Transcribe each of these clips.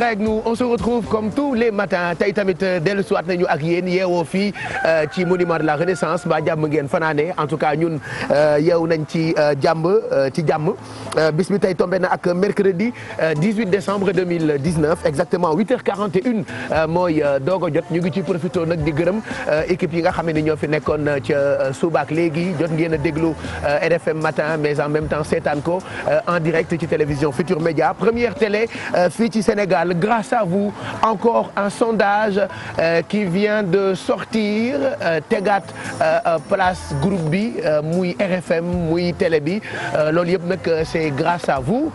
d'être avec nous on se retrouve comme tous les matins tey tamit euh, dellu siwaat nañu ak yéen yeewoo fii euh, ci monument de la renaissance mbaa jàmm ngeen fanaane en tout cas ñun euh, yeew nañ ci jàmm ci jàmm bis bi tey tombé na ak mercredi 18 décembre 2019 exactement 8h41 mooy doog a jot ñu ngi ci profité nag di gërëm équipe yi nga xam ne ñoo fi nekkoon ca subaak léegi jot ngeen a déglu RFM matin mais en même temps seetaan ko en direct ci télévision Futur Média première télé fii ci Sénégal Sénégal grâce à vous encore un sondage euh, qui vient de sortir euh, tegaat euh, euh place groupe bi euh, muy RFM muy télé bi euh, loolu yëpp nag c'est grâce à vous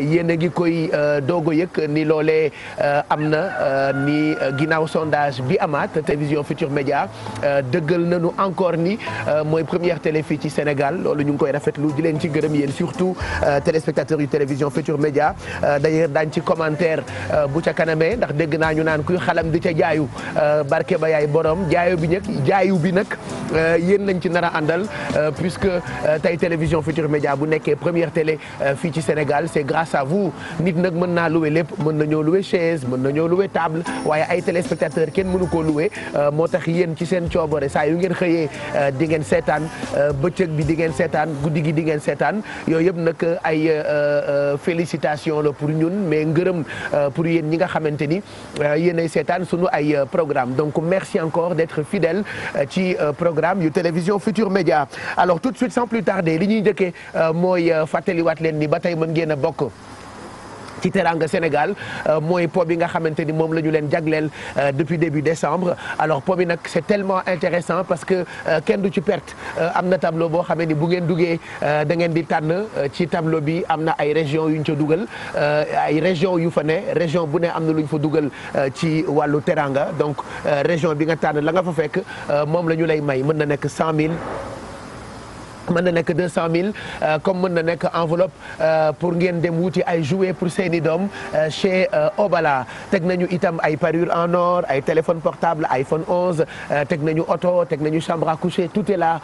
yéen a ngi koy doog a yëg ni loolee am na ni ginnaaw sondage bi amaat télévision Futur Média dëggal nañu encore ni mooy première télé fii ci Sénégal loolu ñu ngi koy rafetlu di leen ci gërëm yéen surtout téléspectateurs yu télévision Futur Média d'ailleurs daañu ci commentaire Euh, bu ca kanamee ndax dégg naa ñu naan kuy xalam di ca jaayu euh, barke ba yaay borom jaayo bi nag jaayu bi nag euh, yéen lañ ci nar a àndal puisque tey télévision Futur Média bu nekkee première télé fi ci Sénégal c'est grâce à vous nit nag mën naa louer lépp mën na nañoo louer chaise mën na nañoo louer table waaye ay téléspectateur kenn mënu koo louer moo tax yéen ci seen coobare saa yu ngeen xëyee di ngeen seetaan bëccëg bi di ngeen seetaan guddi gi di ngeen seetaan yooyu yëpp nag ay félicitation la pour pour yéen ñi nga xamante ni euh, yéenay seetaan sunu ay euh, programme donc merci encore d'être fidèle euh, ci programme yu télévision Futur Média alors tout de suite sans plus tarder li ñuy njëkkee mooy fàttaliwaat leen ni ba tey mën ngeen a bokk ci teranga Sénégal euh, mooy po bi nga xamante ni moom la ñu leen jagleel euh, depuis début décembre alors po bi nag c'est tellement intéressant parce que euh, kenn du ci perte am na tableau boo xamee ni bu ngeen duggee da ngeen di tànn ci tableau bi am na ay région yu ñu ca dugal ay région yu fa ne région bu ne am na lu ñu fa dugal ci wàllu teranga donc région bi nga tànn la nga fa fekk moom la ñu lay may mën na nekk cent mille mën na nekk deux cent mille euh, comme mën na nekk enveloppe euh, pour ngeen dem wuti ay jouets pour seeni doom euh, chez Obala teg nañu itam ay parures en or ay téléphone portable ay fone 11 teg nañu oto teg nañu chambre à coucher tout est là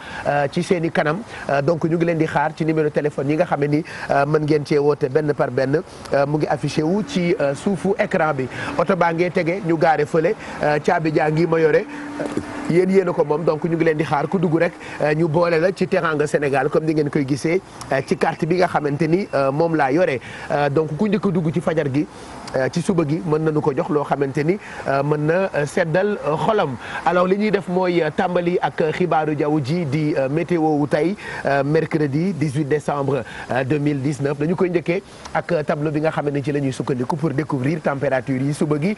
ci seeni kanam donc ñu ngi leen di xaar ci numéro téléphone yi nga xam ne ni mën ngeen cee woote benn par benn mu ngi affiché wu ci suufu écran bi oto baa ngee tege ñu gaare fële caabi jaa ngi ma yore yéen yéen a ko moom donc ñu ngi leen di xaar ku dugg rek ñu boole la ci teranga Sénégal comme ni ngeen koy gisee ci carte bi nga xamante ni euh, moom laa yore euh, donc ku njëkk a dugg ci fajar gi Euh, ci suba gi mën nañu ko jox loo xamante ni euh, mën na euh, seddal xolam alors li ñuy def mooy tàmbali ak xibaaru jaww ji di météo wu tey mercredi 18 décembre 2019 dañu koy njëkkee ak tableau bi nga xam ne ci la ñuy sukkandiku pour découvrir température yi suba gi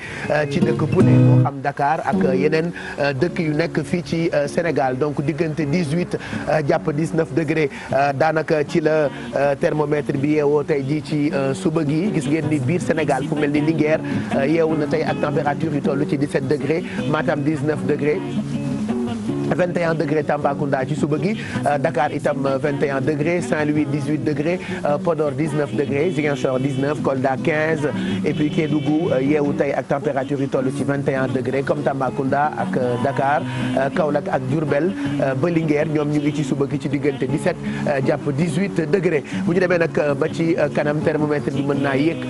ci dëkk bu ne moo xam Dakar ak yeneen dëkk yu nekk fii ci Sénégal donc diggante 18 jàpp 19 degré daanaka ci la thermomètre bi yeewoo tey ji ci suba gi gis ngeen ni biir Sénégal mel ni Linguère euh, yeewu na tey ak température yu toll ci 17 degré Matam 19 degré 21 degré Tambacounda ci suba gi euh, Dakar itam 21 euh, degré Saint-Louis 18 degré euh, Podor 19 degré Ziguinchor 19 Kolda 15 et puis Kédougou yeewu tey ak température yi toll ci 21 degré comme Tambacounda ak Dakar Kaolack ak jurbel ba Linguère ñoom ñu ngi ci suba gi ci diggante 17 jàpp 18 degré bu ñu demee nag ba ci kanam thermomètre bi mën naa yéeg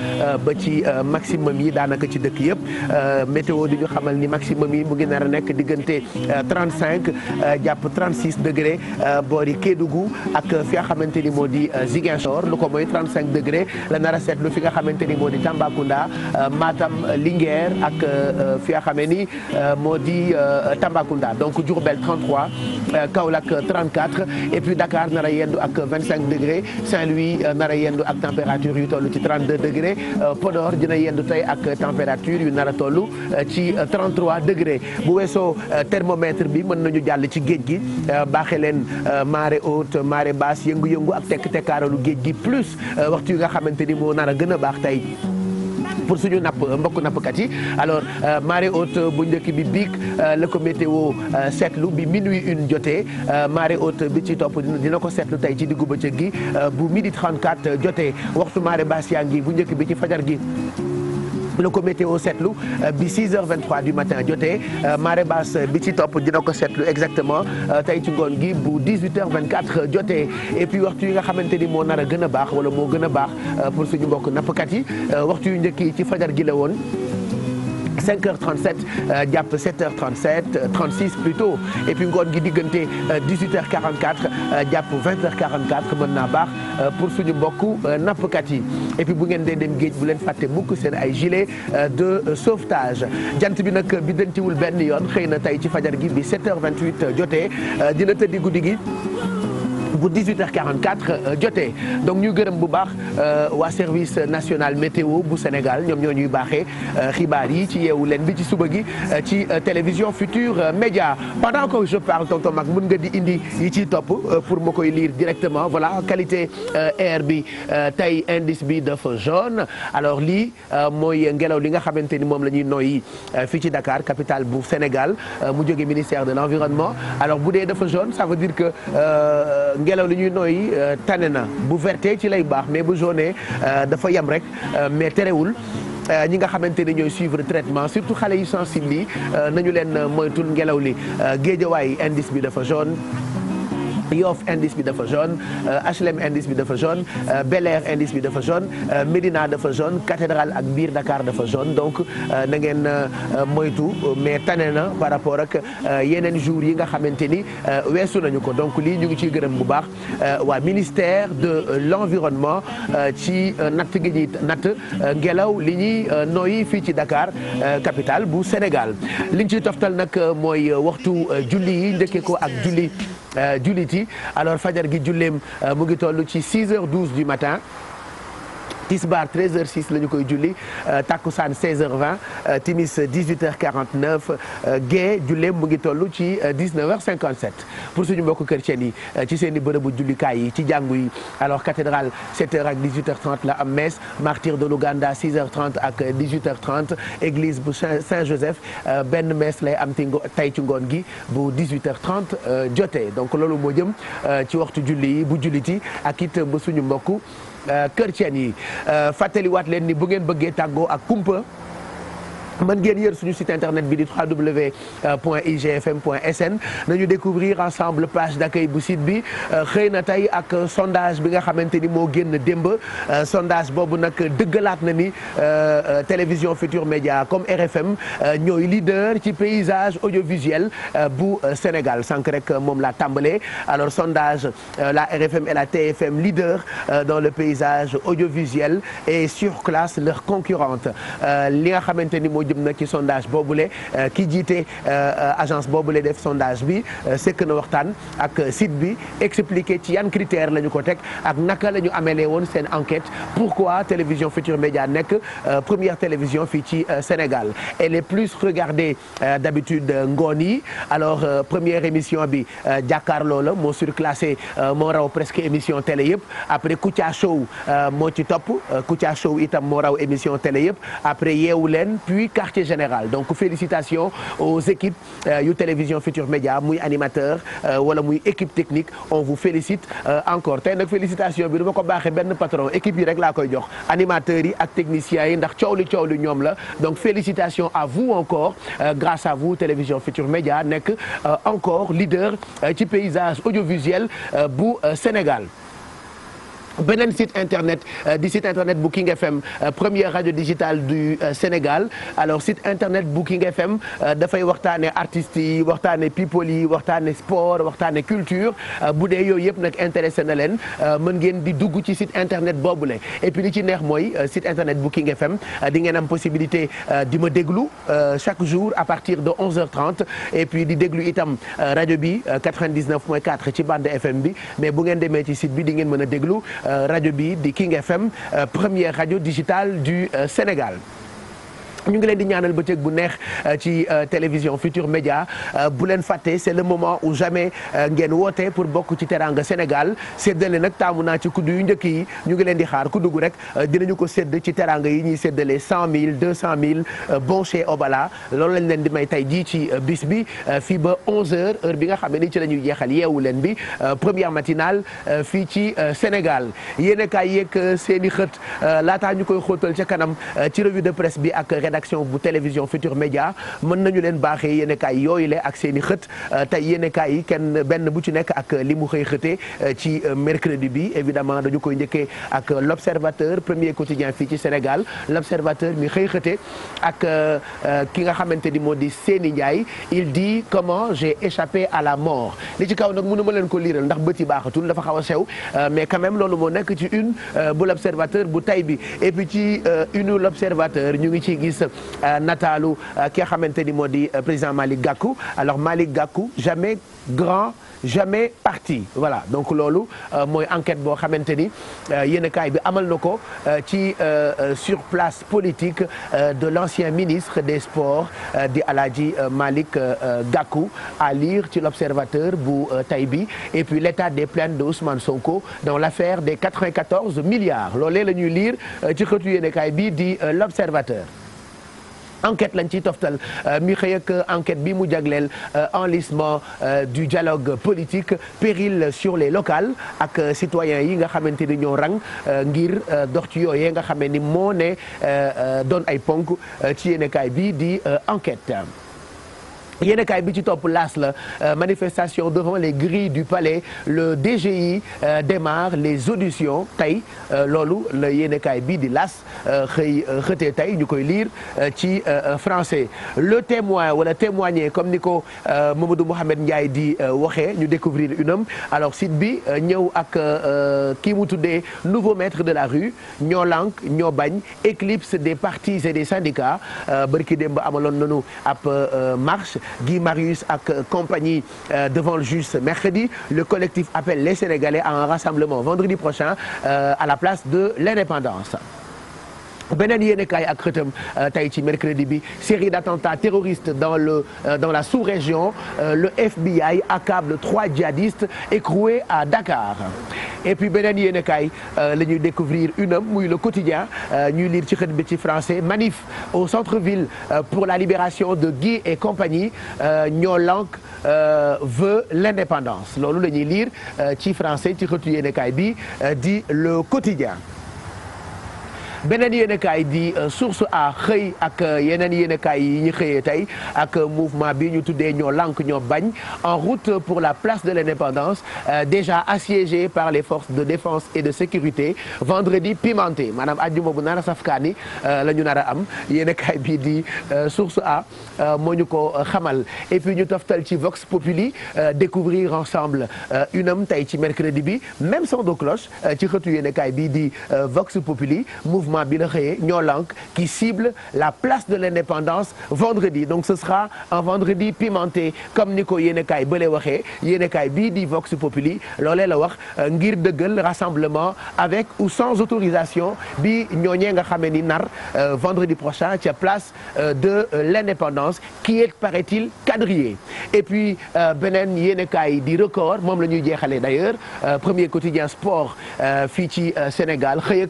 ba ci maximum yi daanaka ci dëkk yëpp météo di ñu xamal ni maximum yi mu ngi nar nekk diggante 35 Euh, jàpp 36 degré euh, boori Kédougou ak fi nga xamante ni moo di euh, Ziguinchor lu ko mooy cinq degré la nara a seetlu fi nga xamante ni moo di Tambacounda Matam Linguère ak fi nga xamee ni moo di Tambacounda donc Diourbel 33 Kaolack 34 et puis Dakar nar a yendu ak 25 degré Saint-Louis nar a yendu ak température yu toll ci 32 degré Podor dina yendu tey ak température yu nar a toll ci 33 degré bu weesoo thermomètre bi mën ñu jàll ci géej gi euh, baaxee leen euh, marée haute marée basse yëngu-yëngu ak tekk-tekkaaralu géej gi plus euh, waxtu yi nga xamante ni moo nar a gën a baax tey pour suñu napp mbokk nappkat yi alors marée haute bu njëkk bi biig la ko météo seetlu bi minuit une jotee marée haute bi ci topp dina ko seetlu tey ci diggu bëccëg gi bu midi 34 jotee waxtu marée basse yaa ngi bu njëkk bi ci fajar gi. na ko météo seetlu euh, bi 6h23 du matin jotee euh, marée basse bi ci topp dina ko seetlu exactement euh, tey ci ngoon gi bu 18h24 jotee et puis waxtu yi nga xamante ni moo nar a gën a baax wala moo gën a baax pour suñu mbokk nappkat yi waxtu yu njëkk yi ci fajar gi la woon. 5h37 euh, jàpp 7h37 36 plutôt et puis ngoon gi diggante 18h44 euh, euh, jàpp 20h44 mën naa baax pour suñu mbokku nappkat yi et puis bu ngeen dee dem géej bu leen fàtte mukk seen ay gilet de sauvetage jant bi nag bi dëntiwul benn yoon xëy na tey ci fajar gi bi 7h28 jotee dina tëddi guddi gi bu 18h44 euh, jotee donc ñu gërëm bu baax euh, waa service national météo bu Sénégal ñoom ñoo ñuy baaxee euh, xibaar yi ci yeewu leen bi ci suba gi ci télévision Futur Média pendant que je parle tonton Mag mën nga di indi yi ciy topp pour ma koy lire directement voilà qualité air bi tey indice bi dafa jaune alors lii mooy ngelaw li nga xamante ni moom la ñuy noyyi fii ci Dakar capitale bu Sénégal mu jóge ministère de l'environnement alors bu dee dafa jaune ça veut dire que ngelaw li ñuy nooy euh, tane na bu verté ci lay baax mais bu jaune euh, dafa yem rek euh, mais terewul ñi nga xamante ni ñooy suivre traitement surtout xale yu sensible yi nañu leen moytul ngelaw li géejawaay indice bi dafa jaune Yoff indice bi dafa jaune HLM indice bi dafa jaune Bel Air indice bi dafa jaune Médina dafa jaune cathédrale ak biir Dakar dafa jaune donc euh, na ngeen euh, euh, moytu mais tane na par rapport ak yeneen jours yi nga xamante ni weesu nañu ko donc lii ñu ngi ciy gërëm bu baax waa ministère de l'environnement ci nat gi ñuy natt ngelaw li ñuy nooyi fii ci Dakar capital bu Sénégal liñ ciy toftal nag mooy waxtu julli yi njëkkee ko ak julli Euh, jullit yi alors fajar gi julleem euh, mu ngi toll ci 6 heures 12 du matin tisbaar 13h06 la ñu koy julli euh, takkusaan 16h20 euh, timis 18h49 euh, gee julleem mu ngi toll ci 19h57 pour suñu mbokku chrétien yi ci seen i bërëbu jullikaay yi ci jàngu yi alors cathédrale 7h ak 18 h la am messe martyrs de l'Ouganda 6h30 ak 18h30 église bu Saint-Joseph benn messe lay am tey ci ngoon gi bu 18h30 jotee donc loolu moo jëm ci waxtu julli yi bu julliti ak it ba suñu mbokku Euh, kër Thiène yi euh, fàttaliwaat leen ni bu ngeen bëggee tàggoo ak kumpa mën ngeen yër suñu site internet bi di www.igfm.sn nañu découvrir ensemble page d'accueil bu site bi euh, xëy na tey ak sondage bi nga xamante ni moo génn démb euh, sondage boobu nag dëggalaat na ni euh, télévision Futur Média comme RFM ñooy leader ci paysage audiovisuel bu Sénégal sànq rek moom la tàmbalee alors sondage la RFM et la TFM leader dans le paysage audiovisuel et surclasse leurs concurrentes li nga xamante ni jëm na ci sondage boobule euh, ki jiite euh, euh, agence boobule def sondage bi sekk na waxtaan ak site bi expliqué ci yan critère la ñu ko teg ak naka la ñu amelee woon seen enquête pourquoi télévision Futur Média nekk première télévision fii ci Sénégal elle est plus regardée d'habitude ngoon yi alors première émission bi jàkkaarloo la moo surclassé moo raw presque émission télé yëpp après Kouthia Show moo ci topp Kouthia Show itam moo raw émission télé après yeewu leen puis quartier général donc félicitation aux équipes euh, yu télévision Futur Média muy animateur euh, wala muy équipe technique on vous félicite euh, encore tey nag félicitation bi dama ko baaxee benn patron équipe yi rek laa koy jox animateurs yi ak techniciens yi ndax coow li coow li ñoom la donc félicitation à vous encore grâce à vous télévision Futur Média nekk encore leader ci paysage audiovisuel bu Sénégal beneen site internet euh, di site internet bu King FM euh, premier radio digital du euh, Sénégal alors site internet bu King FM dafay waxtaane artistes yi waxtaane people yi waxtaane sport waxtaane culture bu dee yooyu yëpp nag intéressé na leen mën ngeen di dugg ci site internet boobule et puis li ci neex mooy site internet bu King FM di ngeen am possibilité di ma déglu chaque jour à partir de 11h30 et puis di déglu itam rajo bi 99.4 ci bande FM bi mais bu ngeen demee ci bi di ngeen mën a déglu Euh, rajo bi di King FM euh, première radio digitale du euh, Sénégal ñu ngi leen di ñaanal bëccëg bu neex euh, ci euh, télévision Futur Média euh, bu leen fàtte c'est le moment ou jamais ngeen woote pour bokk ci teranga Sénégal seddale nag taamu naa ci kuddu yu njëkk yi ñu ngi leen di xaar kudd gu rek dinañu ko sédd ci teranga yi ñuy séddale cent mille deux cent mille bon chez Obala loolu lañ leen di may tey jii ci bis bi fii ba onze heures heure bi nga xam ne ni ci la ñuy jeexal yeewu leen bi première matinale fii ci Sénégal yéen a kaay yeeg seen i xët ñu koy xóotal ca ci revue bi ak rédaction bu télévision Futur Média mën nañu leen baaxee yéen kaay yooyu le ak seen i xët euh, tey yéen kaay yi kenn benn bu ci nekk ak li mu xëy xëtee euh, ci euh, mercredi bi évidemment dañu koy njëkkee ak l' observateur premier quotidien fii ci Sénégal l' observateur mi xëy xëte ak ki nga xamante ni moo di Séni Ndiaye il dit comment j'ai échappé à la mort li ci kaw nag mun mënu ma leen ko liiral ndax bët yi baaxatul dafa xaw a sew mais quand loolu moo nekk ci une bu l' observateur bu tay bi et puis ci une l' ñu ngi ci gis gis euh, nataalu euh, ki nga xamante ni moo di euh, président Malick Gakou alors Malick Gakou jamais grand jamais parti voilà donc loolu mooy enquête boo xamante ni yéen kaay bi amal na ko ci sur place politique de l'ancien ministre des sports di Alaaji Malick Gakou à lire ci l'observateur bu tay bi et puis l'état des plaintes de Ousmane Sonko dans l'affaire des 94 milliards loolee la ñuy lire ci xëtu yéen di l'observateur enquête lañ ciy toftal euh, mi xëy euh, enquête bi mu jagleel euh, enlisement du dialogue politique péril sur les locales ak citoyens yi nga xamante ni ñoo rang ngir dox ci yooyee nga xamee ni moo ne doon ay ponk ci yéenekaay bi di enquête yéenekaay bi ci topp laas la euh, manifestation devant les grilles du palais le DGI euh, démarre les auditions tey euh, loolu la yéenekaay bi di laas xëy xëtee tey ñu koy lire ci français le témoin wala témoigner comme ni ko Mamadou Mouhamed Ndiaye di waxee ñu découvrir une homme alors site bi ñëw ak kii mu tuddee nouveau de la rue ñoo lànk ñoo bañ éclipse des partis et des syndicats bërki démb amaloon nañu ab marche Guy Marius ak euh, compagnie euh, devant le juge ce mercredi le collectif appelle les Sénégalais à un rassemblement vendredi prochain euh, à la place de l'Indépendance beneen yéenekaay ak xëtam euh, tey ci mercredi bi série d'attentats terroristes dans le euh, dans la sous-région euh, le FBI accable trois djihadistes écroués à Dakar et puis beneen yéenekaay la ñuy découvrir une am muy le quotidien ñuy lire ci xët bi ci français manif au centre-ville pour la libération de Guy et compagnie ñoo lank veut l'indépendance loolu la ñuy lire ci français ci xëtu yéenekaay bi di le quotidien beneen yéenekaay di euh, source a xëy ak euh, yeneen yéenekaay yi ñu xëyee tey ak euh, mouvement bi ñu tuddee ñoo lànk ñoo bañ en route pour la place de l'indépendance déjà assiégée par les forces de défense et de sécurité vendredi pimenté maanaam ajjuma bu nar a la ñu nar a am yéenekaay bii di source a moo ñu ko xamal et puis ñu toftal ci Vox Populi découvrir ensemble UNAM tey ci mercredi bi même son de cloche ci xëtu yéenekaay bii di Vox Populi mouvement mouvement bi la xëyee ñoo lank qui cible la place de l'indépendance vendredi donc ce sera un vendredi pimenté comme ni ko yéenekaay bële waxee yéenekaay bii di Vox Populi loolee la wax euh, ngir dëggal rassemblement avec ou sans autorisation bi ñooñee nga xamee ni nar euh, vendredi prochain ca place euh, de l'indépendance qui est paraît-il quadrillé et puis beneen yéenekaay di record moom la ñuy jeexalee d'ailleurs premier quotidien sport fii ci Sénégal xëyëg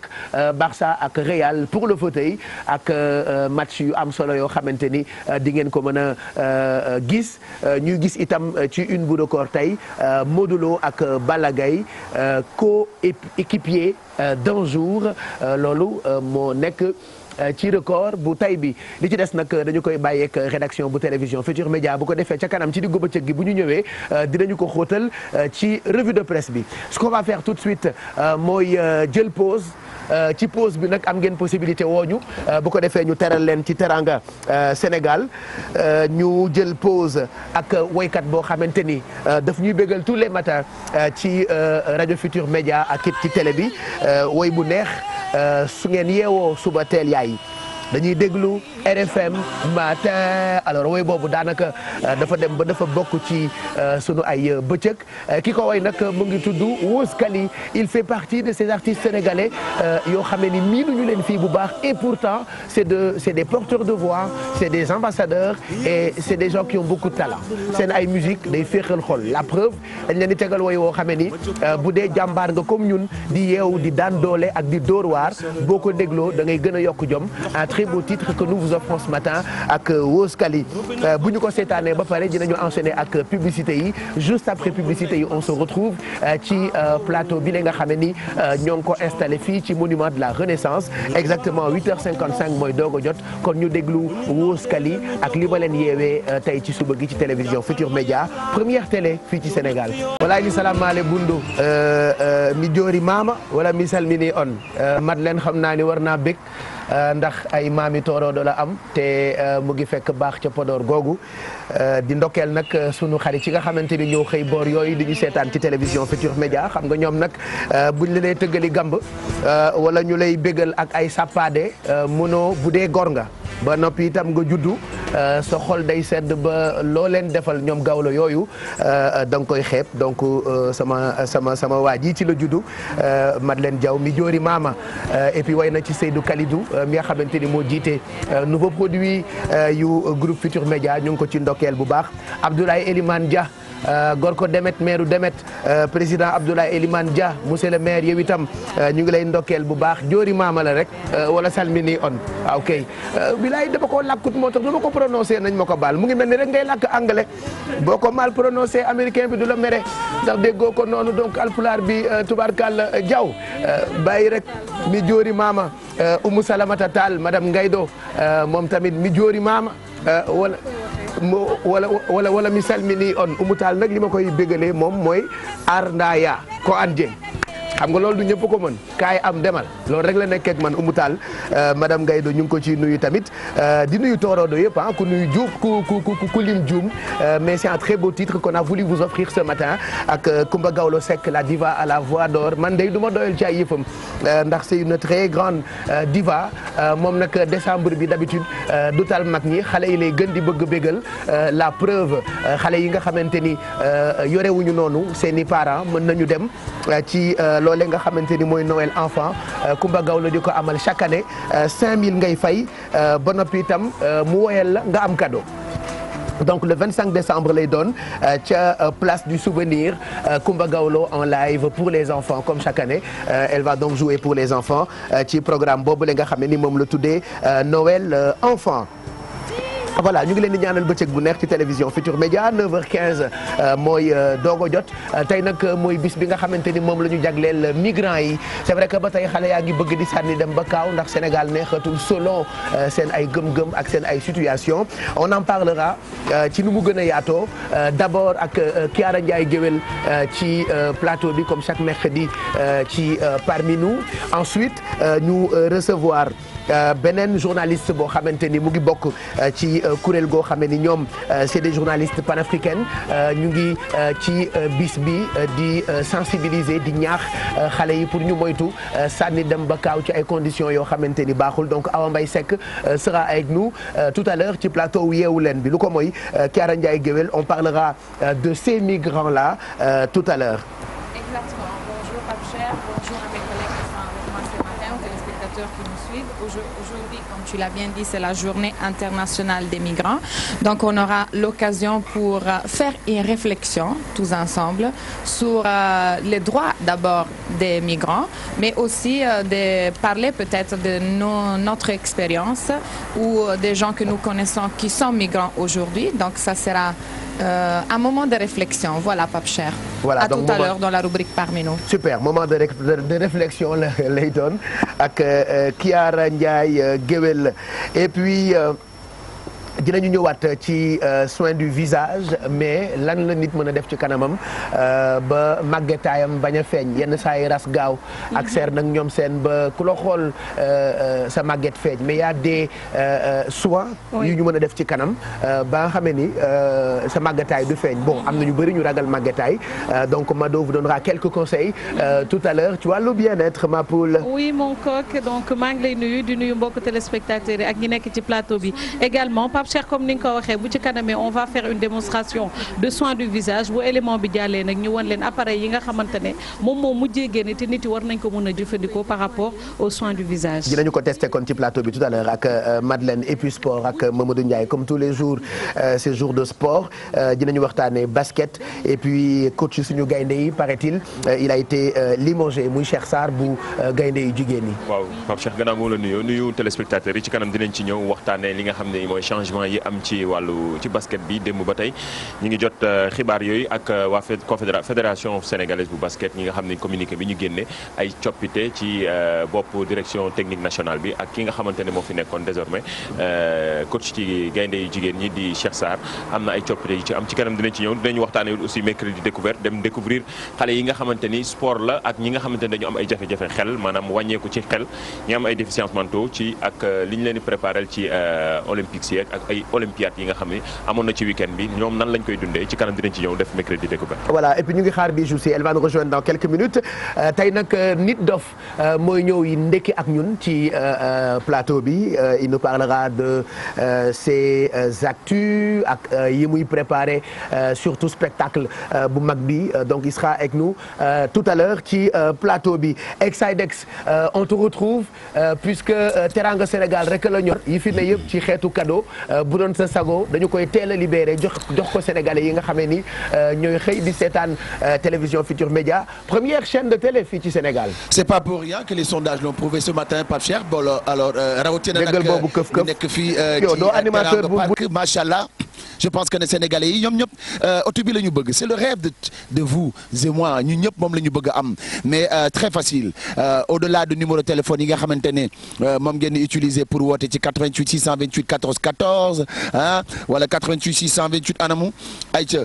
Barça ak ak Real pour le fauteuil ak euh, euh, match yu am solo yoo xamante ni euh, di ngeen ko mën a gis ñuy gis itam ci une bu record tey Modou Lo ak Balla Gaye co-équipier d'un jour loolu moo nekk ci record bu tay bi li ci des nag dañu koy bàyyeek rédaction bu télévision Futur Média bu ko defee ca kanam ci diggu bëccëg gi bu ñu ñëwee dinañu ko xóotal ci revue de presse bi ce va faire tout de suite mooy jël pause Euh, ci pose bi nag am ngeen possibilité woo ñu euh, bu ko defee ñu teral leen ci teranga euh, Sénégal ñu jël pose ak woykat boo xamante ni daf ñuy bëggal tous les matins ci rajo Futur Média ak it ci télé bi woy bu neex su ngeen yeewoo suba teel yaay dañuy déglu. RFM matin alors woy boobu daanaka euh, dafa dem ba dafa bokk ci euh, sunu ay euh, bëccëg ki ko woy nag mu ngi tudd Wuz Kali il fait partie de ces artistes sénégalais yoo xam ne nii miinuñu leen fii bu baax et pourtant c'est de c'est des porteurs de voix c'est des ambassadeurs et c'est des gens qui ont beaucoup de talent seen ay musique day féexal xol la preuve dañ leen di tegal woy woo xam ne ni bu dee jàmbaar nga comme ñun di yeew di daan doole ak di dóor boo ko dégloo da ngay gën a yokk jom nous offrons ce matin euh, Kali euh, bu ñu ko seetaanee ba pare dinañu enchaîner ak euh, publicité yi juste après publicité yi on se retrouve ci plateau bi la nga xam ne ni ñoo ngi ko installé fii ci monument de la Renaissance exactement 8h55 mooy doog a jot kon ñu déglu Wose Kali ak li ma leen yeewee tey ci suba gi ci télévision Futur Média première télé fii ci Sénégal wala gi salamaale bundu mi joori maama wala mi salmini on mat xam naa ni war naa bég Euh, ndax ay maami tooroodo la am te euh, mu ngi fekk baax ca Podor googu euh, di ndokeel nag sunu xarit yi nga xamante ni ñëw xëy boor yooyu di ñu seetaan ci télévision Futurs média xam nga ñoom nag bu la lay tëggali gamb wala ñu lay bégal ak ay sàppaade mënoo bu dee gor nga ba noppi itam nga juddu Euh, sa xol day sedd ba loo leen defal ñoom gawlo yooyu euh, euh, da nga koy xep donc sama sama sama waa ji ci la juddu Madeleine Diaw mi joori maama et puis way na ci Seydou Kalidou mi nga xamante ni moo jiite nouveau produit yu groupe Futur Média ñu ngi ko ci ndokeel bu baax Abdoulaye Elimane Dia Euh, gorko Demet maire Demet euh, président Abdoulaye Elimane Dia monsieur le maire yow itam euh, ñu ngi lay ndokeel bu baax joori maama la rek wala salmini on waaw ah, kay bilaay dama ko làkkut moo tax dama ko prononcé nañ ma ko baal mu ngi mel ni rek ngay làkk anglais boo ko mal prononcé américain bi du la mere ndax déggoo ko noonu donc alpulaar bi tubaarkàll jaaw bàyyi rek mi joori maama Umu Salamata Tall madame Ngaydo moom tamit mi joori maama wala wala wala wala mi salmini on Oumou Tall nag li ma koy bégalee moom mooy Arndaya ko an Dieng xam nga loolu du ñëpp ko mën kaay am demal loolu rek la nekkee ak man Oumou Tall euh, madame Gaye ñu ngi ko ci nuyu tamit euh, di nuyu tooroodo yëpp ah ku nuyu Diouf ku ku ku lim Dioum euh, mais c'est un très beau titre qu'on a voulu vous offrir ce matin ak Kumba Gawlo Seck la diva à la voix man day du ma doyal ci ay yëfam ndax c'est une très grande diva moom nag décembre bi d'habitude du tal mag ñi xale yi lay gën di bëgg bégal la preuve xale yi nga xamante ni yorewuñu noonu seeni parents mën nañu dem ci loolee nga xamante ni mooy Noël enfant Kumba euh, Gawlo di ko amal chaque année 5000 euh, ngay fay euh, ba noppi itam mu woyal la nga am cadeau. donc le 25 décembre lay doon ca place du souvenir Kumba Gawlo en live pour les enfants comme chaque année elle va donc les enfants ci programme boobu la nga xam ne ni moom la tuddee Noël enfant. voilà ñu ngi leen di ñaanal bëccëg bu neex ci télévision Futur Média 9h15 euh, mooy euh, doog a jot euh, tey nag mooy bis bi nga xamante ni moom la ñu jagleel migrants yi c'est vrai que ba tey xale yaa ngi bëgg di sànni dem ba kaaw ndax Sénégal neexatul selon seen ay gëm-gëm ak seen ay situation on en parlera ci nu mu gën a yaatoo d'abord ak Kiara Ndiaye Géwél ci plateau di comme chaque mercredi ci parmi nous ensuite ñu recevoir. Euh, beneen journaliste boo xamante ni mu ngi bokk euh, ci euh, kuréel goo xam ni ñoom c'est des journalistes panafricaines ñu ngi ci bis bi di sensibiliser di ñaax xale yi pour ñu moytu sànni dem ba kaaw ci ay conditions yoo xamante ni baaxul donc Awa Mbaye Seck sera avec nous tout à l'heure ci plateau wu leen bi lu ko mooy Kiara Ndiaye Guewel on parlera de ces migrants là tout à l'heure tu l'as bien dit, c'est la journée internationale des migrants. Donc on aura l'occasion pour euh, faire une réflexion tous ensemble sur euh, les droits d'abord des migrants, mais aussi euh, de parler peut-être de nos, notre expérience ou euh, des gens que nous connaissons qui sont migrants aujourd'hui. Donc ça sera Euh, un moment de réflexion voilà Pape Cheikh. voilà à donc tout à l'heure dans la rubrique parmi nous. super moment de, de, de réflexion lay doon ak euh, euh, Kiara Ndiaye euh, Guéwel et puis. Euh... ñu ñëwaat ci euh, soin du visage mais lan la nit mën a def ci kanamam euh, ba màggetaayam bañ a feeñ yenn saa yi ras gaaw ak seer nag ñoom seen ba ku la xool euh, sa màgget feeñ mais y a des yu ñu mën a def ci kanam ba nga xamee ni sa màggetaay du feeñ bon am na ñu bëri ñu ragal màggetaay donc Mado vous donnera quelques conseils tout à l'heure tu vois le bien-être ma poule oui mon coq donc maa ngi lay nuyu di nuyu mbokk téléspectateurs yi ak ñi nekk ci plateau bi Pape Cheikh comme ni nga ko waxee bu ci kanamee on va faire une démonstration de soin du visage bu élément bi jàllee nag ñu wan leen appareil yi nga xamante ne moom moo mujjee te nit yi war ko mën a jëfandikoo par rapport au soin du visage. dinañu ko testé kon ci plateau bi tout à l'heure ak euh, Madeleine Epu Sport ak euh, Mamadou Ndiaye comme tous les jours euh, de sport dinañu waxtaanee basket et puis coach suñu gaynde yi paraît-il il a été limogé muy Cheikh bu gaynde yi engagement yi am ci wàllu ci basket bi démb ba tey ñu ngi jot euh, xibaar yooyu ak euh, waa confédération fédération sénégalaise bu basket ñi nga xam ne communiqué bi ñu génne ay coppite ci euh, bopp direction technique nationale bi ak ki nga xamante ne moo fi nekkoon désormais coach ci gaynde yu jigéen ñi di Cheikh Sarr am na ay coppite yu ci am ci kanam dinañ ci ñëw dinañ waxtaanee aussi mercredi découverte dem découvrir xale yi nga xamante ni sport la ak ñi nga xamante ne dañu am ay jafe-jafe xel maanaam wàññeeku ci xel ñi am ay déficience mentaux ci ak li ñu leen di préparé ci olympiques yi ak ak ay olympiades yi nga xam ne amoon na ci week-end bi ñoom nan lañ koy dundee ci kanam dinañ ci ñëw def mercredi découverte voilà et puis ñu ngi xaar va nous rejoindre dans quelques minutes euh, tey nag euh, nit dof euh, mooy ñëw yi ak ñun ci plateau bi il nous parlera de ses actus ak yi muy préparé surtout spectacle bu mag bi donc il sera avec nous tout à l'heure ci plato bi Exidex on te retrouve puisque Teranga Sénégal rek la ñor ne yëpp ci xeetu cadeau Euh, bu doon sa sago dañu koy teel a libéré jox jox ko sénégalais yi nga xam ni euh, euh, télévision Futur Média première chaîne de télé fii ci Sénégal. c'est pas pour rien que les sondages l'ont prouvé ce matin Pape Cheikh Bolo alors je pense que ne yi ñoom ñëpp oto bi la ñu bëgg c'est le rêve de vous et moi ñun ñëpp moom la ñu bëgg a am mais très facile au-delà du numéro téléphone yi nga xamante ne moom ngeen di pour woote ci 88 628 14 14. 94 ah wala 88 628 anamu ay ca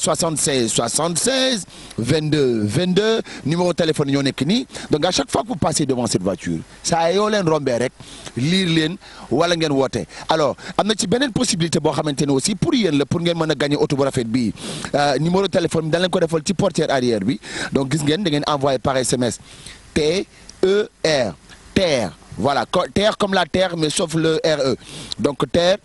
76 76 22 22 numéro téléphone ñoo nekk nii donc à chaque fois que vous passez devant cette voiture saa yoo leen rombee rek liir leen wala ngeen woote alors am na ci beneen possibilité boo xamante ne aussi pour yéen la pour ngeen mën a gagner auto bu rafet bii euh, numéro téléphone bi ko defal ci portière arrière bi donc gis ngeen da ngeen envoyé par SMS T E R e Voilà, terre comme la terre, mais sauf le RE. Donc terre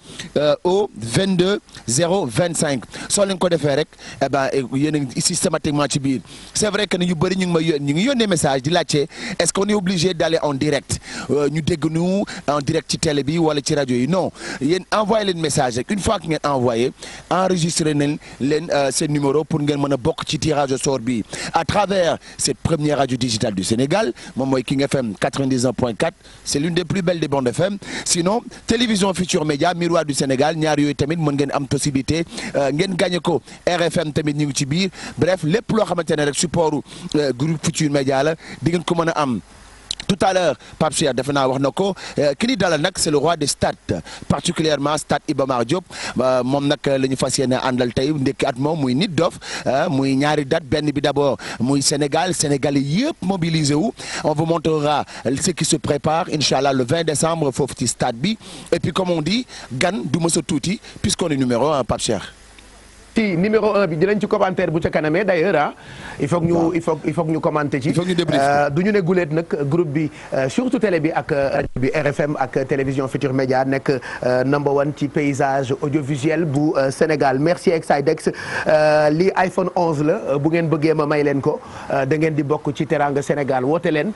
au 22 025. soo leen ko defee rek eh ben eh, yéen a ngi systématiquement ci biir c'est vrai que ñu bëri ñu ngi ma ñu ngi yónnee message di laajte est-ce qu'on est obligé d'aller en direct euh, ñu dégg ñu en ci tele bi wala ci rajo yi no yéen envoyé leen message rek une fois que ngeen envoyé enregistré nañ leen euh, seen numéro pour ngeen mën a bokk ci tirage au sort bi à travers cette première radio digitale du Sénégal moom mooy King FM 91.4 c'est l'une des plus belles de Bond FM sinon télévision Futur Média miroir du Sénégal ñaar yooyu tamit mën ngeen am possibilité euh, ngeen gagné ko RFM tamit ñu ngi ci biir bref lépp loo xamante ne rek support euh, groupe Futur Média la di ngeen ko mën a am. tout à l'heure Pape Cheikh defe wax na ko euh, ki ni dalal nag c'est le roi des stades particulièrement stade Iba Mar Diop moom nag la ñu fas yéene àndal tey ndekki at moom muy nit dof euh, muy ñaari date benn bi d'abord muy Sénégal Sénégalais yëpp mobilisé wu on vous montrera ce qui se prépare incha allah le 20 décembre foofu ci stade bi et puis comme on dit gan du mës tuuti puisqu'on est numéro un Pape Cheikh ci numéro 1 bi dinañ ci commentaire bu ca kanamee d'ailleurs ah. il faut ñu il faut il faut ñu commenter ci. il faut ñu euh, du ñu ne guleet nag groupe bi euh, surtout télé bi ak euh, rajo bi RFM ak télévision Futur Média nekk number one ci paysage audiovisuel bu Sénégal merci Exidex lii iPhone 11 la bu ngeen bëggee ma may leen ko da ngeen di bokk ci teranga Sénégal woote leen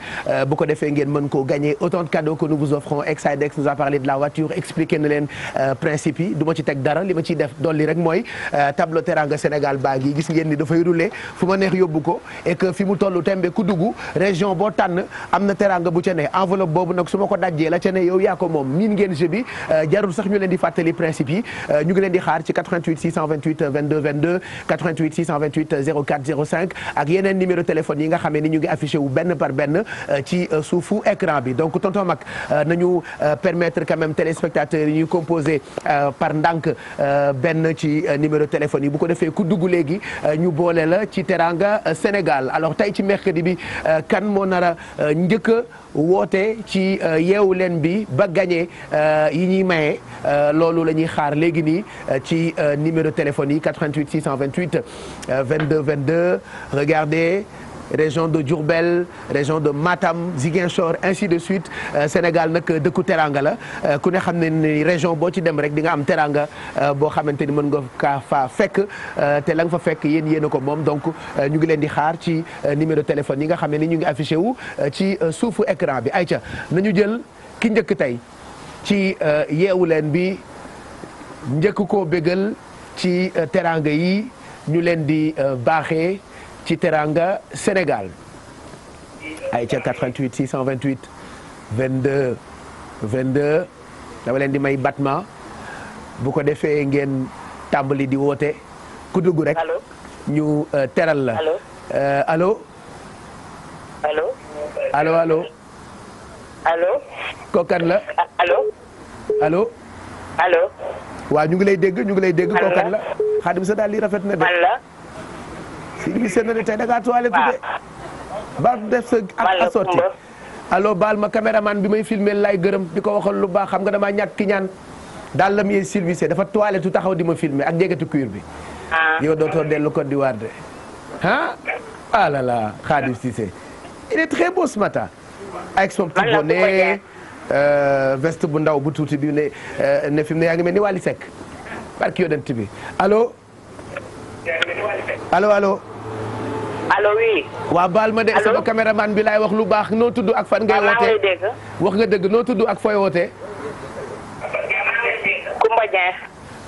bu ko defee ngeen mën ko gagner autant de cadeaux que nous vous offrons Exidex nous a parlé de la voiture expliqué na leen principe ma ci teg dara li ma ciy def dolli rek mooy. tableau Teranga gis ngeen ni dafay rouler fu ma neex yóbbu ko et fi mu toll tembe ku dugg région boo tànn am na teranga bu ca ne enveloppe boobu nag su ma ko dajjee la ca ne yow yaa ko moom miin ngeen jeu euh, jarul sax ñu leen di fàttali principe yi euh, ñu ngi leen di xaar ci ak yeneen numéro téléphone yi nga xamee ni ñu ngi affiché benn par benn euh, ci suufu écran bi donc tonton Mag nañu permettre quand même yi composé par ndànk benn ci numéro téléphone téléphone yi bu ko defee ku dugg léegi euh, ñu boole la ci Teranga euh, Sénégal alors tey ci mercredi bi euh, kan moo nar njëkk a woote ci yeewu leen bi ba gagné yi ñuy maye loolu la ñuy xaar léegi nii ci numéro téléphone yi 88 628 22 22 regardez. région de Diourbel région de Matam Ziguinchor ainsi de suite euh, Sénégal nag dëkku teranga la euh, ku ne xam ne ni région boo ci dem rek di nga am teranga euh, boo xamante ni mën nga ka fa fekk te lang fa fekk yéen yéen a ko moom donc ñu ngi leen di xaar ci numéro téléphone yi nga xam ne ni ñu ngi affiché wu ci suufu écran bi ay ayca nañu jël ki njëkk tey ci yeewu leen bi njëkk ko bégal ci teranga yi ñu leen di baaxe ci teraanga Sénégal ay ca 88 628 22 22 dama leen di may batma bu ko defee ngeen tàmbali di woote ku dugg rek. allo ñu euh, teral la. allo euh, allo. allo. allo allo. allo. la. allo. allo. allo. waaw ñu ngi lay dégg ñu ngi lay dégg. kookan la xaadim sa daal rafet na de. glissé na ne tey da ngaa ah. ba def sa ak assorti baal ma caméraman bi may filmé lay gërëm di ko waxal lu baax xam nga damaa ñàkk ki ñaan daal la muy service dafa toilette taxaw di ma filmé ak jegatu cuir bi. Ah. yow dootoo dellu Côte d'Ivoire de. ah ah là là Khadim ah. Cissé il est très beau ce matin. avec son petit bonnet euh, bu ndaw bu tuuti bi ne euh, ne fi mu ne yaa ngi mel ni Wally Seck barki yonent bi allo. allo allo oui. baal ma de sama caméraman bi laay wax lu baax noo tudd ak fan ngay ah, wootee wax nga dëgg noo tudd ak fooy woote Kumba Dieng.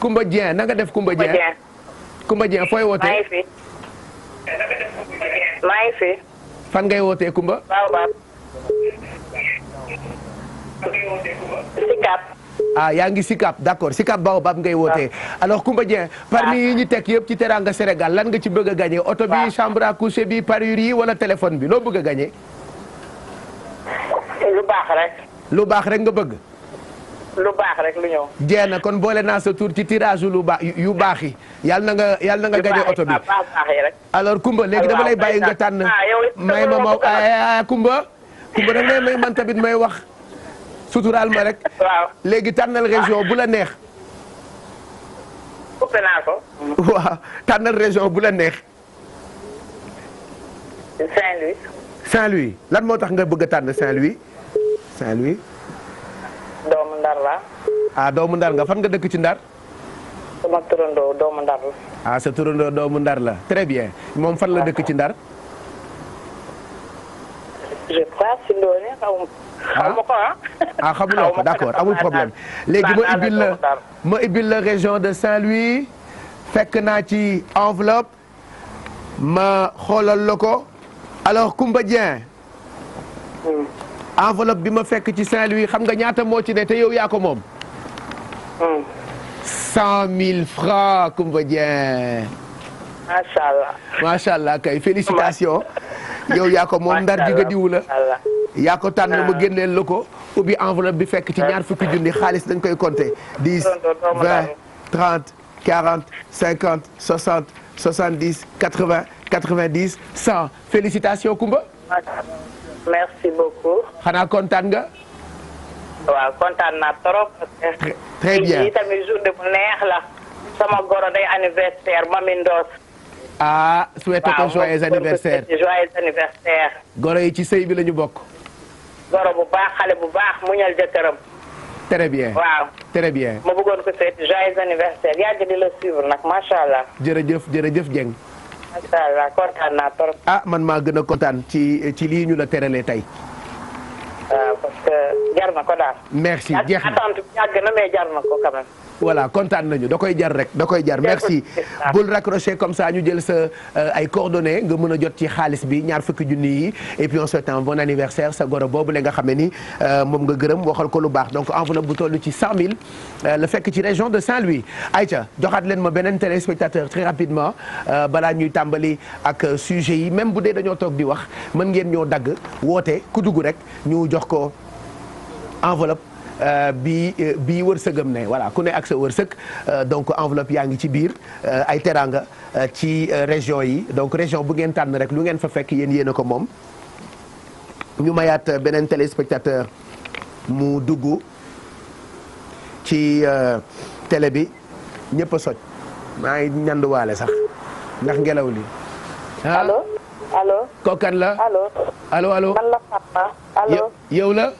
Kumba Dieng na nga def Kumba Dieng. Kumba Dieng fooy wootee. fan ngay woote Kumba. ah yaa ngi Sicap d'accord Sicap Baobab ngay wootee ah. alors Coumba Dieng parmi ah. yi ñu teg yëpp ci teranga Sénégal lan nga ci bëgg a gagné oto bi ah. chambre à coucher bi parure yi wala téléphone bi loo bëgg a gagné eh, lu baax rek nga bëgg lu baax na kon boole naa sa tur ci tirage lu baax yu baax yi yàlla na nga yàlla na nga gagné oto bi alors Coumba léegi dama lay bàyyi nga tànn may ma ma Coumba Coumba danga may man tamit may wax suturaal ma rek. waaw léegi tànnal région bu la neex. coupé naa tànnal région bu la neex. Saint-Louis. Saint-Louis lan moo tax nga bëgg a tànn Saint-Louis. Saint-Louis. doomu Ndar la. ah doomu Ndar nga fan nga dëkk ci Ndar. sama turandoo doomu Ndar la. ah sa turandoo doomu Ndar la très bien moom fan la dëkk ci Ndar. je crois si loolu ah. xaw ma ko ah. ah xamuloo ko d'accord amul problème léegi ma ibbil la ma de saint fekk naa ci enveloppe ma xoolal la ko alors Koumba Dieng. Hmm. enveloppe bi ma fekk ci Saint-Louis xam nga ñaata moo ci ne te yow yaa ko moom. Hmm. cent mille francs Koumba allah macha allah kay félicitations. yow yaa ko moom ndar ji nga diwu la yaa ko mu ah. génneel la ko ubbi enveloppe bi fekk ci ñaar fukki junni xaalis dañ koy compter 10 20 30 40 50 60 70 80 90 100 félicitations Koumba. merci beaucoup. xanaa kontaan nga. waaw kontaan naa très bien tamit jour la. sama goro day ah souhaité ko joyeux anniversaire goro yi ci sëy bi la ñu bokk. goro bu baax xale bu baax mu ñal jëkkëram. très bien ma bëggoon ko souhaité joyeux anniversaire yàgg di la suivre nag macha allah. jërëjëf jërëjëf Dieng. macha allah naa trop. ah man maa gën a kontaan ci ci lii ñu la teralee tey. waaw parce que ko daal. merci jeex na attente yàgg ko quand voilà kontaan nañu da koy jar rek da koy jar merci bul raccrocher comme ça ñu jël sa euh, ay coordonnées nga mën a jot ci xaalis bi ñaar fukki junni yi et puis on souhaite un bon anniversaire sa goro boobu la nga xam ne ni euh, moom nga gërëm waxal ko lu baax donc enveloppe bu tollu ci 100000 euh, la fekk ci région de Saint-Louis ayca joxaat leen ma beneen téléspectateur très rapidement balaa ñuy tàmbali ak sujet yi même bu dee dañoo toog di wax man ngeen ñoo dagg woote ku dugg rek ñu jox ko enveloppe Euh, bi euh, bi wërsëgam na voilà ku ne ak sa wërsëg euh, donc enveloppe yaa ngi ci biir ay teraanga ci région yi donc région bu ngeen tànn rek lu ngeen fa fekk yéen yéen a ko moom ñu mayaat beneen téléspectateur mu dugg ci télé bi ñëpp a soj maa ngi ñanduwaale sax ndax ngelaw li ah. allo yow la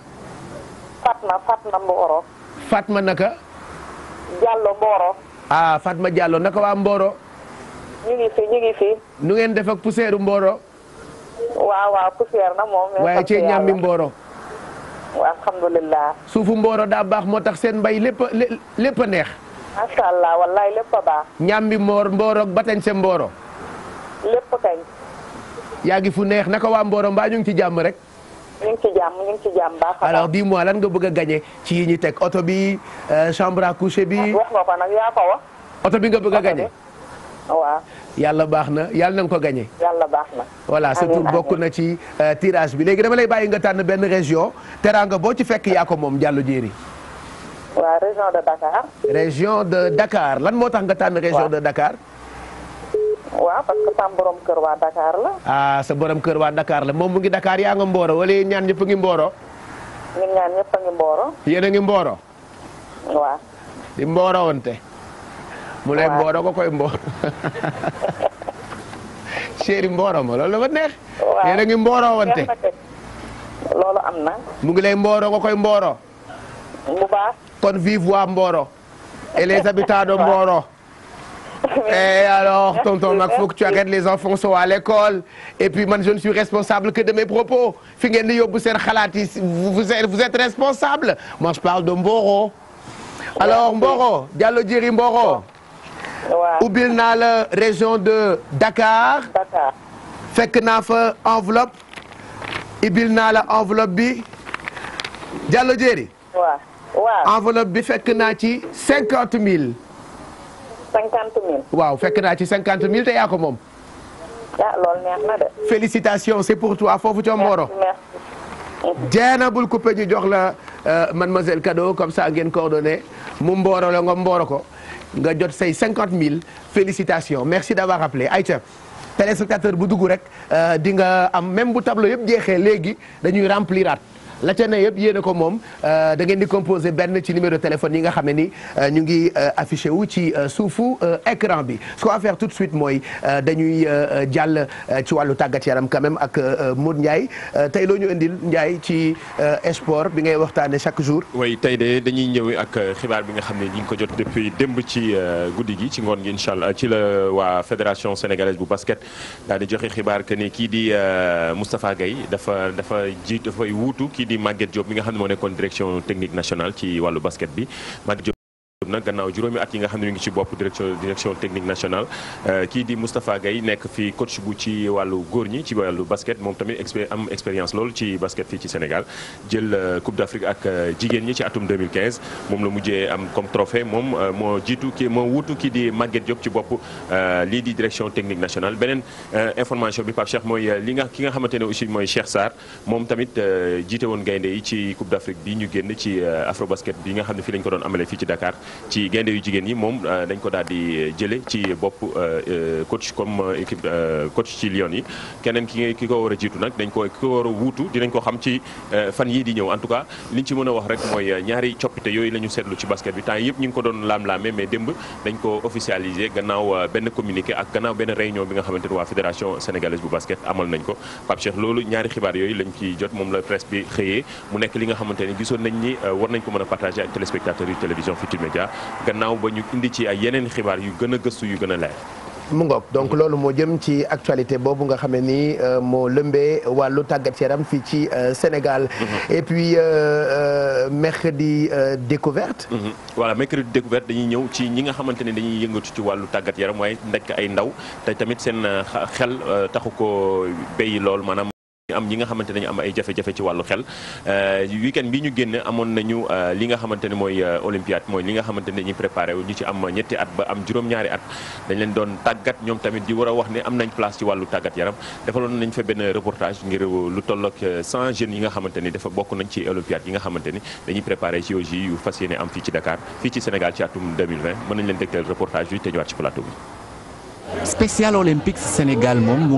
Fatma Fatma Mboro. Fatma naka. Diallo Mboro. ah Fatma Diallo naka waa Mboro. ñu ngi fi ñu ngi fi. nu ngeen def ak poussière Mboro. waaw waaw poussière na moom. waaye ci ñàmbi Mboro. waaw alhamdulilah. suufu Mboro daa baax moo tax seen mbay lépp lépp a neex. macha allah wallaay lépp a baax. ñàmbi Mboor Mboro batañ sa Mboro. lépp kañ. yaa ngi fu neex naka waa Mboro mbaa ñu ngi ci jàmm rek. ñu ngi ci jàmm ñu ci jàmm baax alors dis-moi lan nga bëgg a gagné ci yi teg oto bi euh, chambre coucher bi. Ah, wax oto bi nga bëgg a gagné. waaw. yàlla baax na yàlla na nga ko gagné. yàlla surtout bokk na ci euh, tirage bi léegi dama lay bàyyi nga tànn benn région. teraanga boo ci fekk yaa moom Diallo Diéry. waaw région de Dakar. lan moo tax nga tànn région de Dakar. waaw parce que kër waa Dakar la. Ah, sa borom kër waa Dakar la moom mu ngi dakaar yaa nga Mboro wala yéen ñaan ñëpp a ngi Mboro. ñun ñaan ñëpp a ngi Mboro. yéen di Mboro wante. mu lay Mboro ko koy Mboro. chéri Mboro ma loolu la neex. waaw ngi Mboro wante. loolu am na. mu ngi lay Mboro ko koy Mboro. bu baax. kon vive Mboro. et les Mboro. et eh, alors tonton Mac faut que tu arrêtes les enfants sont à l'école et puis man je ne suis responsable que de mes propos fi ngeen di yóbbu seen xalaat yi vous êtes vous êtes responsable moi je parle de Mboro. alors Mboro Diallo Djeri Mboro. waaw ubbil naa la région de Dakar. Dakar fekk naa fa enveloppe. ibil naa la enveloppe bi Diallo Djeri. waaw waaw enveloppe bi fekk naa ci cinquante mille. cinquante waaw fekk naa ci cinquante mille te yaa ko moom. ah c'est pour toi foofu ca Mboro. jeena bul coupé ñu jox la euh, mademoiselle cadeau comme ça ngeen coordonné mu mbooro la nga mbooro ko nga jot say cinquante mille félicitations merci d'avoir appelé Aïcha téléspectateur bu dugg rek euh, di nga am même bu tableau yëpp jeexee léegi dañuy remplirat la ca ne yëpp yéen ko moom euh, da ngeen di composé benn ci numéro téléphone yi nga xam ne ni euh, ñu ngi euh, affiché wu ci suufu écran bi soo qu'on va tout de suite mooy dañuy jàll ci wàllu tàggat yaram quand même ak Modou Ndiaye tey loo ñu indil Ndiaye ci sport bi ngay waxtaanee chaque jour. oui tey de dañuy ñëw ak xibaar bi nga xam ne ñu ngi ko jot depuis démb ci guddi gi ci ngoon gi incha allah ci la waa fédération sénégalaise bu basket daal joxe xibaar que ni kii di Moustapha Gueye dafa dafa ji wuutu kii di Maguette Diop mi nga xam ne moo direction technique nationale ci wàllu basket bi Maguette Diop nag gannaaw juróomi at yi nga xam ne ñu ngi ci bopp direction direction technique nationale euh, kii di Moustapha Gaye nekk fi coach bu ci wàllu góor ñi ci wàllu basket moom tamit expé am expérience lool ci basket fii ci Sénégal jël euh, Coupe d'Afrique ak euh, jigéen ñi ci atum 2015 moom la mujjee am comme moom moo jiitu kii moo wutu kii di Maguette Diop ci bopp lii di direction technique nationale beneen information bi Pape Cheikh mooy li nga ki nga xamante ne aussi mooy Cheikh Sarr moom tamit jiite woon gaynde yi ci Coupe d'Afrique bi ñu génn ci Afrobasket bi nga xam ne fii lañ ko doon amalee fii ci Dakar ci gaynde yu jigéen yi moom euh, dañ ko daal di euh, jële ci bopp euh, coach comme équipe coach ci Lyon yi keneen ki ki ko war a jiitu nag dañ ki ko war a wuutu dinañ ko xam ci fan yii di ñëw en tout cas liñ ci mën a wax rek mooy ñaari coppite yooyu la ñu seetlu ci basket bi temps yëpp ñu ngi ko doon laam-laame mais démb dañ ko officialisé gannaaw benn communiqué ak gannaaw benn réunion bi nga xamante ne waa fédération sénégalaise bu basket amal nañ ko Pape loolu ñaari xibaar yooyu lañ ci jot moom la presse bi xëyee mu nekk li nga xamante ne gisoon nañ ni war ko a partagé ak téléspectateurs yu télévision gannaaw ba ñu indi ci ay yeneen xibaar yu gën a gëstu yu gën a leer. mu ngoog donc loolu moo jëm ci actualité boobu nga xam ne ni euh, moo lëmbee wàllu tàggat yaram fii ci euh, Sénégal. Mm-hmm. et puis euh, mercredi découverte. Mm-hmm. voilà mercredi découverte dañuy ñëw ci ñi nga xamante ne dañuy yëngatu ci wàllu tàggat yaram waaye nekk ay ndaw te tamit seen xel taxu ko béy lool maanaam am ñi nga xamante ay jafe-jafe ci wàllu xel euh, weekend bi ñu génn amoon nañu euh, li nga xamante ne mooy euh, olympiade mooy li nga xamante ne ñu préparé wu ñu ci am ñetti at ba am juróom-ñaari at dañ leen doon tàggat ñoom tamit di war a wax ne am nañ place ci wàllu tàggat yaram defaloon nañ fa benn reportage ngir lu tollook san jeunes yi nga xamante ni dafa bokk nañ ci olympiade yi nga xamante ni dañuy préparé JOJ yu fas yéene am fii ci Dakar fii ci Sénégal ci atum 2020 mën nañ leen dégtal reportage bi te ñëwaat ci plateau bi spécial olympique Sénégal moom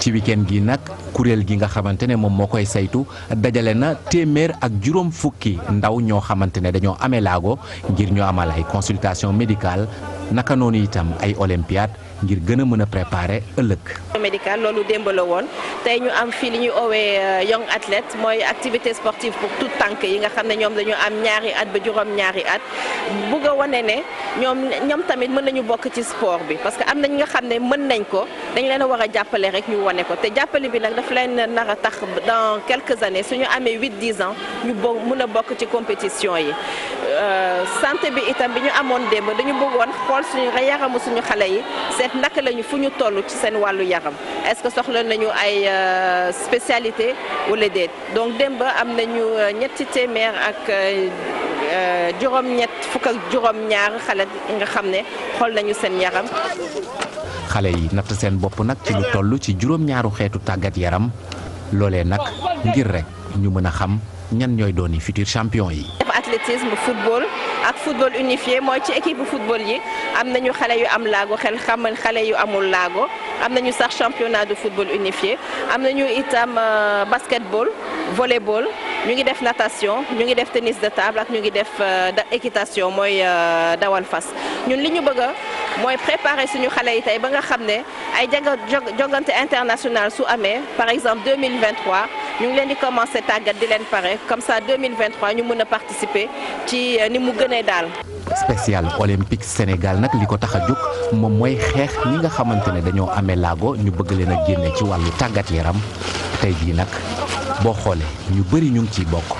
ci week gi nag kuréel gi nga xamante ne moom moo koy saytu dajale na téeméer ak juróom fukki ndaw ñoo xamante ne dañoo ame laago ngir ñu amal ay consultation médicale naka noonu itam ay olympiade ngir gën a mën a préparer ëllëg. médical loolu démb la woon tey ñu am fii li ñuy owee euh, young athlète mooy activité sportive pour tout tànk yi nga xam ne ñoom lañu am ñaari at ba juróom ñaari at bugg a wane ne ñoom ñoom tamit mën nañu bokk ci sport bi parce que am na ñu nga xam ne mën nañ ko dañ leen a war a jàppale rek ñu wone ko te jàppale bi nag daf leen nar a tax dans quelques années ñu amee huit dix ans ñu bo mën a bokk ci compétition yi euh, santé bi itam bi ñu amoon naka lañu fu ñu toll ci seen wàllu yaram est soxla nañu ay euh, spécialité wala déet donc démb am nañu euh, ñetti téeméer ak euh, juróom-ñett fukk juróom-ñaar xale nga xam ne xool nañu seen yaram. xale yi natt seen bopp nag ci lu toll ci juróom-ñaaru xeetu tàggat yaram loolee nag ngir rek ñu mën a xam ñan ñooy dooni futur champion yi. athlétisme football ak football unifié mooy ci équipe football yi am ñu xale yu am laago xel xamal xale yu amul laago am na ñu sax championnat de football unifié am na ñu itam euh, basketball volleyball ñu ngi def natation ñu ngi def tennis de table ak ñu ngi def euh, équitation mooy euh, dawal fas ñun li ñu bëgg mooy préparer suñu xale yi tey ba nga xam ne ay jagad jogante international su amee par exemple 2023. ñu ngi leen di commencer tàggat di leen pare comme ça 2023 ñu mën a participer ci euh, ni mu gënee daal. special olympique Sénégal nag li ko tax a jóg moom mooy xeex ñi nga xamante ne dañoo amee laago ñu bëgg leen a génne ci wàllu tàggat yaram tey jii nag boo xoolee ñu bëri ñu ngi ciy bokk.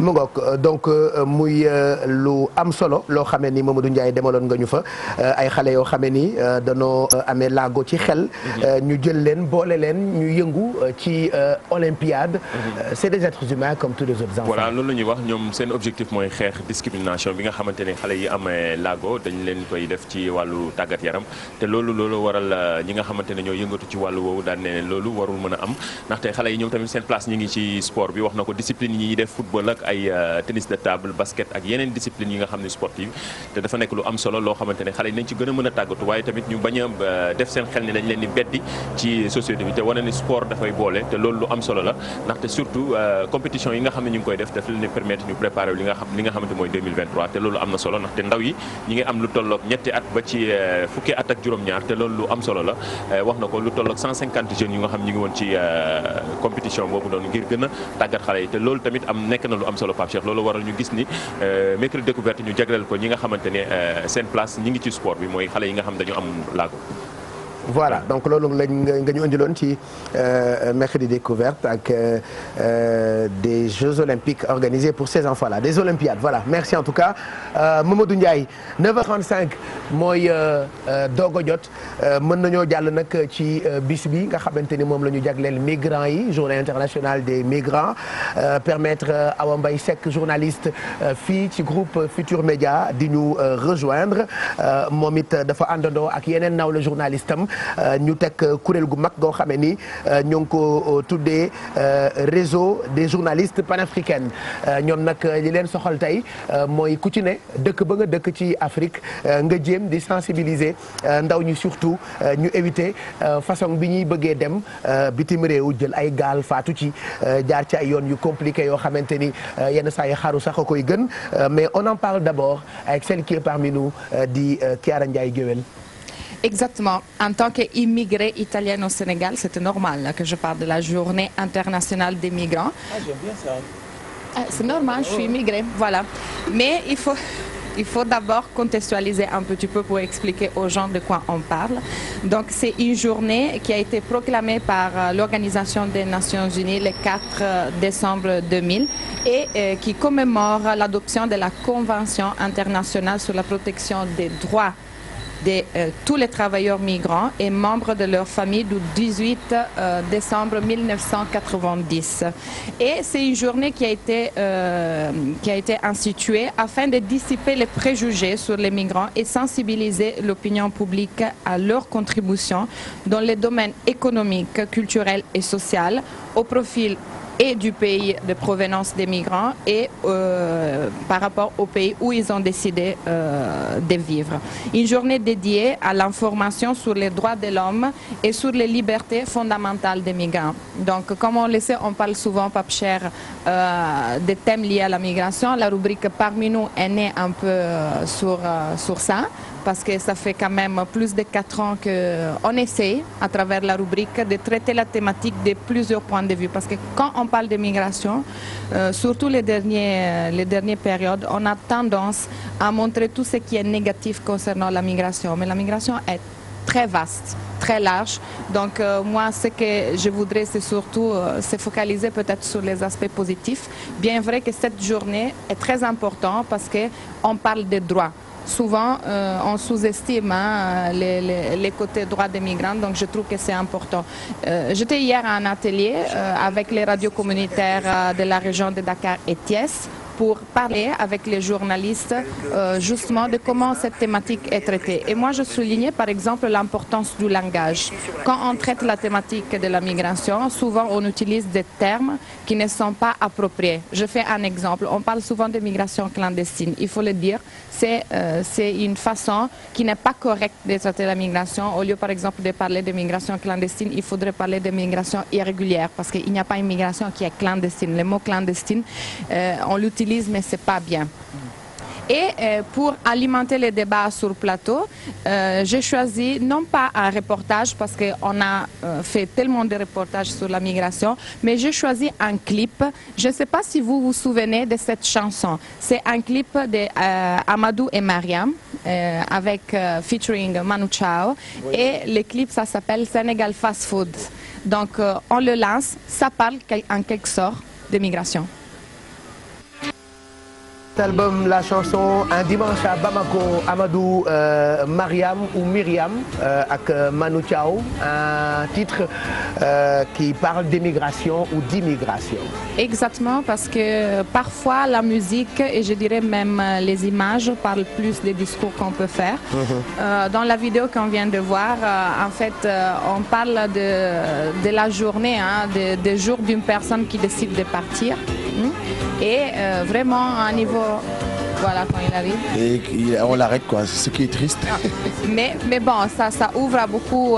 mu donc euh, muy euh, lu am solo loo xamee ni Mamadou Ndiaye demaloon nga ñu fa euh, ay xale yoo xamee ni danoo amee laago ci xel. Mhm. ñu jël leen boole leen ñu yëngu ci olympiade. Mhm. c'est des êtres humains comme tous les autres enfants. voilà loolu la ñuy wax ñoom seen objectif mooy xeex discrimination bi nga xamante ne xale yi amee laago dañ leen koy def ci wàllu tàggat yaram te loolu loolu waral ñi nga xamante ne ñoo yëngatu ci wàllu woowu daan ne loolu warul mën a am ndaxte xale yi ñoom tamit seen place ñi ngi ci sport bi wax na ko discipline yi ñuy def football ak ay euh, tennis de table basket ak yeneen discipline yi nga xam ne sportive te dafa nekk lu am solo loo xamante ne xale yi nañ ci gën mën a tàggatu waaye tamit ñu bañ euh, def seen xel ni dañ leen beddi ci société te wane ni sport dafay boole te loolu lu am solo la ndaxte euh, te na ndaw yi ñi ngi am lu tolloog ñetti at ba ci fukki at ak juróom-ñaar te loolu lu am solo la wax na ko lu tolloog 150 jeunes yu nga xam ñu ngi woon ci compétition boobu noonu ngir gën a tàggat xale yi solo Pape Cheikh loolu waral ñu gis ni euh, mercredi découverte ñu jagleel ko ñi nga xamante ne euh, seen place ñi ngi ci sport bi mooy xale yi nga xam dañu am laago voilà donc loolu lañ nga ñu indiloon ci euh, mercredi découverte ak euh, euh, des jeux olympiques organisés pour ces enfants là des olympiades voilà merci en tout cas Mamadou Ndiaye 9h35 mooy doog a jot mën nañoo jàll nag ci bis bi nga xamante ni moom la ñu jagleel migrants yi journée international des migrants permettre Awa Mbaye Seck journaliste fii ci groupe Futur Média di ñu rejoindre moom it dafa àndandoo ak yeneen naw la journaliste am Euh, ñu teg euh, kuréel gu mag goo xamee ni euh, ñoo ngi ko tuddee réseau des journalistes panafricaines ñoom nag li leen soxal tey mooy ku ci ne dëkk ba nga dëkk ci Afrique nga jéem di sensibiliser ndaw ñi surtout ñu éviter façon bi ñuy bëggee dem bitim réew jël ay gaal faatu ci jaar ci ay yoon yu compliquer yoo xamante ni yenn saa yi xaru sax a koy gën mais on en parle d'abord avec celle qui est parmi nous di Kiara Ndiaye Guewel Exactement. En tant qu'immigré italienne au Sénégal, c'était normal là, que je parle de la journée internationale des migrants. Ah, ah, c'est normal, je suis immigrée, voilà. Mais il faut, il faut d'abord contextualiser un petit peu pour expliquer aux gens de quoi on parle. Donc c'est une journée qui a été proclamée par euh, l'Organisation des Nations Unies le 4 euh, décembre 2000 et euh, qui commémore l'adoption de la Convention internationale sur la protection des droits de euh, tous les travailleurs migrants et membres de leur famille du 18 euh, décembre 1990. Et c'est une journée qui a été, euh, qui a été instituée afin de dissiper les préjugés sur les migrants et sensibiliser l'opinion publique à leur contribution dans les domaines économiques, culturels et social au et du pays de provenance des migrants et euh, par rapport au pays où ils ont décidé euh, de vivre. Une journée dédiée à l'information sur les droits de l'homme et sur les libertés fondamentales des migrants. Donc, comme on le sait, on parle souvent, pas cher, euh, des thèmes liés à la migration. La rubrique Parmi nous est née un peu euh, sur, sur parce que ça fait quand même plus de quatre ans qu'on essaie, à travers la rubrique, de traiter la thématique de plusieurs points de vue. Parce que quand on parle de migration, euh, surtout les, derniers, euh, les dernières périodes, on a tendance à montrer tout ce qui est négatif concernant la migration. Mais la migration est très vaste, très large. Donc euh, moi, ce que je voudrais, c'est surtout euh, se focaliser peut-être sur les aspects positifs. Bien vrai que cette journée est très importante parce qu'on parle des droits. souvent euh, on sous-estime les, les, les, côtés droits des migrants, donc je trouve que c'est important. Euh, J'étais hier à atelier euh, avec les radios euh, de la région de Dakar et Thiès pour parler avec les journalistes euh, justement de comment cette thématique est traitée. Et moi, je soulignais par exemple l'importance du langage. Quand on traite la thématique de la migration, souvent on utilise des termes qui ne sont pas appropriés. exemple. On parle souvent de migration clandestine. Il faut le dire, c'est euh, une façon qui n'est pas correcte de traiter la migration. Au lieu, par exemple, de parler de migration clandestine, il faudrait parler de migration irrégulière parce qu'il n'y a pas une migration qui est clandestine. Le mot clandestine, euh, on l'utilise, mais c'est pas bien. Et euh, pour alimenter les débats sur le plateau, euh, j'ai choisi non pas un reportage parce qu'on a euh, fait tellement de reportages sur la migration, mais j'ai choisi un clip. Je ne sais pas si vous vous souvenez de cette chanson. C'est un clip de euh, Amadou et Mariam euh, avec euh, featuring Manu Chao. Oui. Et le clip, ça s'appelle Sénégal Fast Food. Donc on le lance, ça parle en quelque sorte de migration. album la chanson un dimanche à Bamako Amadou euh, Mariam ou Myriam euh, ak euh, Manu Chao un titre euh, qui parle d'émigration ou d'immigration. Exactement parce que euh, parfois la musique et je dirais même euh, les plus des discours qu'on peut faire. Mm-hmm. Dans la vidéo qu'on vient de voir en fait on parle de de la journée hein des de jours d'une personne qui décide de partir et vraiment à un niveau що voilà, quand il arrive. ce qui est triste. Ah, mais, mais bon, ça, ça ouvre à beaucoup,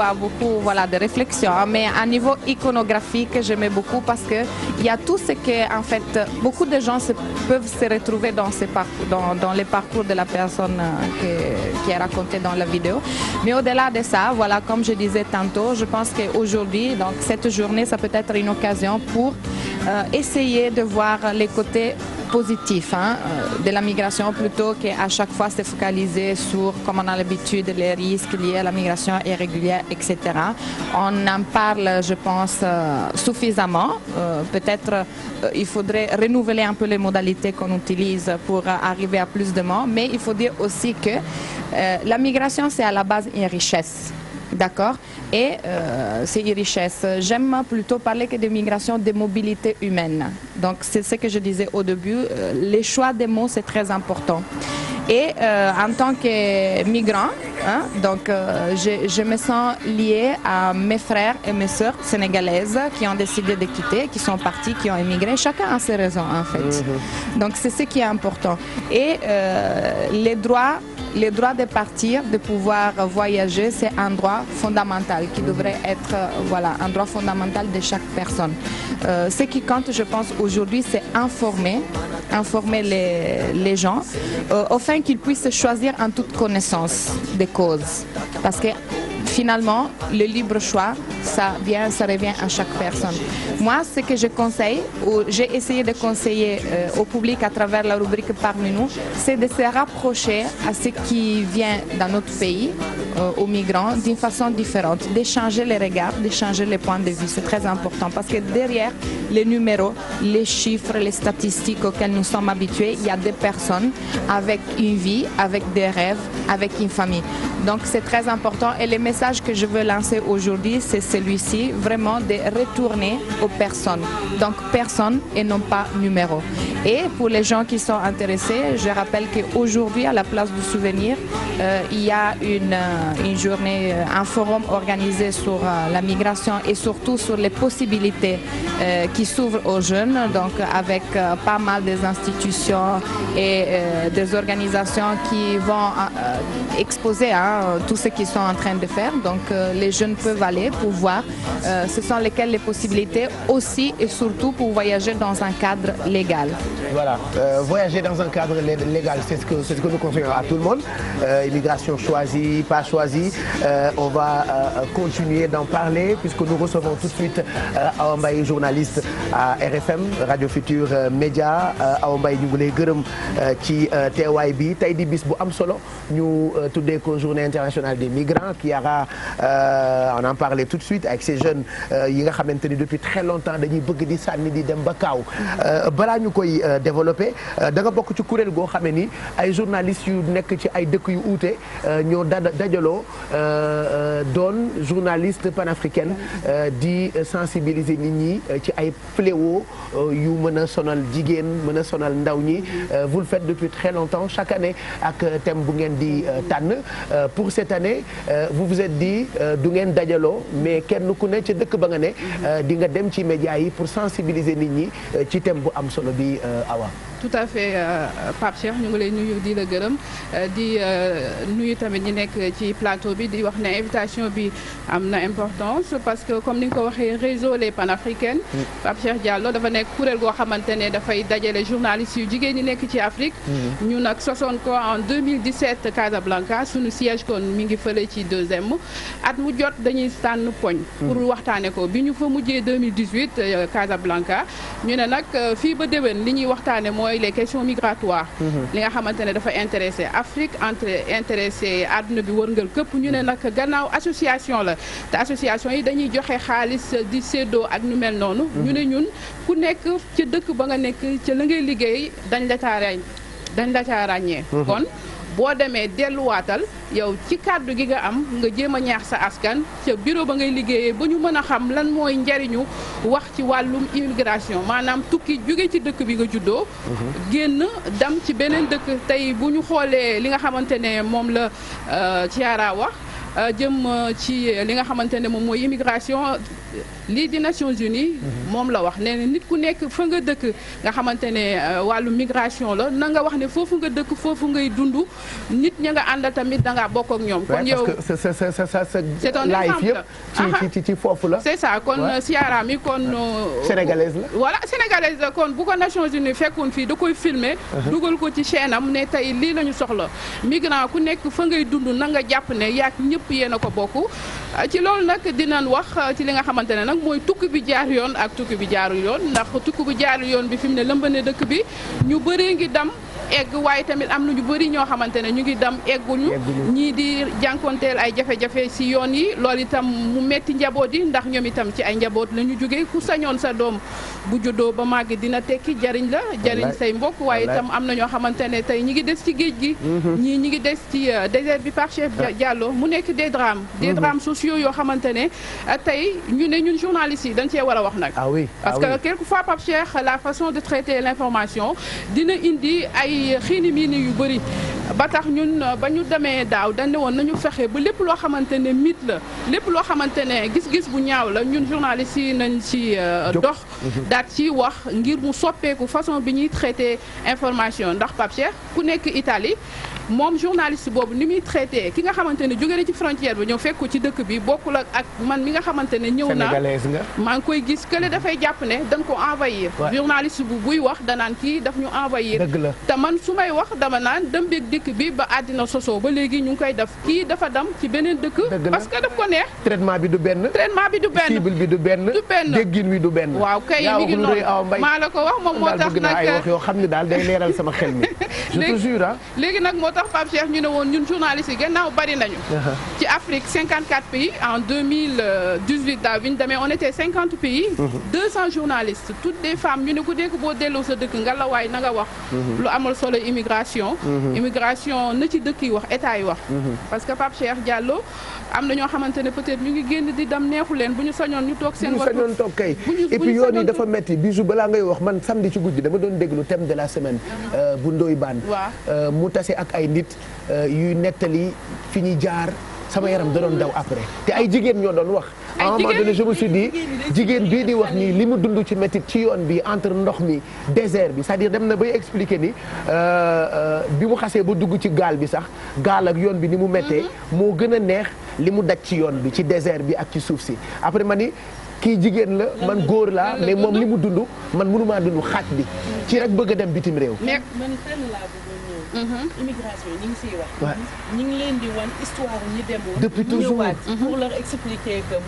de réflexions. Mais à niveau iconographique, j'aimais beaucoup parce qu'il y a tout ce que, en fait, beaucoup de gens se, peuvent se retrouver dans, ces parcours, de la personne euh, que, qui est racontée dans la vidéo. Mais au-delà de ça, voilà, comme je disais tantôt, je pense qu'aujourd'hui, donc cette journée, ça peut être une occasion pour euh, essayer de voir les côtés positifs hein, euh, de la migration migration plutôt qu'à chaque fois se focaliser sur, comme on a l'habitude, les risques liés à la migration irrégulière, etc. On en parle, je pense, euh, suffisamment. Euh, peut-être euh, il faudrait renouveler un peu les modalités qu'on utilise pour arriver à plus de mots, mais il faut dire aussi que la migration, c'est à la base une richesse. D'accord Et euh, c'est une richesse. J'aime plutôt parler que de migration des mobilités humaines. Donc c'est ce que je disais au début, euh, les choix des mots c'est très important. Et euh, en tant que migrant, hein, donc euh, je, je, me sens liée à mes frères et mes sœurs sénégalaises qui ont décidé de quitter, qui sont partis, qui ont émigré. Chacun a ses raisons en fait. Mm -hmm. Donc c'est ce qui est important. Et euh, les droits le droit de partir, de pouvoir voyager, c'est un droit fondamental qui mhm. devrait être euh, voilà, un droit fondamental de chaque personne. Euh, ce qui compte, je pense, aujourd'hui, c'est informer, informer les, les gens, euh, afin qu'ils puissent choisir en toute connaissance des causes. Parce que finalement, le libre choix, ça vient, ça revient à chaque personne. Moi, ce que je conseille, ou j'ai essayé de conseiller euh, au public à travers la rubrique Parmi nous, c'est de se rapprocher à ce qui vient dans notre pays, euh, aux migrants, d'une façon différente, d'échanger les regards, d'échanger les points de vue. C'est très important parce que derrière les numéros, les chiffres, les statistiques auxquelles nous sommes habitués, il y a des personnes avec une vie, avec des rêves, avec une famille. Donc c'est message que je veux lancer aujourd'hui, c'est celui-ci, vraiment de retourner aux personnes. Donc personne et non pas numéro. Et pour les gens qui sont intéressés, je rappelle qu'aujourd'hui, à la place du souvenir, euh, il y a une, euh, une, journée, euh, un forum organisé sur euh, la migration et surtout sur les possibilités euh, qui s'ouvrent aux jeunes, donc avec pas mal des institutions et des organisations qui vont exposer hein, tout ce qu'ils sont en train de faire. Donc euh, les jeunes peuvent aller pour voir euh, ce sont lesquelles les possibilités aussi et surtout pour voyager dans un cadre légal. Voilà, euh, voyager dans un c'est ce que nous conseillons à tout le monde. immigration choisie, pas choisie, on va continuer d'en parler puisque nous recevons tout de suite Awa Mbaye journaliste à RFM Radio Futur Média Awa Mbaye ñu ngi lay gërëm ci teewaay bi tey di bis bu am solo ñu tuddee ko journée internationale des migrants qui aura va euh, on en tout de suite avec ces euh, yi nga xamante ni depuis très longtemps dañuy bëgg di sànni di dem ba kaaw euh, balaa ñu koy développer da bokk ci kuréel goo xam ne ni ay journalistes yu nekk ci ay dëkk yu uute ñoo dajaloo doon journaliste panafricaine di sensibiliser nit ñi ci ay fléaux yu mën a sonal jigéen mën a sonal ndaw ñi vous le faites depuis très longtemps chaque année ak thème bu ngeen di tànn pour cette année vous vous di euh, du ngeen dajaloo mais kenn ku ne ca dëkk ba nga ne euh, di nga dem ci média yi pour sensibiliser nit ñi euh, ci thème bu am solo bi awa tout à fait euh, Pape Cheikh ñu ngi lay nuyu di la gërëm euh, di euh, nuyu tamit ñi nekk ci plateau bi di wax ne invitation bi am na importance parce que comme ni nga ko waxee réseau les panafricaines mm. Pape Cheikh Diallo dafa nekk kuréel goo xamante ne dafay dajale journalistes yu jigéen ñi nekk ci Afrique mm. ñu nag sosoon ko en 2017 Casablanca suñu siège kon mi ngi fële ci deuxième at mu jot dañuy tànn poñ pour mm. waxtaane ko bi ñu fa mujjee 2018 Casablanca ñu ne nag fii ba déwén li ñuy waxtaane mooy les questions migratoires li nga xamante ne dafa intéressé Afrique entre intéressé àdduna bi wërngal këpp ñu ne nag gannaaw association la te association yi dañuy joxe xaalis di séddoo ak nu mel noonu mhm. ñu ne ñun ku nekk ca dëkk ba nga nekk ca la ngay liggéey dañ la caa dañ la caa ràññee mhm. kon boo demee delluwaatal yow ci kàddu gi nga am nga jéem a ñaax sa askan ca bureau ba ngay liggéeyee ba ñu mën a xam lan mooy njariñu wax ci wàllum immigration maanaam tukki jóge ci dëkk bi nga juddoo génn dem ci beneen dëkk tey bu ñu xoolee li nga xamante ne moom la Ciara euh, wax euh, jëm ci li nga xamante ne moom mooy immigration lii di Nations Unies. moom la wax nee na nit ku nekk fa nga dëkk nga xamante ne euh, wàllu migration la na nga wax ne foofu nga dëkk foofu ngay dund nit ña nga ànd tamit da bokk ak ñoom. kon yow c'est ci foofu la. c'est ça kon siyaara mi kon. Euh, sénégalaise la. voilà sénégalaise la kon bu ko Nations Unies fekkoon fii da koy filmer uh-huh. dugal ko ci chaîne am ne tey lii lañu soxla migrant ku nekk fa ngay dund na nga jàpp ne yaak ñëpp yéen ko bokk. Ah, ci loolu nag dinañ wax ah, ci li nga xamante ne nag mooy tukki bi jaar yoon ak tukki bi jaarul yoon ndax tukki bi jaarul yoon bi fi mu ne lëmbane dëkk bi ñu bëree ngi dam egg waaye tamit am na ñu bëri ñoo xamante ne ñu ngi dem egguñu ñii di jànkonteel ay jafe-jafe si yoon yi lool itam mu metti njaboot yi ndax ñoom itam ci ay njaboot la ñu jógee ku sañoon sa doom bu juddoo ba màgg dina tekki jariñ la jariñ say mbokk waaye itam am na ñoo xamante ne tey ñi ngi des ci géej gi mhm. ñii ñi ngi des ci euh, désert bi par chef ah. mu nekk des drames des mhm. drames sociaux yoo xamante ne euh, tey ñu ne ñun journalistes yi dañ cee war a wax nag ah ah parce que quelquefois Pape Cheikh façon de traiter l'information dina indi ay ay xiini miini yu bëri ba tax ñun euh, ba ñu demee daaw dañ woon nañu fexe ba lépp loo xamante ne mythe la lépp loo xamante ne gis-gis bu ñaaw la ñun journaliste yi nañ ci euh, dox mhm. daat ci wax ngir mu soppeeku façon bi ñuy traité information ndax Pape ku nekk Italie moom journaliste boobu ni muy traité ki nga xamante ne jóge na ci frontière bi ñëw fekk ko ci dëkk bi bokkul ak ak man mi nga xamante ne ñëw naa maa ngi koy gis kële dafay jàpp ne dañ ko envahir journaliste bu buy wax danaan kii daf ñu envahir te man su may wax dama naan dem beeg dikk bi ba àddina sosoo ba léegi ñu ngi koy def kii dafa dem ci beneen dëkk parce que daf ko neex traitement bi du benn traitement bi du benn cible bi du benn du benn déggin wi du benn waaw kay mi ngi noonu maa la ko wax moom moo tax nag yoo xam ne daal day leeral sama xel mi je te jure ah. léegi nag moo tax Pape Cheikh ñu ne woon ñun journalistes yi gannaaw bari nañu. ci Afrique 54 pays en 2018 daaw bi ñu demee on était 50 pays. Mhm. journalistes toutes des femmes ñu ne ku nekk boo delloo sa dëkk nga la waay na wax. Mhm. lu amal solo immigration. Mhm. immigration na ci dëkk yi wax état yi wax. parce que Pape Cheikh Diallo am na ñoo xamante ne peut-être ñu ngi génn di dem neexu leen bu ñu sañoon ñu toog seen. bu ñu sañoon toog kay et puis yoon yi dafa metti bijou balaa ngay doon déglu thème de la semaine. Euh, bu ay nit euh, yuy nettali fi ñuy jaar sama yaram da doon daw après te ay jigéen ñoo doon wax. à jigéen bii di wax nii li mu dund ci métit ci yoon bi entre ndox mi désert bi c'est-à-dire dem na bay expliquer ni euh, euh, bi mu xasee ba dugg ci gaal bi sax gaal ak yoon bi ni mu méttee mm-hmm. moo gën a neex li mu daj ci yoon bi ci désert bi ak ci suuf si après ma ni kii jigéen la man góor laa mais moom li mu dund man mënumaa dund xaaj bi ci rek bëgg dem bitim réew. Mm-hmm. immigration ñu ngi siy wax. ñu ngi leen di wan histoire ñi demoon. depuis toujours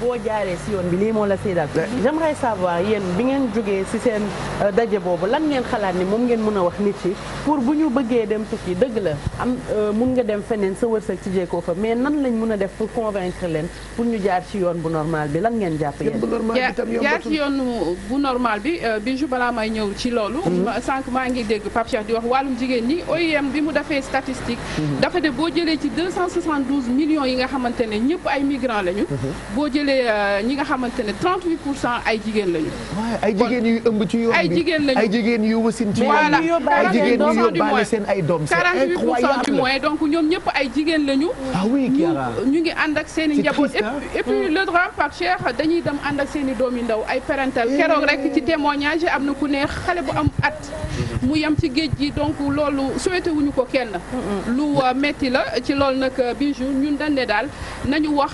boo jaaree si yoon bi lii moo la siy dal. j'aimerais savoir yéen bi ngeen jógee si seen euh, daje boobu lan ngeen xalaat ni moom ngeen mën a wax nit yi pour bu ñu bëggee dem tukki dëgg la am euh, mun nga dem feneen sa wërsëg ci jéego fa mais nan lañ mun a def pour convaincre leen pour ñu jaar ci yoon bu normal bi lan ngeen jàpp yéen. jaar ci yoon bu normal bi euh, bi ju balaa may ñëw ci loolu. Mm-hmm. maa ngi dégg bi mu defee statistique mhm. dafa ne boo jëlee ci 272 yi nga xamante ne ñëpp ay migrants lañu mhm. boo jëlee euh, ñi nga xamante ne 38 pour cent ay jigéen lañu ay jigéen yu ëmb ci yoon bi ay jigéen lañu ay jigéen yu wasin ci yoon bi ay jigéen yu yóbbaale pour cent du moins donc ñoom ñëpp ay jigéen lañu ah ñu ngi ànd ak seen i njaboot et puis le drame par cher dañuy dem ànd ak seen i doom yu ndaw ay parental eh. keroog rek ci témoignage am na ku ne xale bu am at mhm. mu yam ci géej gi donc loolu souhaité defuñu ko kenn. lu euh, metti la ci loolu nag euh, Bijou ñun dañ ne daal nañu wax.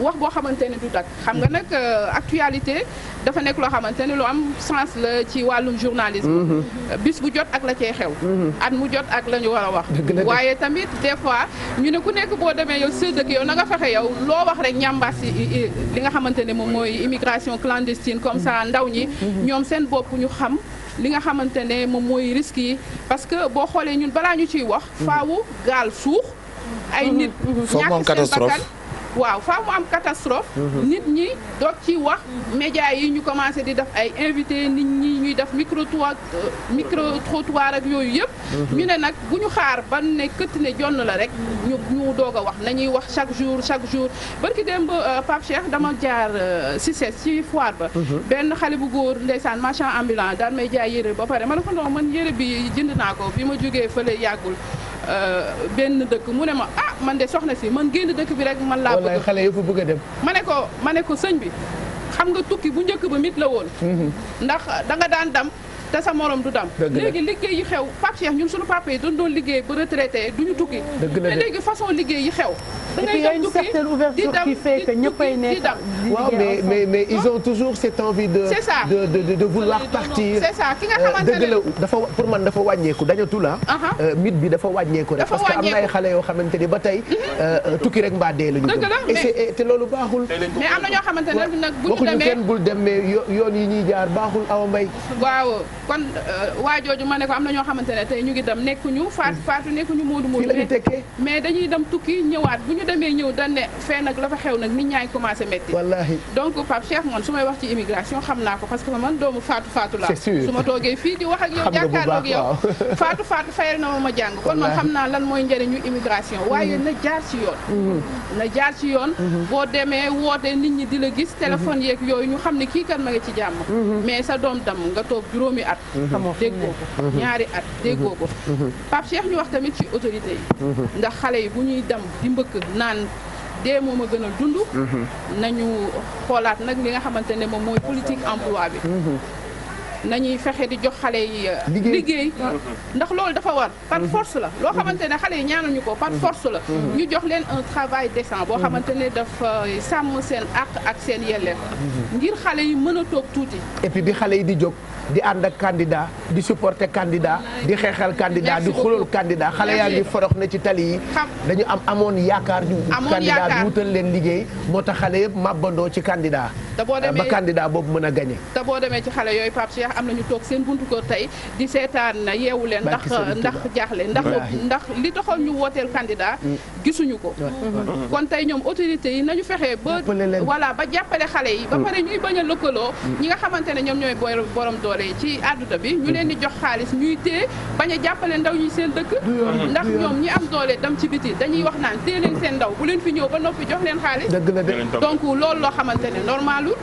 wax boo xamante ne du dak xam nga nag euh, actualité dafa nekk loo xamante ne lu am sens la ci wàllum journalisme. Mm-hmm. bis bu jot ak la cee xew. Mm-hmm. at mu jot ak la ñu war a wax. waaye tamit des fois ñu ne ku nekk boo demee yow sa dëkk yow na nga fexe yow loo wax rek ñambaas li nga xamante ne moom mooy immigration clandestine comme sa ndaw ñi. Mm-hmm. ñoom seen bopp ñu xam. li nga xamante ne moom mooy risques yi parce que boo xoolee ñun balaa ñu ciy wax faawu gaal suux ay mhm. nit mhm. ñàkk seen bakkan waaw faaw mu am catastrophe. Mhm. nit ñi doog ci wax. médias yi ñu commencé di def ay invité nit ñi ñuy def micro trottoir euh, micro trottoir ak yooyu yëpp. Mhm. ñu ne nag bu ñu xaar ban ne këtt ne jon la rek. ñu ñu doog a wax nañuy wax chaque jour chaque jour barki dem euh, Pape Cheikh dama jaar euh, si ses ci foire ba. Mhm. benn xale bu góor ndeysaan marchand ambulant daan may jaay yére ba pare ma a ko non man yére bi jënd naa ko bi ma jógee fële yàggul. Euh, benn dëkk mu ne ma ah man de soxna si man génn dëkk bi rek man laa bëgg wallaay xale yëpp bëgg a dem ma ne ko ma ne ko sëñ bi xam nga tukki bu njëkk ba mit la woon mhm. ndax da nga daan dam te sa morom du dam léegi liggéey yi xew Pape Cheikh ñun suñu papa yi doon doon liggéey ba retraité duñu tukki te léegi façon liggéey yi xew da ngay dem tukki di dem qui fait que ñëppay nekk waaw mais mais mais ils ont toujours cette envie de c'est ça de de de vouloir partir c'est ça ki nga euh, xamante ne dafa pour man dafa wàññeeku dañatu la euh, mit bi dafa wàññeeku rek parce que am na ay xale yoo xamante ni ba tey mhm. euh, tukki rek mbaa dee la ñu et te loolu baaxul mais am na ñoo xamante ne nag bu ñu demee waxuñu kenn bul dem mais yoon yi ñuy jaar baaxul awa mbay waaw kon euh, waajooju ma ne ko am na ñoo xamante ne tey ñu ngi dem nekkuñu faatu mm. faatu nekkuñu moodu moodu mais dañuy dem tukki ñëwaat bu ñu demee ñëw dañ ne fee nag la fa xew nag nit ñaa ngi commencé métti wallaahi donc Pape Cheikh man su may wax ci immigration xam naa ko parce que man doomu faatu faatu laa su ma toogee fii di wax ak yow jàkkaarloo ak yow faatu faatu na ma ma jàng kon man xam naa lan mooy njëriñu immigration mm-hmm. waaye na jaar ci yoon mm-hmm. na jaar ci yoon mm-hmm. boo demee wootee nit ñi di la gis téléphone yeeg yooyu ñu xam ne kii kan ma ngi ci jàmm mais sa doom dam nga toog juróomi at. xamoo mm-hmm. mm-hmm. déggoo ko ñaari at déggoo ko. Pape Cheikh ñu wax tamit ci autorité yi. Mm-hmm. ndax xale yi bu ñuy dem di mbëkk naan. dee moom a gën a dund. nañu xoolaat nag li nga xamante ne moom mooy politique emploi bi. nañuy fexe di jox xale yi euh, liggéey ndax loolu dafa war par mhm. force la loo mhm. xamante ne xale yi ñu ko par mhm. force la ñu jox leen un travail décent boo xamante ne dafa euh, sàmm seen àq ak seen yelleef ngir xale yi mën a toog tuuti et bi xale yi di jóg di ànd ak candidat di supporter candidat di xeexal candidat di xulool candidat xale yaa ngi forox na ci tali yi dañu am amoon yaakaar ñu candidat bi wutal leen liggéey moo tax xale yëpp màbbandoo ci candidat euh, ba candidat boobu mën a ndax am na ñu toog seen buntu kër tey di seetaan yeewu leen ndax ndax jaaxle ndax li taxoon ñu wooteel candidat mm. gisuñu ko mm-hmm. Mm-hmm. kon tey ñoom autorité yi nañu fexe ba voilà ba jàppale xale yi ba mm. pare ñuy bañ a lëkkaloo mm. ñi nga xamante ne ñoom ñooy borom doole yi ci àdduna bi ñu leen di jox xaalis ñuy téye bañ a jàppale ndaw ñi seen dëkk mm-hmm. ndax ñoom ñi am doole dam ci biti dañuy wax naan téye leen seen ndaw bu leen fi ñëw ba noppi jox leen xaalis donc loolu loo xamante ne normalul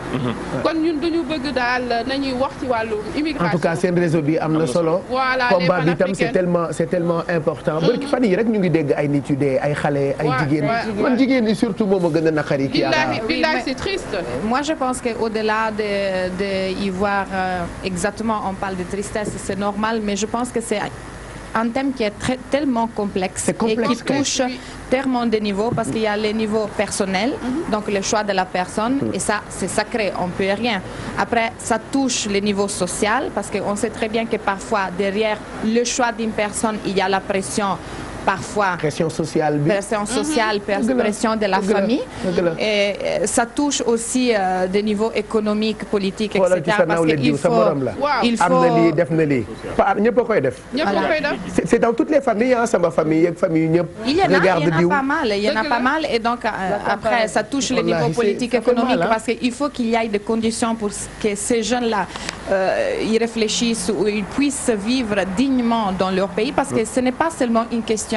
kon ñun dañu bëgg daal en tout cas seen réseau bi am na solo. combat bi tam c'est tellement c'est tellement important. bari fan yi rek ñu ngi dégg ay nit yu dee ay xale ay jigéen man jigéen ñi surtout moom a gën a naqari. kii c'est triste. moi je pense que au-delà de de y voir euh, exactement on parle de tristesse c'est normal mais je pense que c'est un thème qui est très, tellement complexe, complexe, et qui touche oui. tellement de niveaux parce qu'il y a les niveaux personnels, mm -hmm. donc le choix de la personne, mm -hmm. et ça c'est sacré, on peut rien. Après, ça touche les niveaux social parce qu'on sait très bien que parfois derrière le choix d'une personne, il y a la pression parfois. pression sociale bi pression mhm. sociale. de la famille. et euh, ça touche aussi euh, des niveaux économiques politiques et parce que faut il faut am na lii def na lii. ñëpp a koy def. c'est dans toutes les familles sama famille yeeg famille ñëpp. regarde diw il y en a pas mal il y en a pas mal et donc euh, après ça touche les parce que il faut qu'il y ait des conditions pour pays parce que ce n'est pas seulement une question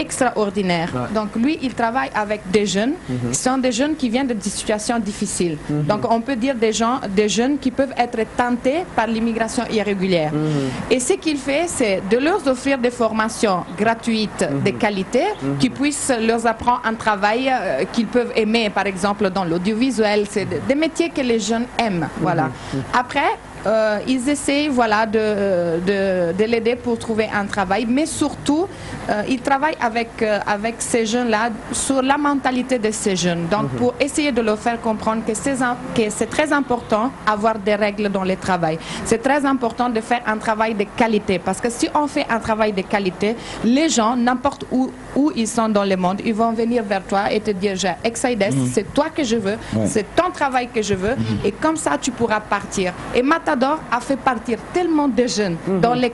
extraordinaire. Ouais. Donc lui, il travaille avec des jeunes. Mm -hmm. Ce sont des jeunes qui viennent de situations difficiles. Mm -hmm. Donc on peut dire des gens, des jeunes qui peuvent être tentés par l'immigration irrégulière. Mm -hmm. Et ce qu'il fait, c'est de leur offrir des formations gratuites mhm. de qualité mhm. qui puissent leur apprendre un travail euh, qu'ils peuvent aimer, par exemple dans l'audiovisuel. C'est des métiers que les jeunes aiment. Voilà. Mhm. Après, euh, ils essaient voilà, de, de, de l'aider pour trouver un travail, mais surtout, euh, ils travaillent avec, euh, avec ces jeunes-là sur la mentalité de ces jeunes. Donc, mm -hmm. pour essayer de leur faire comprendre que c'est très important avoir des règles dans le travail. C'est très important de faire un travail de qualité, parce que si on fait un travail de qualité, les gens, n'importe où, où ils sont dans le monde, ils vont venir vers toi et te dire, Exaides, mm -hmm. c'est toi que je veux, ouais. c'est ton travail que je veux, mm -hmm. et comme ça, tu pourras partir. Et maintenant, Matador a fait partir tellement de jeunes mmh. dans le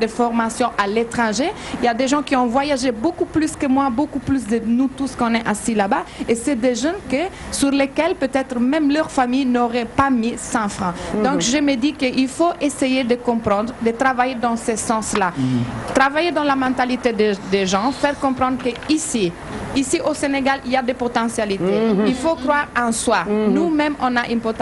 de formation à l'étranger. Il y a des gens qui ont voyagé beaucoup plus que moi, beaucoup plus de nous tous qu'on est assis là-bas. Et c'est des jeunes que, sur lesquels peut-être même leur famille n'aurait pas mis 100 francs. Mmh. Donc je me dis qu'il faut essayer de comprendre, de travailler dans ce sens-là. Mmh. Travailler dans la mentalité des, des gens, faire comprendre qu'ici, au Sénégal, il y a des potentialités. Mhm. Il faut croire en soi. Mhm. nous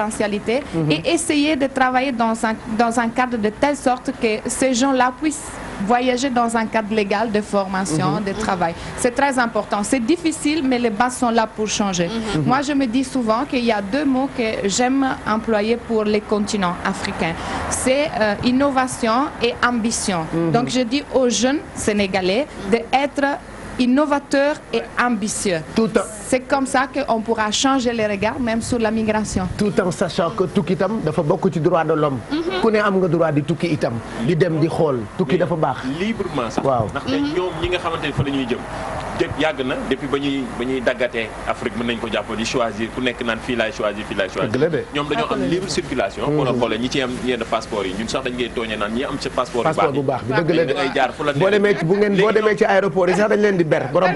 potentialités mhm. et essayer de travailler dans un, dans un cadre de telle sorte que ces gens-là puissent voyager dans un cadre légal de formation, mmh. de travail. C'est très important. C'est difficile, mais les bases sont là pour changer. Mhm. Mhm. Moi, je me dis souvent qu'il y a deux mots que j'aime employer pour les continents africains. C'est euh, innovation et ambition. Mmh. Donc, je dis aux jeunes Sénégalais d'être innovateurs et ambitieux. c'est comme ça que on pourra changer les regards même sur la migration. tout en sachant que tukki itam dafa bokk ci droit de l'homme mhm. ku ne am nga droit di tukki itam. di dem di xool tukki dafa baax. waaw ñi nga xamante fa la jëm. yàgg na depuis ba ñuy ba Afrique mën nañ ko jàpp di choisir ku nekk naan fii laay choisir fii laay choisir mhm. ñun sax dañ ngay tooñee naan ñi am sa passeport yu baax bi dëgg la da ngay jaar fu la boo demee bu ngeen boo demee ci aéroport yi sax dañ di ber borom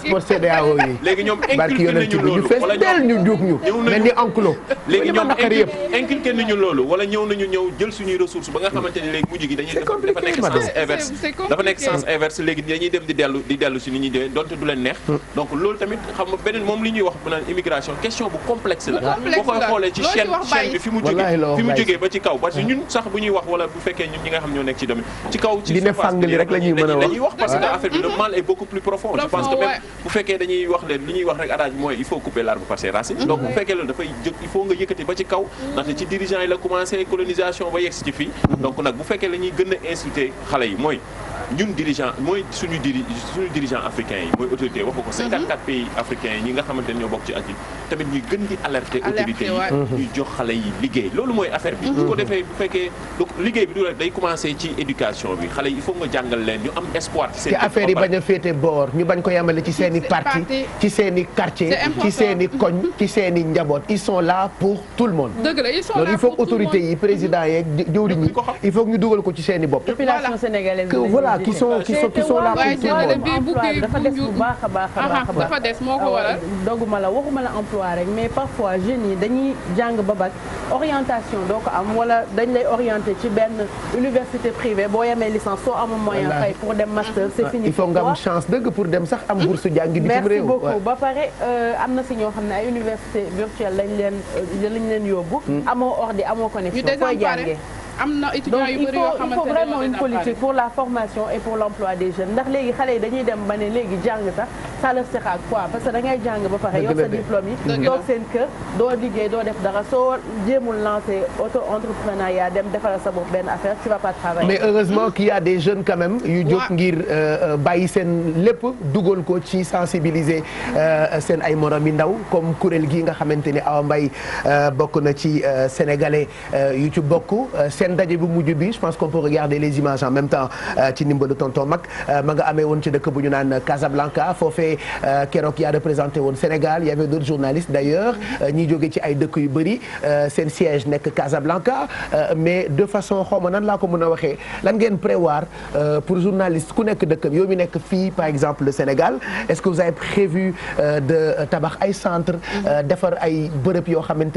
passeport CEDEAO yi. léegi ñoom inculqué nañu loolu wala ñu juug ñu. ñëw nañu ni enclos. léegi ñoom inculqué nañu loolu wala ñëw nañu ñëw jël suñuy ressources ba nga xamante ni léegi mujj gi dañuy dafa nekk sens inverse dafa nekk sens dañuy dem di dellu ni ñuy dee donte du leen neex. Hmm. donc loolu tamit xam beneen moom li ñuy wax bu immigration question bu complexe la. boo koy xoolee ci chaîne bi fi mu jógee ba ci kaw parce que hmm. ñun sax bu ñuy wax wala bu fekkee ñun nga xam ñoo nekk ci domaine ci kaw ci dañuy wax parce que affaire bi hmm. mal est beaucoup plus profond bu fekkee dañuy wax leen li ñuy wax rek adage bi mooy il faut couper l'arbre par ses racines donc bu fekkee loolu dafay jóg il faut nga yëkkati ba ci kaw ndaxte ci dirigeant yi la commencé colonisation ba yegg si ci fii donc nag bu fekkee la ñuy gën a insulté xale yi mooy ñun dirigeant mooy suñu diri suñu dirigeant africain yi mooy autorité wax ko 54 mhm. pays africains yi ñi nga xamante ne ñoo bokk ci at tamit ñuy gën di alerter autorité yi ñuy jox xale yi liggéey loolu mooy affaire bi su ko mhm. defee bu fekkee liggéey bi du rek day commencé ci éducation bi xale yi il faut nga jàngal leen ñu am espoir ci seen yi bañ a féete boor ñu bañ ko yemale ci seen i parti ci seen i quartier ci seen i koñ ci seen i njaboot il faut autorité yi ko i bopp population sénégalaise qui sont qui sont qui sont là pour dafa des bu baax a baax a baax ah, ah, dafa des moo ko waral ah, dogguma la waxuma la emploi rek mais parfois jeunes yi dañuy jàng ba orientation doo ko am wala dañ lay orienté ci benn université privée boo yemee licence soo amul moyen fay pour dem master c'est fini il faut nga am chance dëgg pour dem sax am bourse jàngi bitim réew ba pare euh, am na si ñoo xam ne ay université virtuelle lañ leen euh, lañ leen yóbbu hmm. amoo ordi amoo connexion fooy jàngee am na étudiants yu donc il faut vraiment une politique pour la formation et pour l' des jeunes ndax léegi xale yi dañuy dem ba léegi jàng sax ça leur sert à quoi parce que da ngay jàng ba pare yow sa diplôme seen doo liggéey doo def dara soo jéemul lancer auto entrepreneuriat dem defaral sa bopp benn affaire tu vas pas travailler. mais heureusement hmm? qu'il y a des jeunes quand même yu jóg ngir euh, euh, bàyyi seen lépp dugal ko ci sensibiliser euh, seen ay morom yi ndaw comme kuréel gi nga xamante ni aw Mbaye bokk na ci sénégalais yu ci bokk seen daje bu mujj bi je pense qu'on peut regarder les images en même temps euh, ci ndimbalu tonton Mag euh, ma nga amee woon ci dëkk bu ñu naan Casablanca foofee euh, keroog yaa représenté woon Sénégal y avait d'autres journalistes d'ailleurs ñi jóge ci ay dëkk yu bëri seen siège nekk Casablanca mais de façon xaw ma nan la ko mën a waxee lan ngeen prévoir pour journaliste ku nekk dëkkam yow mi nekk fi par exemple le Sénégal est-ce que vous avez prévu de tabax ay centre mm-hmm. defar ay bërëb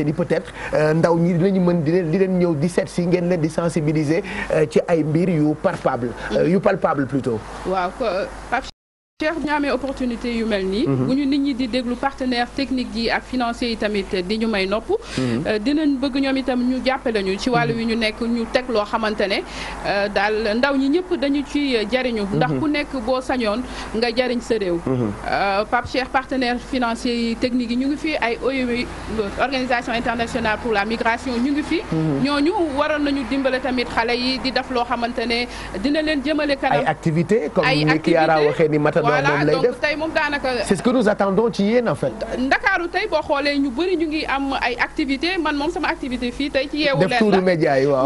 ni peut-être di sensibiliser euh, ci ay mbir yu palpable euh, yu palpable plutôt waaw Cheikh bu ñu amee opportunité yu mel nii. Mhm. bu ñu nit ñi di déglu partenaire technique yi ak financier yi tamit di ñu may nopp. Mhm. Euh, dinañ bëgg ñoom itam ñu jàppale ñu ci wàll wi ñu nekk ñu teg loo xamante ne euh, daal ndaw ñi ñëpp dañu ci jariñu. Mhm. ndax ku nekk boo sañoon nga jariñ sa réew. Euh, Pape Cheikh partenaire financier yi technique yi ñu ngi fi ay OIE organisation internationale pour la migration ñu ngi fi. ñu waroon nañu dimbale tamit xale yi di def loo xamante ne dina leen jëmale kanam. ay voilà donc tey moom daanaka. c'est ce que nous attendons ci yéen en Ndakaaru tey boo xoolee ñu bëri ñu ngi am ay activités man moom sama activité fii tey ci yeewu leen la def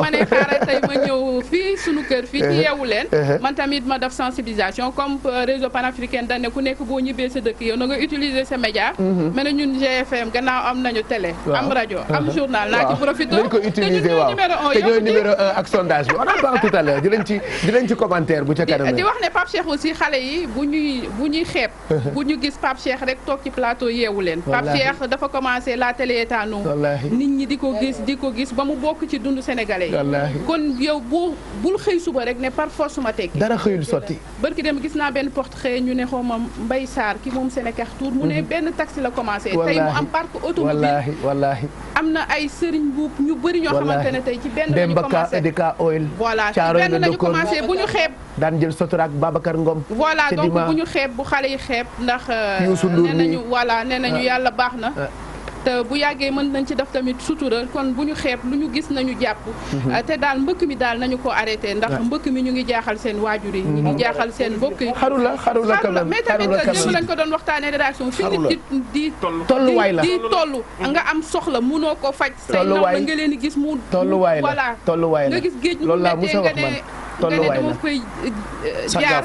ma ne ma ñëw fii sunu kër fii ci uh-huh. yeewu leen. Uh-huh. man tamit ma def sensibilisation comme euh, réseau panafricain dañ ku nekk boo ñibbee sa dëkk yow na utiliser sa média. Uh-huh. ma ne ñun GFM gannaaw am nañu télé. am rajo am journal naa ci profité. nañ ko utiliser waaw te ñooy numéro un ak sondage bi on en parle tout à l'heure dinañ ci dinañ ci commentaire bu ca kanam. di wax ñuy bu ñuy xeeb bu ñu gis Pape Cheikh rek toog ci plateau yeewu leen Pape Cheikh dafa commencé la télé état nous nit ñi di ko gis di ko gis ba mu bokk ci dund sénégalais yi kon yow bu bul xëy suba rek ne par force ma tekki dara xëyul sotti barki dem gis naa benn portrait ñu ne xaw ma Mbaye Sarr ki moom Sénécartour mu ne mhm. benn taxi la commencé tey mu am parc automobile wallaahi am na ay sëriñ bu ñu bëri ñoo xamante ne tey ci benn lañu commencé Demba Ka oil voilà ci benn lañu commencé voilà ñu xeeb bu xale yi xeeb ndax euh, nee nañu voilà nee nañu ah. yàlla baax na ah. te bu yàggee mën nañ ci def tamit sutura kon bu ñu xeeb lu ñu gis nañu jàpp mhm. euh, te daal mbëkk mi daal nañu ko arrêté ndax ah. mbëkk mi ñu ngi jaaxal seen waajur yi ñu ngi mhm. jaaxal seen mbokk yi xaru la xaru la xaru la mais tamit ñoom lañ ko doon waxtaanee rédaction fi nit di tolluwaay la di tollu nga am soxla munoo ko faj say naw la nga leen di gis mu tolluwaay la voilà nga gis géej mu mettee nga ne tolluwaay la koy eh, jaar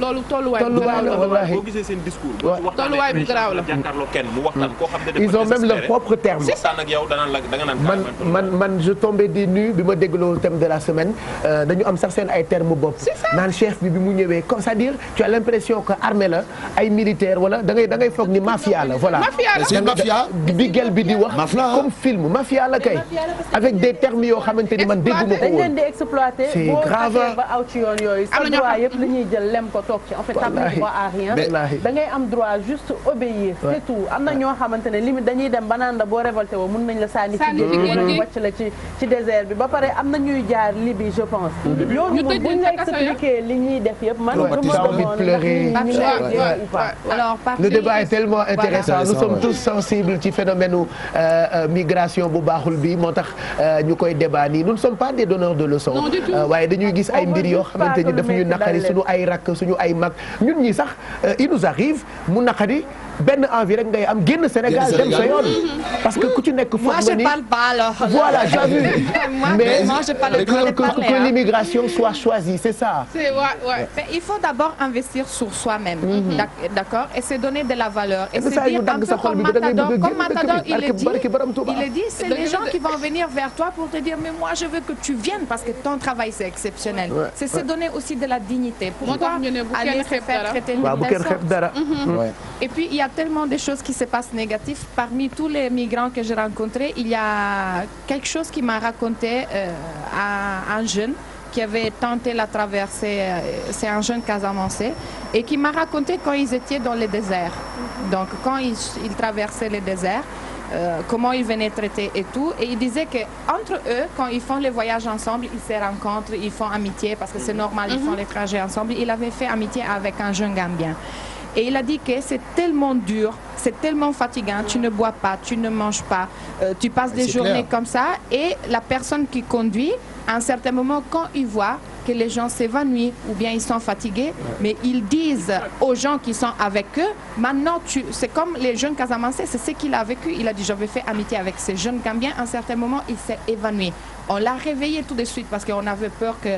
loolu tolluwaay bu garaaw la wallaahi boo gisee seen discours tolluwaay bu garaaw la jàkkaarloo kenn mu waxtaan hmm. koo xam ne ils ont même propre terme da nga naan man man man je tombais des nues bi ma dégloo thème de la semaine euh, dañu am sax ay terme bopp naan chef bi mu ñëwee comme sa à dire tu as l'impression que armée la ay militaire wala da foog ni mafia la voilà c'est mafia bi gel bi di wax comme film mafia la kay avec des termes yoo xamante ni man dégguma ko woon c'est grave ba aw ci yoon yooyu sa droit yëpp li ñuy jël lem ko toog ci en fait t'as pas droit da ngay am droit juste obéir c'est tout am na ñoo xamante ne limite dañuy dem ba naan la boo révolté woo mun nañ la sànni ci géej désert bi ba pare am na ñuy jaar Libye je pense ñooñu moom buñ la expliqué li ñuy def yëpp man le débat est tellement intéressant nous sommes tous sensibles ci phénomène euh, euh, migration bu baaxul bi moo tax euh, ñu koy débat nii nous ne sommes pas des donneurs de leçons waaye dañuy gis gis ay mbir yoo xamante ni daf ñu naqari suñu ay rakk suñu ay mag ñun ñi sax euh, il nous arrive mu naqari benn envie rek am génn Sénégal dem sa parce que ku ci nekk foog nga ni voilà j'ai vu mais que, que, que l'immigration soit choisie c'est ça. c'est ouais, ouais. Mais il faut d'abord investir sur soi-même. Mm-hmm. d'accord et se donner de il est dit il est dit les gens qui vont venir vers toi pour te dire mais je veux que tu viennes parce que ton travail c'est exceptionnel. c'est donner aussi de la dignité. pourquoi aller se faire traiter une personne. Mm-hmm. et puis il y a a tellement de choses qui se passent négatives. Parmi tous les migrants que j'ai rencontrés, il y a quelque chose qui m'a raconté euh, à un jeune qui avait tenté la traversée, euh, c'est un jeune Casamancé, et qui m'a raconté quand ils étaient dans le désert. Donc quand ils, ils traversaient le désert, euh, comment ils venaient traiter et tout. Et il disait qu'entre eux, quand ils font les voyages ensemble, ils se rencontrent, ils font amitié, parce que c'est mhm. normal, ils font mhm. les trajets ensemble. Il avait fait amitié avec un jeune Gambien. Et il a dit que c'est tellement dur, c'est tellement fatigant, tu ne bois pas, tu ne manges pas, euh, tu passes des journées clair. comme ça. Et la personne qui conduit, à un certain moment, quand il voit que les gens s'évanouissent ou bien ils sont fatigués, mais ils disent aux gens qui sont avec eux, maintenant, tu... c'est comme les jeunes Casamancés, c'est ce qu'il a vécu. Il a dit, j'avais fait amitié avec ces jeunes Gambiens. À un certain moment, il s'est évanoui. On l'a réveillé tout de suite parce qu'on avait peur que...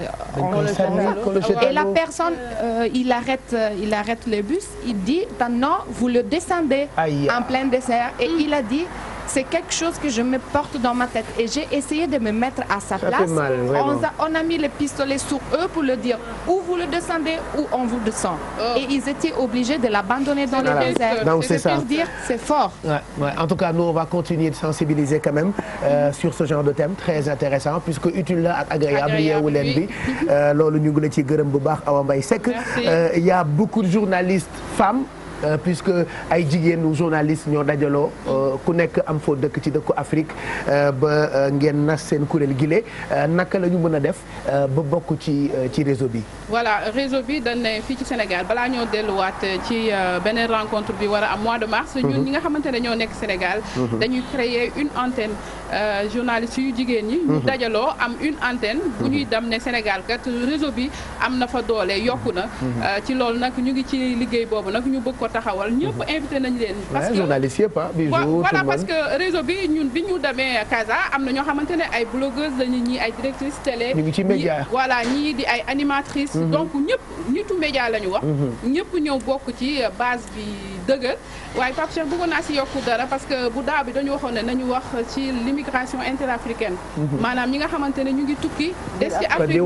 On le on... Et la personne, euh, il, arrête, euh, il arrête le bus, il dit, maintenant, vous le descendez Aïe. en plein dessert. Et il a dit, C'est quelque chose que je me porte dans ma tête. Et j'ai essayé de me mettre à sa ça place. Mal, on, a, on, a, mis les pistolets sur eux pour leur dire ou vous le descendez ou on vous descend. Oh. Et ils étaient obligés de l'abandonner dans voilà. Ah, le désert. Donc c'est ça. Pour dire, c'est fort. Ouais, ouais. En tout cas, nous, on va continuer de sensibiliser quand même euh, mm. sur ce genre de thème très intéressant puisque utile la ak agréable yeewu leen bi euh, loolu ñu ngi la ci gërëm bu baax Awa Mbaye Seck il euh, y a beaucoup de journalistes femmes Euh, que ay jigéenu journaliste ñoo dajaloo euh, ku nekk am foo dëkk ci dëkku Afrique euh, ba ngeen nas seen kuréel gile naka la ñu mën a def ba bokk ci ci réseau bi. voilà réseau bi dañ ne fii ci Sénégal balaa ñoo delluwaat ci beneen rencontre bi war a am mois de mars. Mhm. ñun ñi nga xamante ne ñoo nekk Sénégal. Mhm. dañuy créer une antenne. Euh, journalistes yu jigéen ñi. ñu mhm. dajaloo am une antenne. bu ñuy mhm. dem ne Sénégal kat réseau bi am na fa doole yokku na. Mhm. Euh, ci loolu nag ñu ngi ci liggéey boobu nag ñu bëgg ko taxawal ñëpp invité nañ leen. parce que journaliste yëpp ah voilà parce que réseau bi ñun bi ñu demee Casa am na ñoo xamante ne ay blogueuses lañu ñii ay directrices télé. ñu ngi ci média voilà ñii di ay animatrices. donc ñëpp ñitu média la ñu wax. ñëpp ñëw bokk ci base bi. dëgër waaye Pape Cheikh bëggoon naa si yokku dara parce que bu daaw bi dañu waxoon ne nañu wax ci l'immigration interafricaine mhm. maanaam ñi nga xamante ne ñu ngi tukki des ci Afrique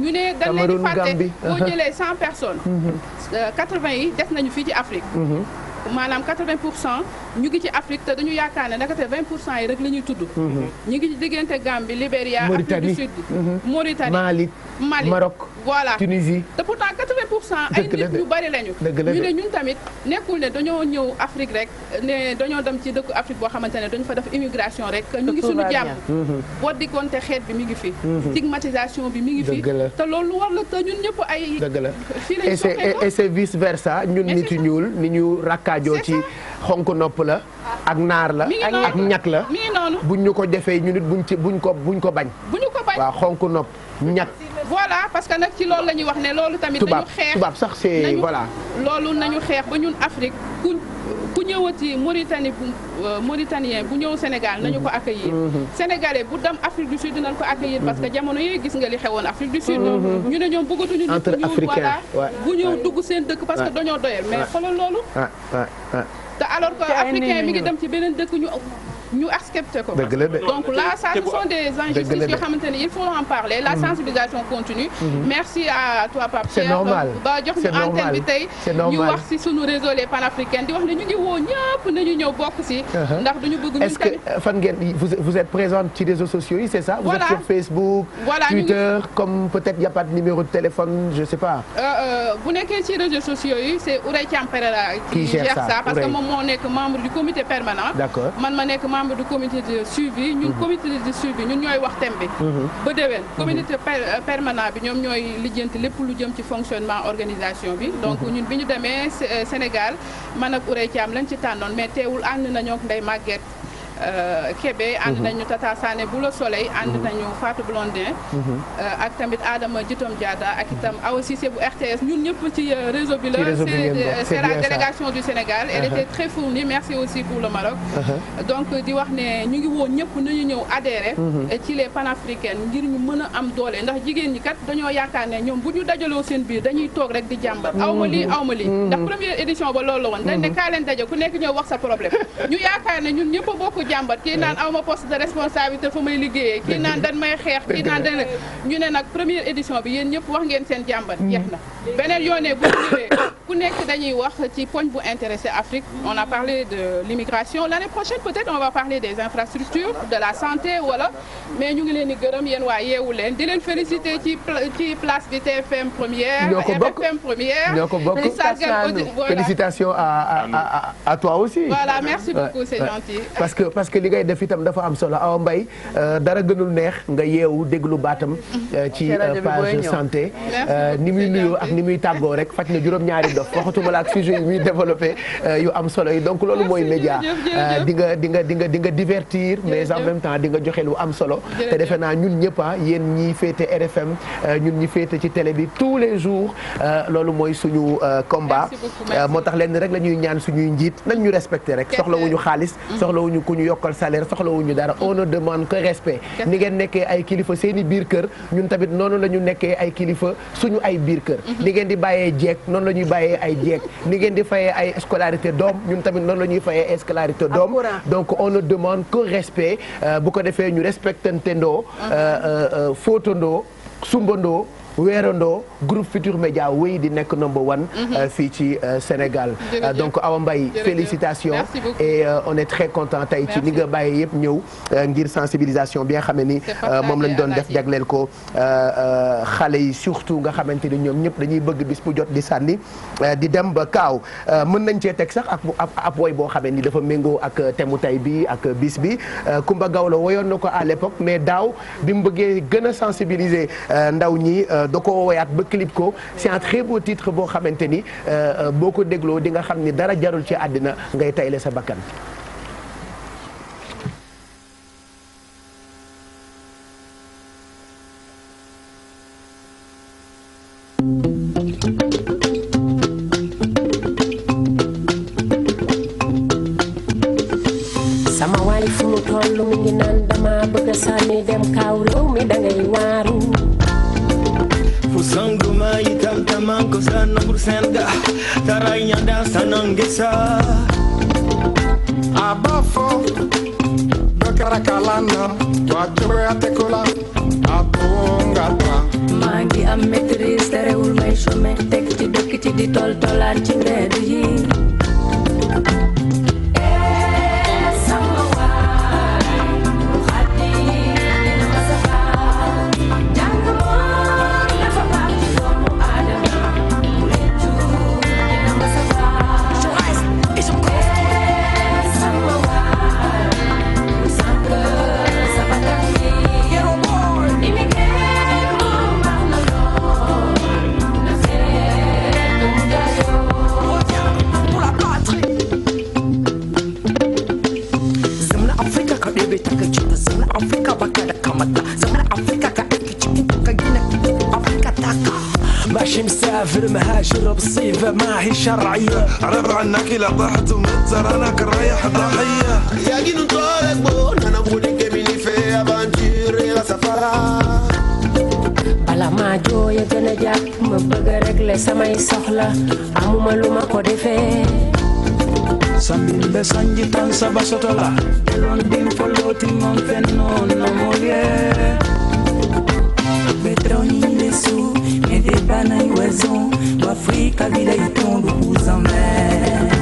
ñu ne dañ leen di fàtte boo jëlee cent personnes mhm. euh, quatre-vingts yi des nañu fii ci Afrique mhm. maanaam 80 pour cent ñu ngi ci Afrique te dañu yaakaar ne ndakate yi rek la tudd. Mhm. ñu ngi diggante Gambie Libéria. Afrique du Sud mhm. Mauritanie Mali. Mali Maroc Tunisie. te pourtant ay nit ñu bari lañu. ñu ne ñun tamit nekkul ne dañoo ñëw Afrique rek ne dañoo dem ci dëkku Afrique boo xamante ne dañu fa def immigration rek. ñu ngi suñu jàmm. Mhm. boo diggoonte xeet bi mi ngi fi. stigmatisation bi mi ngi fi. te loolu war la te ñun ñëpp ay. dëgg la et c'est vice versa ñun kaajoo ci xonk nopp la ak naar la ak ñatt la buñ ñu ko defee ñu nit buñ ci buñ ko buñ ko bañ waaw xonk nopp ñak voilà parce que nag ci loolu la ñuy wax ne loolu tamit nañu xeex tubaab sax c'est voilà loolu nañu xeex ba ñun Afrique ku ku ñëwati Mauritanie euh, Mauritanien bu ñëw Sénégal nañu ko mhm. accueillir mhm. Sénégalais bu dem Afrique du Sud dinañ ko accueillir parce que mhm. jamono yooyu gis nga li xewoon Afrique du Sud ñu ne ñoom bëggatuñu nit ñuul voilà bu ñëw dugg seen dëkk parce que dañoo doyal mais xoolal loolu te alors que africain mi ngi dem ci beneen dëkk ñu ñu accepté ko donc là ça ce sont des injustices yoo xamante ne il faut en parler la mm-hmm. sensibilisation continue mm-hmm. merci à toi Pape Cheikh ba jox ñu antenne bi tey ñu wax si sunu réseau les panafricains di wax uh-huh. euh, vous êtes présente ci réseaux sociaux c'est ça vous êtes sur Facebook Twitter comme peut y a pas de numéro de téléphone je sais pas euh, euh, bu nekkee ci réseaux sociaux yi c'est Ourey Thiam Perera qui que membre du comité permanent man membre du comité de suivi ñun mhm. comité de suivi ñun ñooy wax thème bi mhm. ba déwén mhm. comité euh, permanent bi ñoom ñooy lijjanti lépp lu jëm ci fonctionnement organisation bi donc ñun bi ñu demee euh, Sénégal man ak Ourey Thiam lañ ci tànnoon mais teewul ànd nañoo ak Ndeye Euh, Kébé ànd mhm. nañu Tata Sané bu la Soleil ànd mhm. nañu Fatou Blondin mhm. euh, ak tamit Adama Jitom Diada ak itam Awa Cissé bu RTS ñun ñëpp ci euh, réseau bi la c'est la délégation du Sénégal elle uh-huh. était très fournie merci aussi pour le Maroc uh-huh. donc di wax ne ñu ngi woon ñëpp nañu ñëw adhéré ci les panafricaines ngir ñu mën a am doole ndax jigéen ñi kat dañoo yaakaar ne ñoom bu ñu dajaloo seen biir dañuy toog rek di jàmbat aw ma lii aw ma lii ndax première édition ba lool la woon dañ ne ku nekk ñëw wax sa problème jàmbat kii naan aw ma poste de responsabilité fu may liggéeyee kii naan dañ may xeex kii naan dañ ñu ne nag première édition bi yéen ñëpp wax ngeen seen jàmbat mm. jeex na beneen yoonee bu ñëwee ku nekk dañuy wax ci poñ bu intéressé Afrique on a parlé de l'immigration l'année prochaine peut-être on va parler des infrastructures de la santé wala mais ñu ngi leen di gërëm yéen waa yeewu leen di leen féliciter ci ci place bi TFM première RFM première ñoo parce que li ngay def itam dafa am solo Awa Mbaye euh, dara gënul neex nga yeewu déglu baatam euh, mm-hmm. ci euh, page santé ni muy nuyoo ak ni muy tàggoo rek faj na juróom-ñaari dof waxatuma la ak sujet muy développé yu am solo yi donc loolu mooy média di nga di nga di nga di nga divertir mais en même temps di nga joxe lu am solo te defe naa ñun ñëpp ah yéen ñi féete RFM ñun ñi féete ci télé bi tous les jours loolu mooy suñu combat moo tax lenn rek lañuy ñaan suñuy njiit nañ ñu respecté rek soxla wuñu xaalis mm-hmm. soxlawuñu kuñu yokkal salaire soxlawuñu dara on demande que respect ni ngeen nekkee ay kilifa seeni biir kër ñun tamit noonu la ñu nekkee ay kilifa suñu ay biir kër mhm. ni ngeen di bàyyee jeeg noonu la ñuy bàyyee ay jeeg ni ngeen di fayee ay scolarité doom ñun tamit noonu la ñuy fayee scolarité doom donc on ne demande que respect euh, bu ko defee ñu ndoo mhm. euh, euh, footandoo sumbandoo weerandoo groupe future Média wéy di nekk number one. Mhm. Euh, fii ci euh, Sénégal. Euh, donc Awa Mbaye félicitations. et on très content tey ci li nga bàyyee yëpp ñëw ngir sensibilisation bi nga xam ne ni moom lañ doon def jagleel ko xale yi surtout nga xamante ni ñoom ñëpp dañuy bëgg bis bu jot di sànni di dem ba kaaw mën nañ cee teg sax ak ab woy boo xamee ni dafa méngoo ak temu tay bi ak bis bi Kumba Gawlo woyoon na ko à l'époque mais daaw bi mu bëggee gën a sensibiliser ndaw ñi. da woyaat ba clip ko c'est un très beau boo xamante ni euh, euh, boo ko dégloo di nga xam ni dara jarul ci àddina ngay tayle sa bakkan sanangisa a b'a fɔ dɔ kɛra kalan na to a cogoya tɛ ko la a tɔgɔ ka magi a metri serewul may chôme tekci dëkk ci di toltolaat ci mbedd yi ماشي مسافر مهاجر بصيفه ماهي شرعيه عرب عنك الى ضحت ومضطر انا كنريح ضحيه يا جين طارق بون انا بقول جميلي في افانتير سفرها bala maa jooya gën a jàpp ma bëgg a régler samay soxla amuma lu ma ko defee sambin be sanji tan saba sotola delon din foloti ngon fennoon na molie be trawni le suuf ebeba na iwezo mwafrika bila itundu kuzamela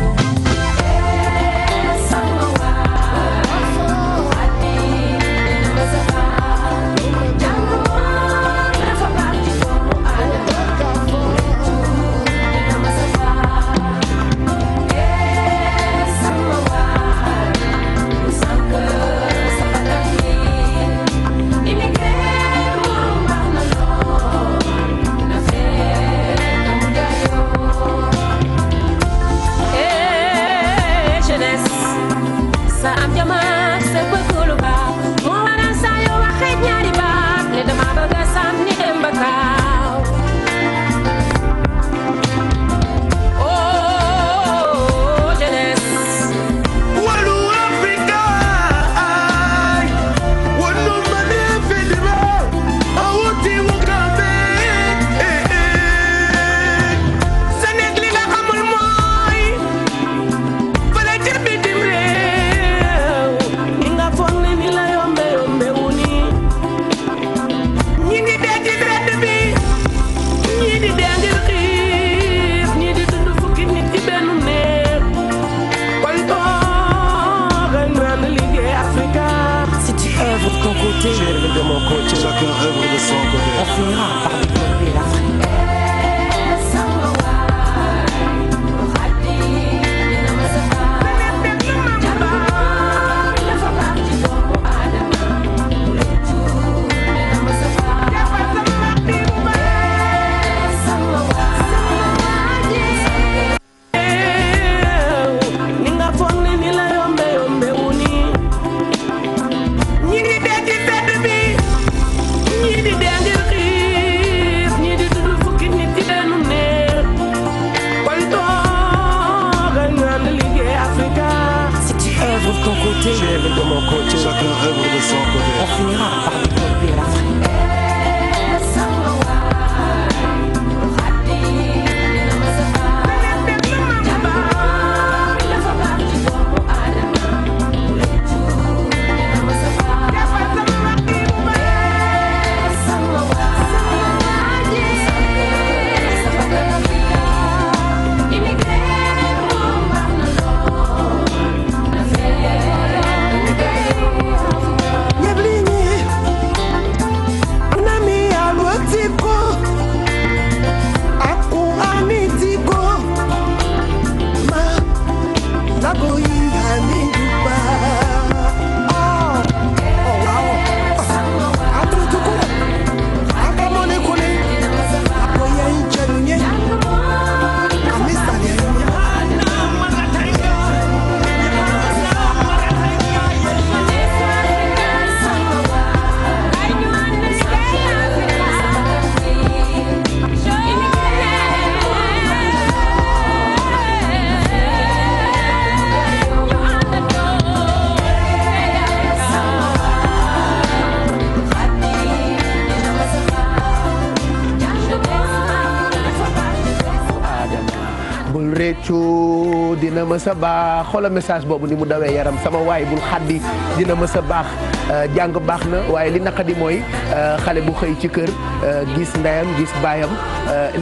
sa baax xoola message boobu ni mu dawee yaram sama waay bul xaddi dina mësa baax euh, jàng baax na waaye li naqadi mooy euh, xale bu xëy ci kër euh, gis ndeyam gis baayam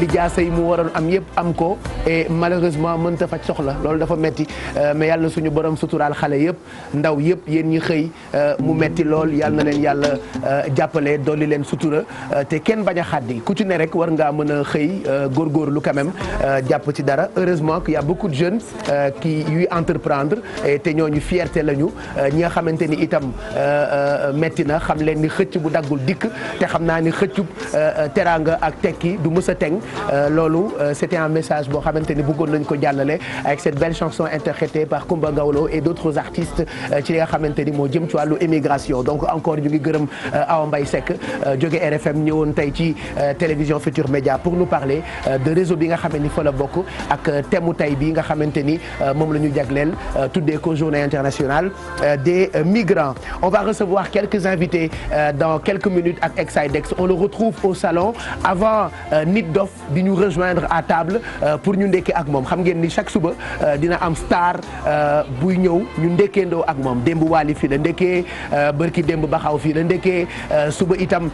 li jaasa yi mu waroon am yëpp am ko e malheureusement mënta faj soxla loolu dafa metti mais yàlla suñu borom suturaal xale yëpp ndaw yëpp yéen ñi xëy mu metti lool yàlla na leen yàlla jàppale dolli leen sutura Euh, te kenn bañ a xàddi ku ci ne rek war ngaa mën a xëy euh, góorgóorlu quand même euh, jàpp ci dara heureusement qu'il y a beaucoup de jeunes qui yuy entreprendre te ñooñu fierté lañu ñi nga xamante ni itam metti na xam leen ni xëcc bu daggul dikk te xam naa ni xëcc Euh, euh, teraanga ak tekki du mës a teng euh, loolu c'était un message boo xamante ni bëggoon nañ ko jàllale avec cette belle chanson interprétée par Kumba Gawlo d'autres artistes ci li nga xamante ni moo jëm ci wàllu émigration donc encore ñu ngi gërëm Awa Mbaye Seck jóge RFM ñëwoon tey ci télévision Futur Média pour nous parler de réseau bi nga xamante ni fa la bokk ak thème tay bi nga xamante ni moom la ñu jagleel tuddee ko journée internationale des migrants on va recevoir quelques invités dans quelques minutes au salon avant euh, nit dof di ñu rejoindre à table euh, pour ñu ndekkee ak moom xam ngeen ni chaque suba euh, dina am star buy ñëw ñu ndekkeendoo ak moom démb waali fii la ndekkee bërki démb baxaw fii la ndekkee suba itam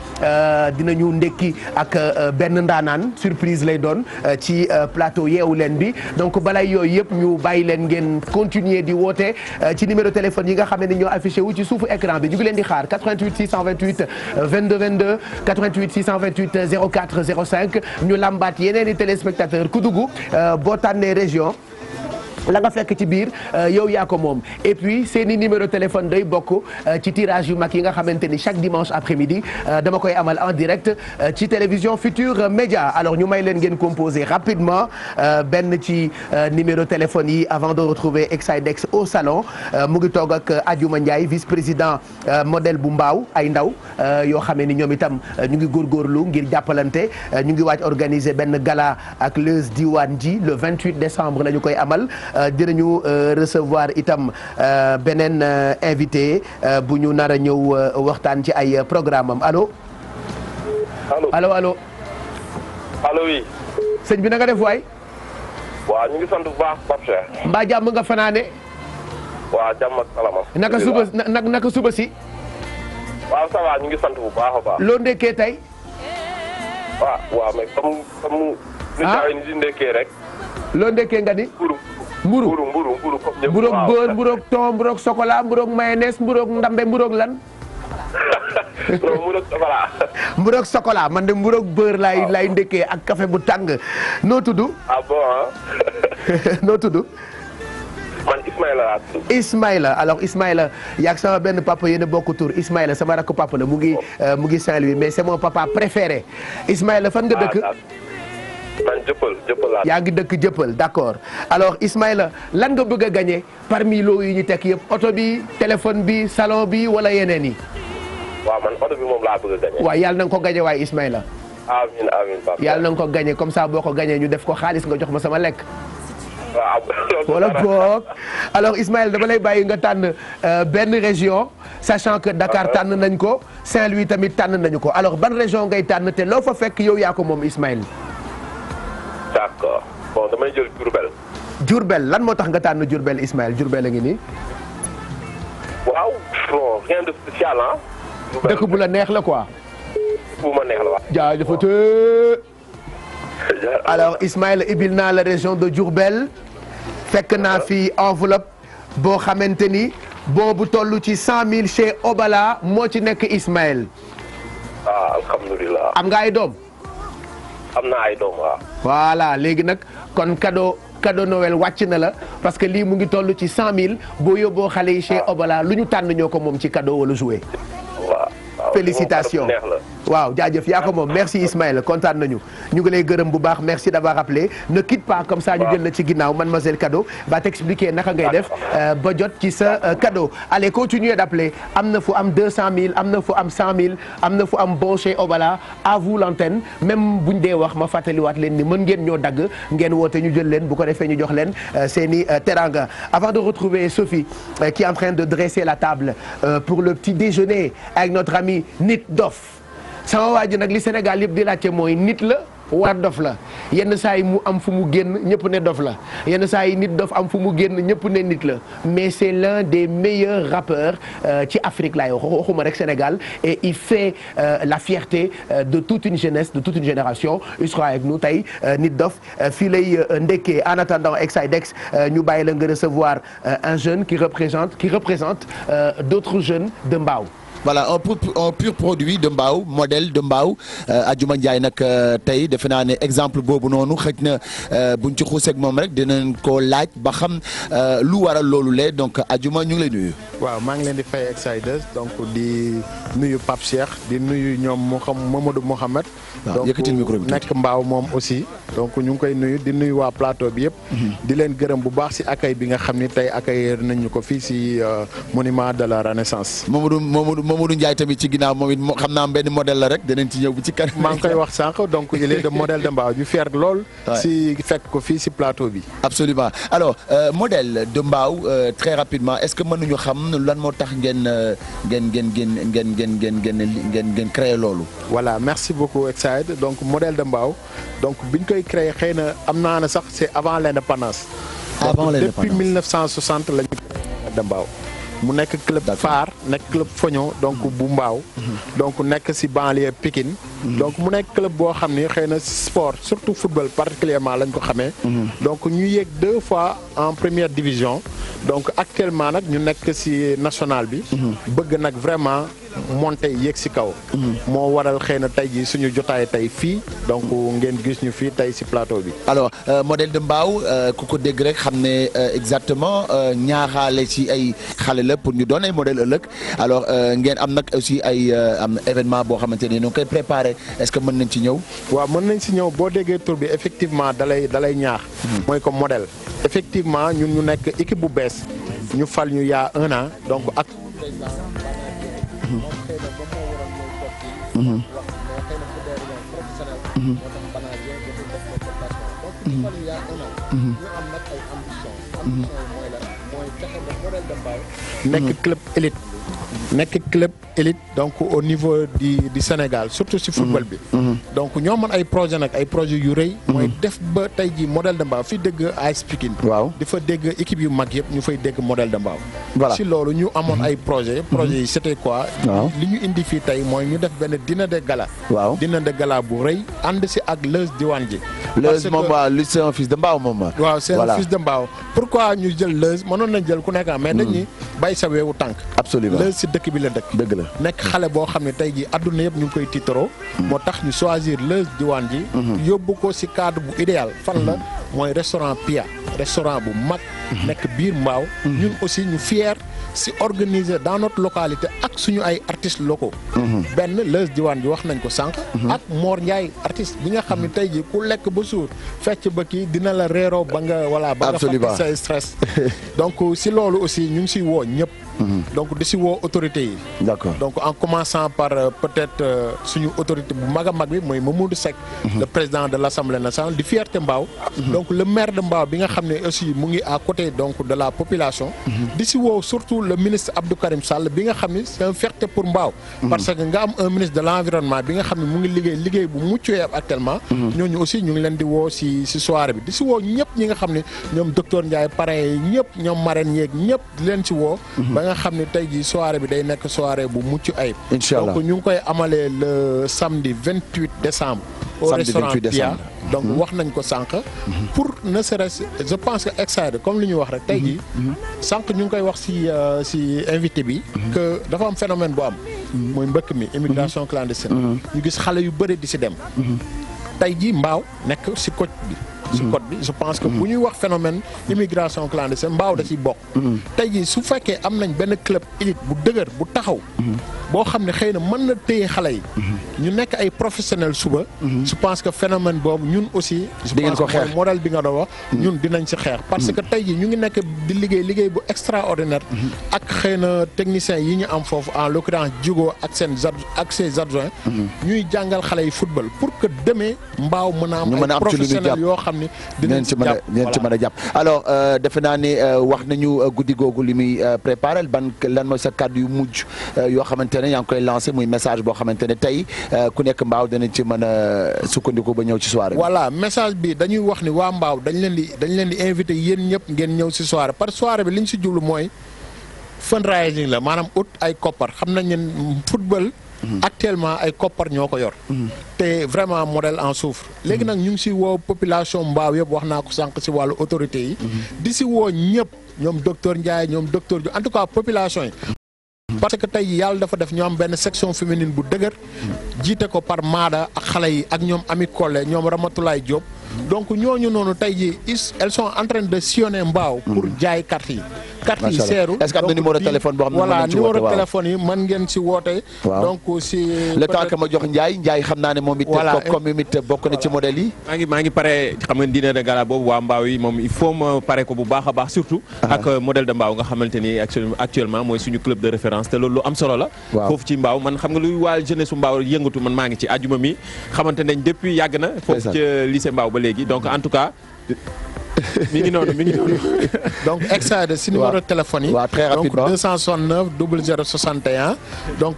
dinañu ndekki ak benn ndaanaan surprise lay doon ci plateau yeewu leen bi donc balay yooyu yëpp ñu bàyyi leen ngeen continuer di woote ci numéro téléphone yi nga xam ne ñoo affiché wu ci suufu écran bi ñu ngi leen di xaar 88 628 22 22 828 04 05 ñu lambaat yeneen i téléspectateurs ku dugg boo tànnee région la nga fekk ci biir euh, yow yaa ko moom et puis seen i numéro téléphone day bokk euh, ci tirage yu mag yi nga xamante ni chaque dimanche après-midi euh, dama koy amal en direct ci télévision Futur Média alors ñu may leen ngeen composer rapidement benn ci numéro téléphone yi avant de retrouver Exidex au salon mu ngi toog ak Adjuma Ndiaye vice-président modèle bu mbaaw ay ndaw yoo xamee ni ñoom itam ñu ngi góorgóorlu ngir jàppalante ñu ngi waaj organiser benn gala ak Leuz Diwane ji le 28 décembre la ñu koy amal Euh, dinañu euh, recevoir itam euh, beneen invité bu ñu nar a ñëw waxtaan ci ay programme am allo. allo allo allo oui. sëñ bi na nga def waay. ñu ngi sant bu baax Pape Cheikh. mbaa jàmm nga fanaane. naka suba si. waaw ça va loo ndekkee tey. Ah, waaw ah? loo ndekkee nga mburu mburu mburu comme ñëpp mburoog beurre mburoog thon mburoog chocolat mburoog mayonnaise mburoog ndambe mburoog lan. mburoog chocolat. mburoog chocolat man de mburoog beurre lay ah. lay ndekkee ak café bu tàng noo tudd. ah bon noo tudd. man Ismaïla laa tudd. Ismaïla alors Ismaïla yaag sama benn papa yéen a bokk tur Ismaïla sama rakk papa la mu ngi oh. euh, mu ngi Saint-Louis mais c'est mon papa préféré Ismaïla fan nga ah, dëkk. man yaa ngi dëkk jëppal d' accord alors Ismaïla lan nga bëgg a gagné parmi loo yu ñu teg yëpp oto bi téléphone bi salon bi wala yeneen yi. waaw man yàlla na ko gagné waaye Ismaïla. amiin amiin yàlla na ko gagné comme ça boo ko gañee ñu def ko xaalis nga jox ma sama lekk. waaw wala boog alors Ismaël dama lay bàyyi nga tànn euh, benn région sachant que Dakar ah, ah. tànn nañ ko Saint-Louis tamit tànn nañu ko alors ban région ngay tànn te loo fa fekk yow yaa ko moom Ismaël. d'accord bon damay jël Diourbel. Diourbel lan moo tax nga tànn Diourbel Ismaël Diourbel a ngi nii. waaw bon rien de spécial ah. dëkk bu la neex la quoi. bu ma neex la waaw. jaajëfatee. alors Ismaël ibil naa la région de Diourbel. fekk naa fi enveloppe boo xamante ni boobu toll ci cent mille chez Obala moo ci nekk Ismaël. ah alhamdulilah. am nga ay doom. am na ay doom waaw. voilà léegi nag kon cadeau cadeau Noël wàcc na la parce que lii mu ngi toll ci cent mille boo yóbboo xale yi chez ah. Obala lu ñu tànn ñoo ko moom ci cadeau wala jouet. waaw félicitations la. waaw jaajëf yaa ko moom merci Ismaël kontaan nañu ñu ngi lay gërëm bu baax merci d'avoir rappelé ne quitte pas comme ça ñu jël la ci ginnaaw mademoiselle cadeau ba t'expliquer naka ngay def euh, ba jot ci sa cadeau euh, allez continuer d'appeler am na fu am mille am na fu am 100000 am na fu am bon chez Obala à l'antenne même buñ dee wax ma fàttaliwaat leen ni mën ngeen ñoo dagg ngeen woote ñu jël leen bu ko defee ñu jox leen euh, seeni teranga avant de retrouver Sophie qui est en train de dresser la table pour le petit déjeuner avec notre ami Nit Doff sama waa ji nag li Sénégal yëpp di laajte mooy nit la war dof la yenn saa yi mu am fu mu génn ñëpp ne dof la yenn saa yi nit dof am fu mu génn ñëpp ne nit la mais c'est l'un des meilleurs rappeurs euh, ci Afrique laay wax waxuma rek Sénégal et il fait euh, la fierté euh, de toute une jeunesse de toute génération il sera avec nous tey nit dof fii lay ndekkee en attendant Exidex ñu bàyyi la nga recevoir un jeune qui représente qui représente d'autres jeunes de Mbao voilà un pur un pur produit de Mbao modèle de Mbao euh, Adjuma njaay nag euh, tey defe naa ne exemple boobu noonu xëj na euh, buñ ci xuuseeg moom rek dinañ ko laaj ba xam lu waral loolu le donc ajuma ñu ngi lay nuyu. waaw maa ngi leen di fay Exciders donc di nuyu Pape Cheikh di nuyu ñoom Mouham Mamadou Mouhamed. waaw yëkkatil micro bi nekk Mbao moom aussi. donc ñu ngi koy nuyu di nuyu waa plateau bi yëpp. Mhm. di leen gërëm bu baax si accueil bi nga xam ni tey accueillir nañu ko fii si monument de la renaissance. Mamadou Ndiaye tamit ci ginnaaw moom it xam naa benn modèle la rek danañ ci ñëw bu ci kanam. maa koy wax sànq donc il est de modèle de lool. fekk ko fii si plateau bi. absolument alors euh, modèle de Mbao euh, très rapidement est-ce que mënuñu xam lan moo tax ngeen euh, ngeen ngeen ngeen ngeen ngeen ngeen ngeen ngeen ngeen créé loolu. wala merci beaucoup Exaïd donc modèle de Mbao donc biñ koy créé xëy na am naa ne sax c'est avant l'indépendance. avant l'indépendance depuis 1960 lañu. de Mbao. mu nekk club phare nekk club foño donc mm-hmm. bu mbaaw mm-hmm. donc nekk si banlieue pikin mm-hmm. donc mu nekk club boo xam ni xëy na sport surtout football particulièrement lañ ko xamee donc ñu yéeg deux fois en première division donc actuellement nag ñu nekk si national bi bëgg nag vraiment monté yéeg si kaw. moo waral xëy na tey jii suñu jotaay tey fii donc ngeen gis ñu fii tey si plateau bi. alors euh, modèle de mbaaw euh, ku ko dégg rek xam ne euh, exactement ñaaxaale si ay xale la pour ñu doon ay modèle ëllëg alors ngeen am nag aussi ay am événement boo xamante ni ñu koy préparé est-ce que mën nañ ci ñëw. waaw mën nañ si ñëw boo déggee tour bi effectivement dalay dalay ñaax. Hmm. mooy comme modèle. effectivement ñun ñu nekk équipe bu bees ñu fal ñu yaa un donc ak. moom xëy na ba moo waral mooy toog club élite nekk club élite donc au niveau du du Sénégal surtout si football bi. Mhm. Mhm. donc ñoo mën ay projet nag ay projet yu rëy. Mhm. mooy def ba tey ji modèle de mbaaw fi dégg AS Pikine. waaw di fa dégg équipe yu mag yëpp ñu fay dégg modèle de mbaaw. voilà si loolu ñu amoon ay projet projet yi c'était quoi. li ñu indi fii tey mooy ñu def benn dina de gala. waaw dîner de gala bu rëy ànd si ak Leuz diwaan ji. Leuz moom waa lu c'est un fils de mbaaw moom waaw c'est un fils de mbaaw pourquoi ñu jël Leuz mënoon nañ jël ku nekk dëkk bi la dëkk. nekk xale boo xam ne tey jii adduna yëpp ñu ngi koy tiitaroo. Mm-hmm. moo tax ñu choisir le diwaan ji. Mm-hmm. yóbbu ko si cadre bu idéal fan la mm-hmm. mooy restaurant Pia restaurant bu mag. nekk biir Mbaaw. ñun aussi ñu fier si organiser dans notre localité ak suñu ay artistes locaux. benn Leuz Diwane bi wax nañ ko sànq. ak Mor Ndiaye artiste bi nga xam ne tey ji ku lekk ba suur fecc ba kii dina la réeroo ba nga. voilà ba nga fàtte stress. donc si loolu aussi ñu ngi siy woo ñëpp. donc di si woo autorités yi. d'accord donc en commençant par euh, peut-être euh, suñu autorité bu mag a mag bi mooy Mamadou Seck. Mhm. le président de l'Assemblée nationale di fierté Mbao. Mhm. donc le maire de Mbao bi nga xam ne aussi mu ngi à côté donc de la population. Mhm. di si woo surtout le ministre Abdou Karim bi nga xam ne c'est un pour Mbao. parce que nga am un ministre de l'environnement bi nga xam ne mu ngi liggéey liggéey bu mucc ayib actuellement. ñooñu aussi ñu ngi leen di woo si si bi di si woo nga xam ne ñoom docteur Ndiaye parrain yi ñëpp ñoom marraine yeeg ñëpp di leen si woo. nga xam ni tey jii soirée bi day nekk soirée bu mucc ayib. incha allah ñu ngi koy amalee le samedi 28 décembre. au restaurant Pia donc hmm. wax nañ ko sànq. Hmm. pour ne serait je pense que excité comme li ñu wax rek. tey jii hmm. sànq ñu ngi koy wax si euh, si invité bi. que dafa am phénomène bu am. mooy mbëkk mi immigration clandestine. ñu gis xale yu bëri di si dem. tey jii mbaaw nekk si coach bi. ci mm-hmm. code bi pense que bu ñuy wax phénomène immigration clandestine mbaaw da ciy bokk mm-hmm. tey ji su fekkee am nañ benn club élite bu dëgër bu taxaw mm-hmm. boo xam ne xëy na mën na téye xale yi ñu nekk ay professionnel suba je pense que phénomène boobu ñun aussi je pense que modèle bi nga doon wax ñun dinañ si xeex parce que tey jii ñu ngi nekk di liggéey liggéey bu extraordinaire ak xëy na technicien yi ñu am foofu en l'occurrence Diogo ak seen ak ses adjoints ñuy jàngal xale yi football pour que demee mbaaw mën a am ni dinañ ci mën a a jàpp alors euh, defe naa ni euh, wax nañu euh, guddi googu li muy préparé ban lan mooy sa kàddu yu mujj yoo xamante ne yaa ngi koy lancé muy message boo xamante ne tey ku nekk mbaaw danañ ci mën a sukkandiku ba ñëw ci soirée wala message bi dañuy wax ni waa mbaaw dañ leen di dañ leen di invité yéen ñëpp ngeen ñëw si soirée par soirée bi liñ si jublu mooy fundraising la maanaam ut ay koppar xam nañ ne football actuellement ay koppar ñoo ko yor. Mhm. te vraiment modèle en souffre. léegi mhm. nag ñu ngi si woo population mbaaw yëpp wax naa ko sànq si wàllu autorité yi. Mhm. di si woo ñëpp ñoom docteur Ndiaye ñoom docteur en tout cas population yi. parce que tey yàlla dafa def ñoo am benn section féminine bu dëgër. jiite ko par maada xale yi ak ñoom Ami Collé ñoom Ramatoulaye Diop. donc ñooñu noonu tey jii ils sont en train de sillonner Mbao. Hmm. pour jaay carte yi. carte yi seeru est-ce que am na numéro téléphone boo xam ne voilà téléphone yi jox Ndiaye Ndiaye xam naa ne moom it. maa ngi maa ngi pare xam nga dîner de gala waa Mbao yi moom il faut ma pare ko bu baax a baax surtout. Ah. ak euh, modèle de Mbao nga xamante ni actuellement mooy suñu club de référence te lu am solo la. foofu ci Mbao man xam nga luy waa jeunesse su Mbao yëngatu man maa ngi ci àjjuma mi xamante nañ depuis yàgg na. foofu léegi donc en tout cas. mi ngi noonu mi ngi noonu. donc extrait de si numéro téléphone yi. waaw très rapidement donc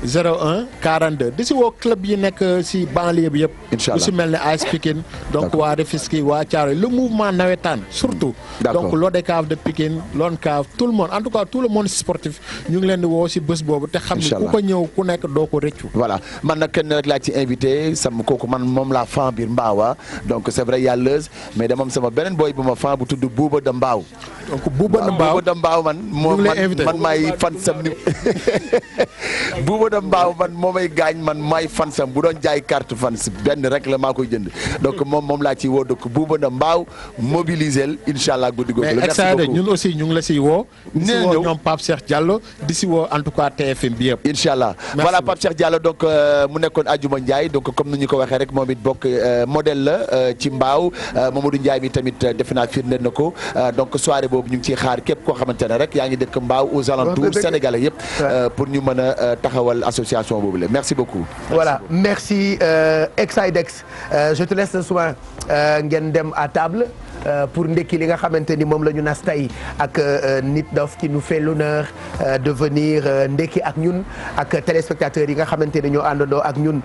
01 42 di si woo club yi nekk si banlieue bi yëpp. incha allah lu si mel ne AS Pikine. donc waa Rufisque waa Thiaroye le mouvement nawetaan surtout. donc l'ODCAV de Pikine l'ONCAV tout le monde en tout cas tout le monde sportif ñu ngi leen di woo si bés boobu. te xam ne ku ko ñëw ku nekk doo ko rëccu. man na kenn rek laa ci invité ko kooku man moom laa fan biir Mbaawa donc c'est vrai yàlleuse mais dama am sama beneen booy bu ma fan bu tudd Bouba de Mbaaw. donc Bouba de Mbaaw Bouba de Mbaaw man. ñu man man fan Daouda Mbaw man moomay gaañ man maay fansam bu doon jaay carte fans benn rek la maa koy jënd donc moom moom laa ci woo dëkk Bouba na Mbaw mobiliser l incha allah guddi googu la merci aussi ñu ngi la siy woo di si woo ñoom Pape Cheikh Diallo di si woo en tout cas TFM bi yëpp incha allah voilà Pape Cheikh Diallo euh, mu nekkoon Adjuma Ndiaye donc comme ni ñu ko waxee rek moom it bokk euh, modèle la euh, ci Mbaaw Mamadou Ndiaye mi tamit defe naa firndeel na ko donc soirée boobu ñu ngi ciy xaar képp koo xamante ne rek yaa ngi dekk Mbaaw aux alentours sénégalais yëpp pour ñu mën a taxawal taxawal association boobu la merci beaucoup. Merci voilà beaucoup. merci euh, Exidex e euh, je te laisse le soin euh, ngeen dem à table. Euh, pour ndekki li nga xamante ni moom la ñu nas tey ak euh, nit dof qui nu fait l'honneur de venir euh, ndekki ak ñun ak téléspectateurs yi nga xamante ni ñoo àndandoo ak ñun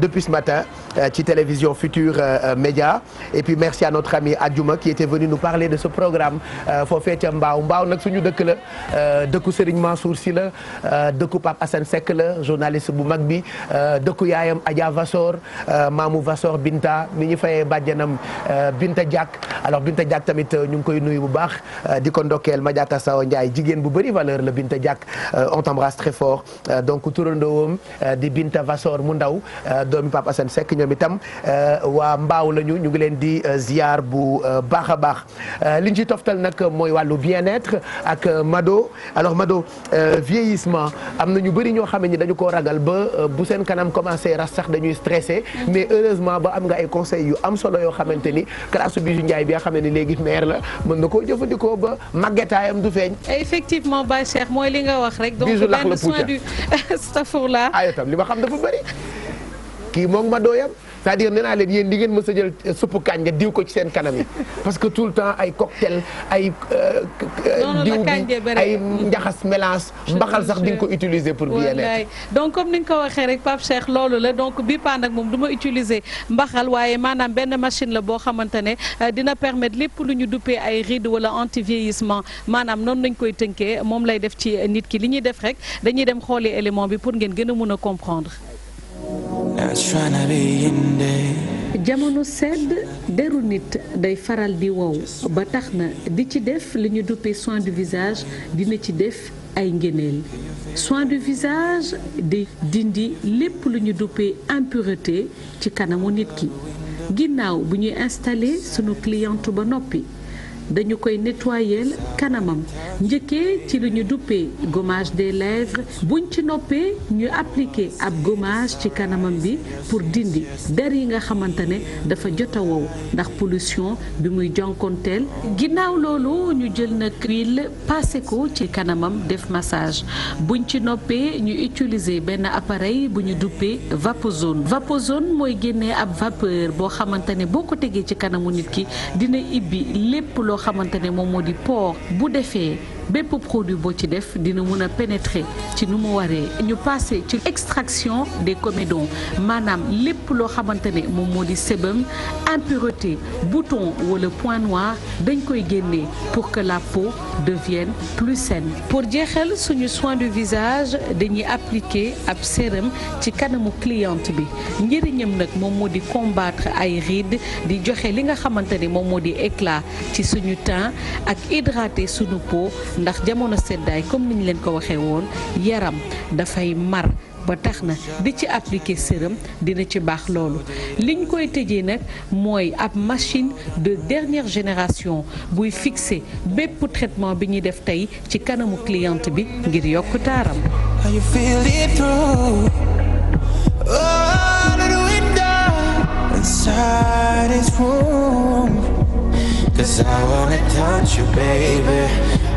depuis ce matin ci télévision Futur Média et puis merci à notre ami Adjuma qui était venu nous parler de ce programme foofee ca Mbaaw Mbaaw nag suñu dëkk la dëkku Serigne Mansour Sy la dëkku Pape Assane Seck la journaliste bu mag bi dëkku yaayam Adja Vassor maamu Vassor Binta mi ñu fayee bàjjanam Binta Diak alors Binta Diak tamit euh, ñu ngi koy nuyu bu baax euh, di ko ndokkeel Madiata Saw Ndiaye jigéen bu bëri valeur la Binta Diak euh, on t'embrasse très fort donc turandoowam di Binta Vassor mu ndaw doomi Pape Assane Seck ñoom itam waa mbaaw la ñu ñu ngi leen di ziar bu baax a baax liñ ci toftal nag mooy wàllu bien-être ak Mado alors Mado vieillissement am na ñu bëri ñoo xam ni dañu ko ragal ba bu seen kanam commencé ras sax dañuy stressé mais heureusement ba am nga ay conseils yu am solo yoo xamante ni classe xamee ni léegi maire la mën na koo jëfandikoo ba màggetaayam du feeñ. effectivement Baye Cheikh mooy li nga wax rek. bisu lax la pucca donc benn soin ay itam li ma xam dafa bëri kii moom ma dooyam. cest dire nee naa leen yéen di ngeen mës a jël suppu kañ nga diw ko ci seen kanam yi parce que tout le temps ay cocktail ay euh, diw bi ay njaxas mélange mbaxal sax di nga ko utiliser pour bien-être donc comme ni nga ko waxee rek Pape Cheikh loolu la donc bi paan nag moom du ma utiliser mbaxal waaye maanaam benn machine la boo xamante ne euh, dina permettre lépp lu ñu duppee ay rid wala anti vieillissement maanaam noonu lañ koy tënkee moom lay def ci nit ki li ñuy def rek dañuy dem xooli élément bi pour ngeen gën a mun a comprendre jamono sedd deru nit day faral di wow ba tax na di ci def li ñu duppee soin du visage dina ci def ay ngëneel soin du visage di dindi lépp lu ñu duppee impureté ci kanamu nit ki ginnaaw bu ñuy installé sunu cliente ba noppi dañu koy nettoyel kanamam njëkkee ci li ñu duppee gomage des lèvres buñ ci noppee ñu appliquer ab gomage ci kanamam bi pour dindi der yi nga xamante ne dafa jot ndax pollution bi muy jonkonteel ginnaaw loolu ñu jël na huile passé ko ci kanamam def massage buñ ci noppee ñu utiliser benn appareil bu ñu duppee vapozone vapozone mooy génnee ab vapeur boo xamante ne boo ko tegee ci kanamu nit ki dina ibbi lépp loo xamante ne moom moo di port bu defee bépp produit boo ci def dina mun a pénétrer ci nu mu waree ñu passé ci extraction des comédons maanaam lépp loo xamante ne moom moo di sébum impureté bouton wala point noir dañ koy génnee pour que la peau devienne plus saine pour jeexal suñu soin du visage dañuy appliquer ab sérum ci kanamu cliente bi njëriñam nag moom moo di combatre ay rides di joxe li nga xamante ne moom moo di éclat ci suñu teint ak hydrater suñu peau ndax jamono seddaay comme niñ leen ko waxee woon yaram dafay mar ba tax na di ci appliquer sérum dina ci baax loolu liñ koy tëjee nag mooy ab machine de dernière génération buy fixer bépp traitement bi ñuy def tey ci kanamu cliente bi ngir yokk taaram.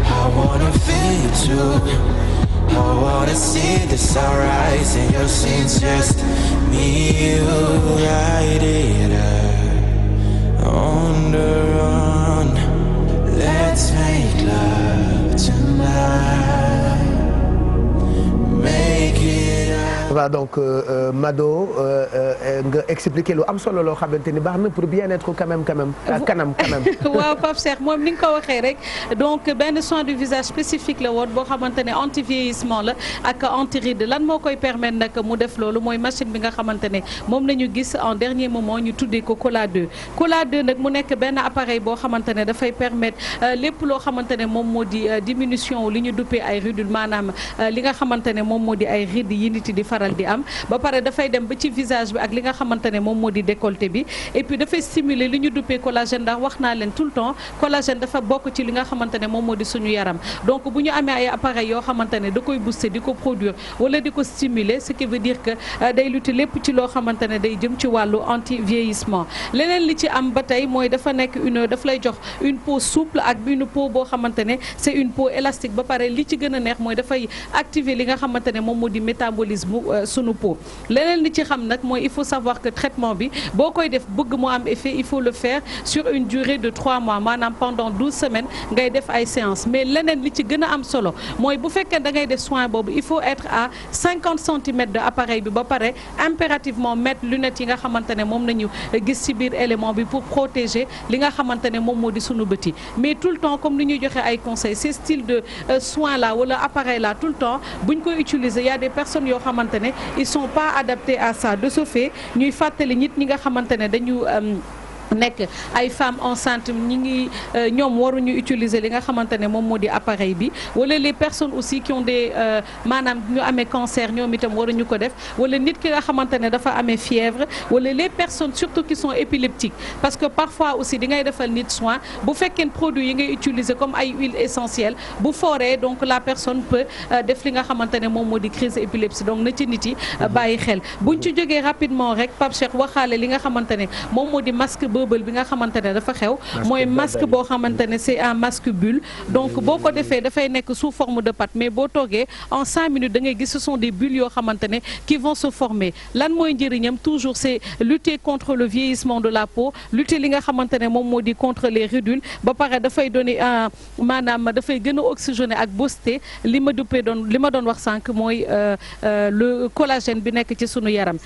I wanna feel you too I wanna see the sunrise in your scenes Just me, you, right here On the run Let's make love tonight faudra donc euh, euh, Mado euh, nga lu am solo loo xamante ni baax na pour bien-être quand même waaw Pape Cheikh moom ni nga ko waxee rek donc benn soin du visage spécifique la woon boo xamante ne anti vieillissement la ak anti ride lan moo koy permettre nag mu def loolu mooy machine bi nga xamante ne moom la ñu gis en dernier moment ñu tuddee ko Cola 2. Cola 2 nag mu nekk benn appareil boo xamante ne dafay permettre lépp loo xamante ne moom moo di diminution li ñu duppee ay ridules maanaam li nga xamante ne moom moo di ay rides yi nit di faral. di am ba pare dafay dem ba ci visage bi ak li nga xamante moom moo di décolleté bi et dafay stimuler li ñu duppee collagène ndax wax naa leen tout temps collagène dafa bokk ci li nga xamante moom moo di suñu yaram donc bu ñu amee ay appareil yoo xamante da koy booster di ko produire wala di ko stimuler ce qui veut dire que euh, day lutter lépp ci loo xamante day jëm ci wàllu anti leneen li ci am ba tey mooy dafa nekk une daf lay boo xamante ne c'est une ba pare li ci a neex mooy dafay Euh, sunu peau leneen li ci xam nag mooy il faut savoir que traitement bi boo koy def bëgg mu am effet il faut le faire sur une durée de 3 mois maanaam pendant 12 semaines ngay def ay séances mais leneen li ci gën a am solo mooy bu fekkee da ngay def soin boobu il faut être à 50 centimètres de appareil bi ba pare impérativement mettre lunettes yi nga xamante ne moom nañu gis ci biir élément bi pour protéger li nga xamante ne moom moo di sunu bët yi mais tout le temps comme ni ñuy joxe ay conseils ces styles euh, ne ils sont pas adaptés à ça de ñuy fàttali nit ñi nga xamante ne dañu euh, nekk ay femmes enceintes ñi ngi euh, ñoom waruñu utiliser li nga xamante ne moom moo di appareil bi wala les personnes aussi qui ont de euh, maanaam ñu amee cancer ñoom itam waruñu ko def wala nit ki nga xamante ne dafa amee fièvre wala les personnes surtout qui sont épileptiques parce que parfois aussi di ngay defal nit soin bu fekkee produit yi ngay utiliser comme ay huiles essentielles bu fooree donc la personne peut euh, def li nga xamante ne moom moo di crise épilepsie donc na yi bàyyi xel buñ ci jógee rapidement rek li nga xamante ne bëbël bi nga xamante ne dafa xew mooy masque boo xamante ne c'est un masque bulle donc boo ko defee dafay nekk sous forme de pâte mais boo toogee en cinq minutes da ngay gis ce sont des bulles yoo xamante ne qui vont se former lan mooy njariñam toujours c'est lutter contre le vieillissement de la peau lutter li nga xamante ne moom moo di contre les ridules ba pare dafay donner maanaam dafay gën a oxygéné ak boosté li ma duppee doon li ma doon wax sànq mooy euh, euh, le collagène bi nekk ci sunu yaram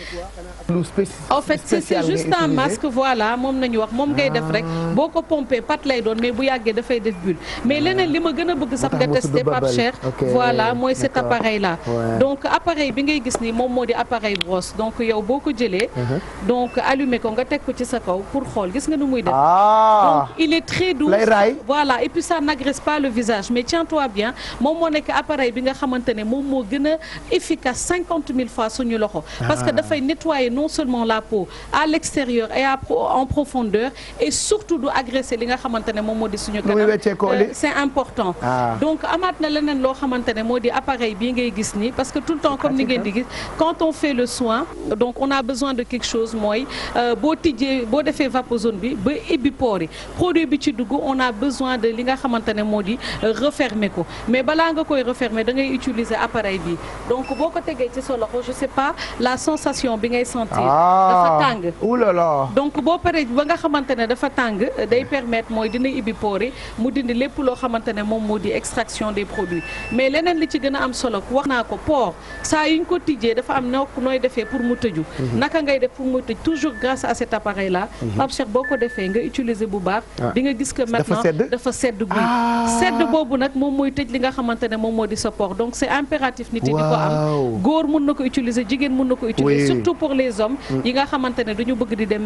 nañu wax moom ngay def rek ah. boo ko pompé pat lay doon mais bu yàggee dafay def bulle mais ah. leneen li ma gën a bëgg sax nga testé Pape voilà mooy cet appareil là donc appareil bi ngay gis ni moom moo di appareil brosse donc yow boo ko jëlee uh-huh. donc allumé ko nga teg ko ci sa kaw pour xool gis nga nu muy def ah. donc il est très doux voilà et puis ça n'agresse pas le visage mais tiens-toi bien moom moo nekk appareil bi nga xamante ne moom moo gën a efficace profondeur et surtout du agresser li nga xamante moom moo di suñu kanam euh, c'est important ah. donc amaat na leneen loo xamante ne moo di appareil bii ngay gis ni parce que tout le temps comme ni ngeen di gis quand on fait le soin donc on a besoin de quelque chose mooy euh, boo tijjee boo defee vapozone bi ba ibbi poor yi produit bi ci dugg on a besoin de li nga xamante ne moo di euh, refermer ko mais balaa nga koy refermer da ngay utiliser appareil bi donc boo ko tegee ci sa loxo pas la sensation bi ngay sentir ah. dafa ba nga xamante ne dafa tàng day permettre mooy dina ibbi pori mu dindi lépp loo xamante ne moom moo di extraction des produits mais leneen li ci gën a am solo wax naa ko port saa yu ñu ko tijjee dafa am noo nooy defee pour mu tëju mhm. naka ngay def pour mu tëj toujours grâce à cet appareil là mhm. Pape boo ko defee nga utiliser bu baax ah. di nga gis que maintenant dafa sedd guy ah. sedd boobu nag moom mooy tëj li nga xamante ne moom moo di sa port donc c'est impératif nit yi di ko am na ko utiliser jigéen mun na ko utiliser surtout pour les mm. yi nga xamante ne duñu bëgg di dem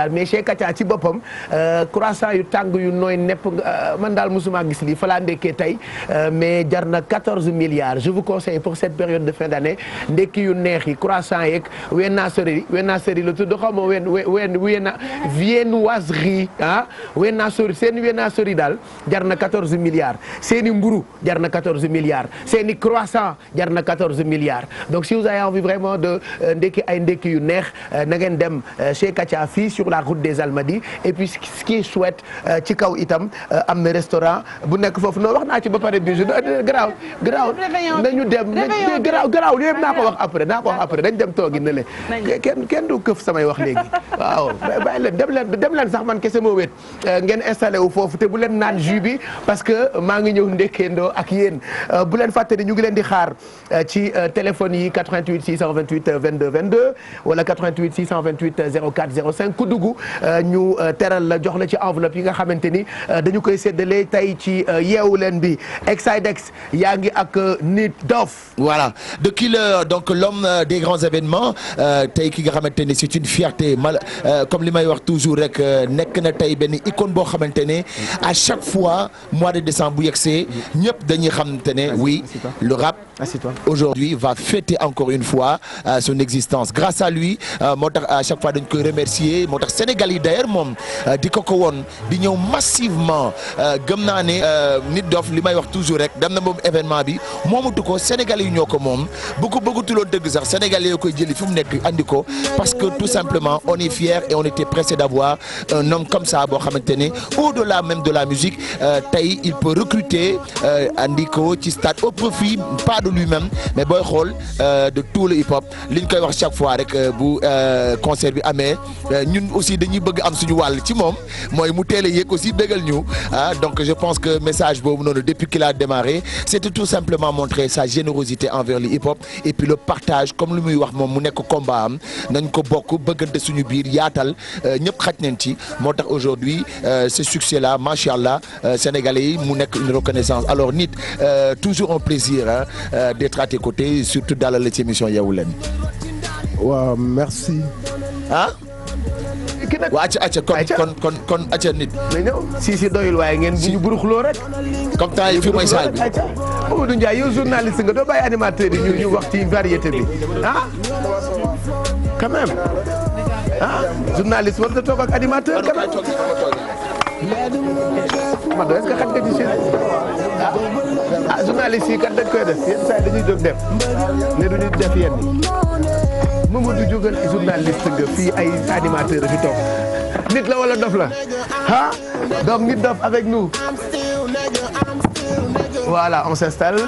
milliards mais Cheikh Kacha ci boppam euh, croissant yu tàng yu nooy nepp euh, man daal mosuma gis lii fa laa euh, mais jar na milliards je vous conseille pour cette période de fin d'année ndekki yu neex croissant yeeg weenaaserie weenaaserie la tudd ah, daal jar na milliards seen i mburu jar na 14 milliards seen i croissant jar na 14 milliards donc si vous avez envie vraiment de ndekki ay ndekki yu neex na ngeen dem Cheikh Kacha fii sur la route des Almadies et puis ce qui souhaite euh, ci kaw itam euh, am na restaurant bu nekk foofu noonu wax naa ci ba pare bi je garaaw garaaw nañu dem garaaw garaaw yëpp naa wax après naa ko wax après dañ dem toogi na le kenn du këf samay wax léegi waaw bàyyi leen dem sax man kese moo wéet euh, ngeen installé wu foofu te bu naan jus parce que maa ngi ñëw ndekkeendoo ak yéen bu leen fàtte ñu ngi leen di xaar ci téléphone yi 88 628 22 22 wala 88 628 04 05 dugg euh, ñu euh, teral la jox la ci enveloppe yi nga xamante ne euh, dañu koy séddale tey ci yeewu leen bi Exidex yaa ngi ak nit dof voilà de qui donc l'homme des grands événements tey ki nga xamante ni c'est une fierté mal comme li may wax toujours rek nekk na tey benn icône boo xamante ne à chaque fois mois de décembre bu yegsee ñëpp dañuy xamante ne oui le rap aujourd'hui va fêter encore une fois son existence grâce à lui à chaque fois dañ koy remercier tax Sénégal yi d'ailleurs moom euh, di ko ko woon di ñëw massivement euh, gëm naa ne euh, nit dof li may wax toujours rek dem na moom événement bi moomatu ko Sénégal yi ñoo ko moom bëggu bëggatuloon dëgg sax Sénégal yoo koy jëli fu mu nekk andi ko parce que tout simplement on est fier et on était pressé d'avoir un homme comme sa bo xamante ne au-delà même de la musique tey il peut recruter andi ko ci stade au profit pas de lui-même mais booy xool de tout le hip-hop liñ koy wax chaque fois rek bu concert bi amee aussi dañuy bëgg am suñu wàll ci moom mooy mu teel a yéeg aussi bégal ah, je pense que message boobu noonu depuis qu'il a démarré c'était tout simplement montrer sa générosité envers le hip-hop et puis le partage moom mu nekk combat nañ ko bokk bëggante suñu biir yaatal euh, ñëpp xaj nañ ci moo tax aujourd'hui euh, ce succès la macha allah euh, sénégalais yi mu nekk une reconnaissance alors nit toujours on plaisir hein, d'être à tes côtés surtout dalal la ci émission Yeewu Leen dëkk nag. waa acca acca kon kon kon kon acca nit. na ñëw si si doyul waaye ngeen bu ñu buruxloo rek. comme temps yi fii mooy saal bi. Mamadou Ndiaye yow journaliste nga doo bàyyi animateur yi ñu ñu wax ci variété bi ah. quand même ah journaliste war na toog ak animateur quand même. ma doon est-ce que xam nga ci ah, ah journaliste yi kat dañ koy def yenn saa yi dañuy jóg def ne du ñu def yenn. Mamadou jógal journaliste nga fii ay animateur fi toog nit la wala dof la ah donc nit dof avec nous voilà on s'installe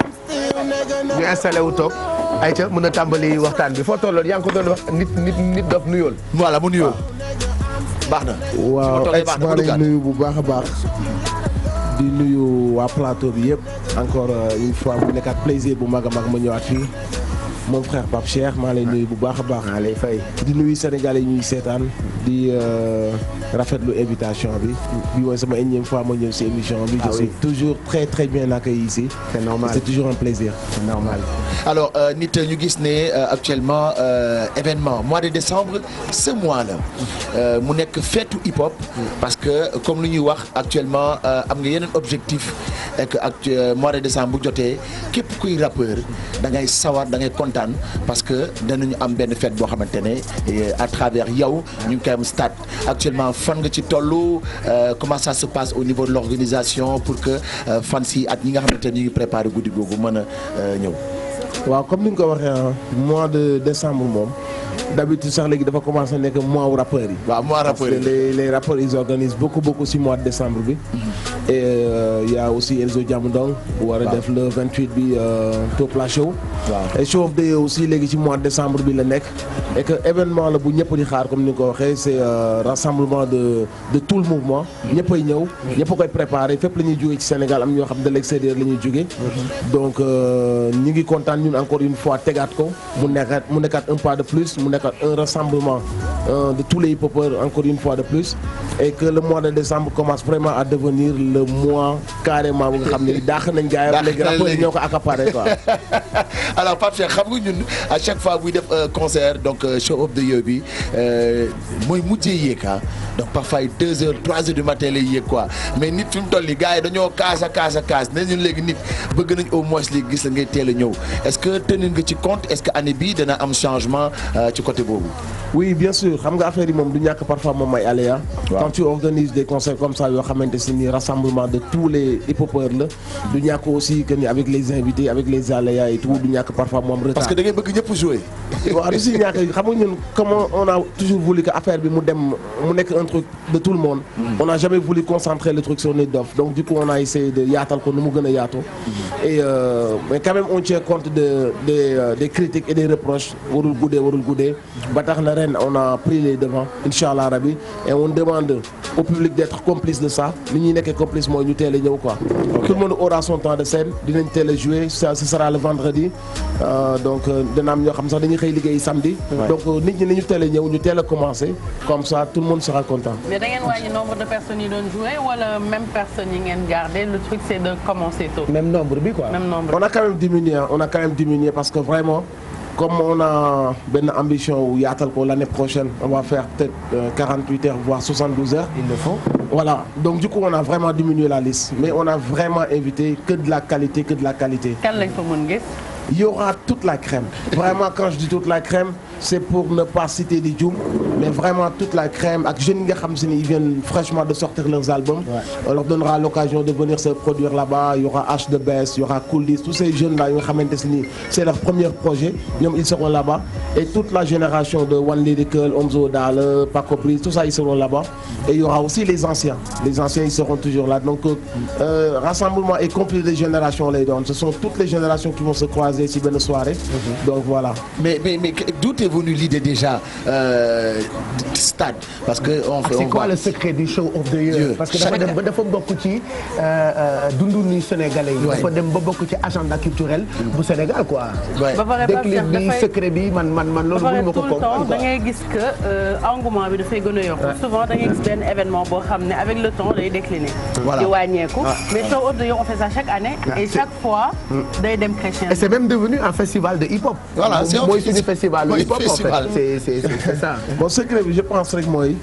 ñu installé wu toog ayca mën a tàmbali waxtaan bi foo tolloon yaa ngi ko doon wax nit nit nit dof nuyool voilà mu nuyool baax na waaw maa nuyu bu baax a baax di nuyu waa plateau bi yëpp encore euh, une fois mu nekkaat plaisir bu mag a mag ma ñëwaat fii mon frère Pape Cheikh maa lay nuyu bu baax a baax. maa lay fay di nuyu Sénégal yi ñuy seetaan di euh, lu invitation bi. bi mooy sama énième fois ma ñëw si émission bi. ah je suis toujours très très bien accueilli ici. c'est toujours un plaisir. alors euh, nit ñu gis ne euh, actuellement événement mois de décembre ce mois la mu nekk feetu hip hop. parce que comme lu ñuy wax actuellement am nga yeneen objectif ak mois de décembre bu jotee képp kuy rappeur da sawar da ngay kontaan parce que danañu am benn fête boo xamante ne euh, à travers yow ñu ngi koy am stade actuellement fan nga ci toll euh, comment ça se passe au niveau de l'organisation pour que euh, fan si at ñi nga xamante ne ñu ngi préparé guddi googu mën a ñëw. waaw comme ni nga ko waxee ah, mois de décembre moom. d'habitude sax léegi dafa commencé nekk mois wu rappeurs yi. waaw mois rappeurs yi parce que les les rappeurs ils organisent mois de décembre bi. Mm-hmm. et euh, a aussi Elzo Jamdong. bu war a def le 28 bi euh, Topla Show. waaw et aussi léegi ci mois de décembre bi la nekk. et que la bu ñëpp di xaar comme ni ko waxee c' est euh, rassemblement de de tout le mouvement. Mm-hmm. ñëpp ay ñëw. ñëpp a koy préparé fépp ñuy jógee ci Sénégal am ñoo xam ne de l' extérieur la ñuy jógee. Mm-hmm. donc ñu ngi kontaan ñun encore une fois tegaat ko. mu mu nekkaat un pas de plus. plus mu nekk un rassemblement euh, de tous les hip-hopeurs encore une fois de plus et que le mois de décembre commence vraiment à devenir le mois carrément bu nga xam ne daax nañ gaayam léegi rappeurs ñoo ko accaparé quoi alors Pape xam nga ñun à chaque fois buy def euh, concert donc euh, show up de yooyu bi mooy mujjee yéeg ah donc parfois ay deux heures trois heures du matin lay yéeg quoi mais nit fi mu toll nii gars yi dañoo kaas a kaas a kaas ne ñun léegi nit bëgg nañ au moins léegi gis la teel a ñëw est-ce ci compte est-ce que bii dana am changement ci côté boobu. bien sûr xam nga affaire yi moom du ñàkk parfois moom ay aléa. quand tu organises des concerts comme ça yoo xamante si ni rassemblement de tous les hip la. du ñàkk aussi que ni avec les invités avec les aléas et tout du ñàkk parfois moom retard. parce que da bëgg ñëpp jouer. waaw du si ñàkk xam nga ñun comment on a toujours voulu que affaire bi mu dem mu nekk un de tout le monde. Hmm. on a jamais de yaatal ko nu mu gën a guddee ba tax na ren on a pris les devants incha allah rabi on demande au public d' complice de ça ni ñuy nekkee complice mooy ñu teel a ñëw quoi. le monde aura son temps de scène dinañ teel a jouer ce sera le vendredi euh, donc euh, dina am ñoo xam sax dañuy xëy liggéey samedi. donc euh, nit ñi ni ñu teel a ñëw ñu teel a comme ça tout le monde sera content. mais da ngeen nombre de personnes yi doon jouer wala même personne yi ngeen garder le truc a quand comme on a benn yaatal ko l'année prochaine on va faire peut-être 48 euh, heures voire 72 heures. il le a vraiment diminué la liste mais on vraiment évité que la qualité que la qualité. kan lañ fa mën gis. la crème. la crème. c'est pour ne pas citer di Dioum mais vraiment toute la crème ak jeunes yi nga xam si ne ils viennent fraîchement de sortir leurs albums ouais. on leur donnera l'occasion de venir se produire là-bas il y aura H de Bess il y aura Kouldis tous ces jeunes là yi nga xamante si ni c'est leur premier projet ñoom ils seront là-bas et toute la génération de One Lyrical Omzo Dollar Paco Pris tout ça ils seront là-bas et il y aura aussi les anciens les anciens ils seront toujours là donc euh, euh rassemblement et complet des générations lay doon ce sont toutes les générations qui vont se croiser si benn soirée mm-hmm. donc voilà mais mais mais venu l'idée déjà euh, stade parce que on ah, fait c'est quoi le secret du show of the year parce que dafa dem ba dafa bokk ci euh, euh, dundu ni sénégalais yi dafa dem ba bokk ci agenda culturel bu Sénégal quoi déclic bi secret bi man man man loolu mënu ma ko comprendre da ngay gis que euh, engouement bi dafay gën a yokk souvent da ngay gis benn événement boo xam ne avec le temps day décliner di wàññeeku ah. mais show of the year on fait ça chaque année ah. et chaque fois hmm. day dem crescendo et c'est même devenu un festival de hip hop voilà mooy suñu festival de hip hop festival secret bi je pense rek mooy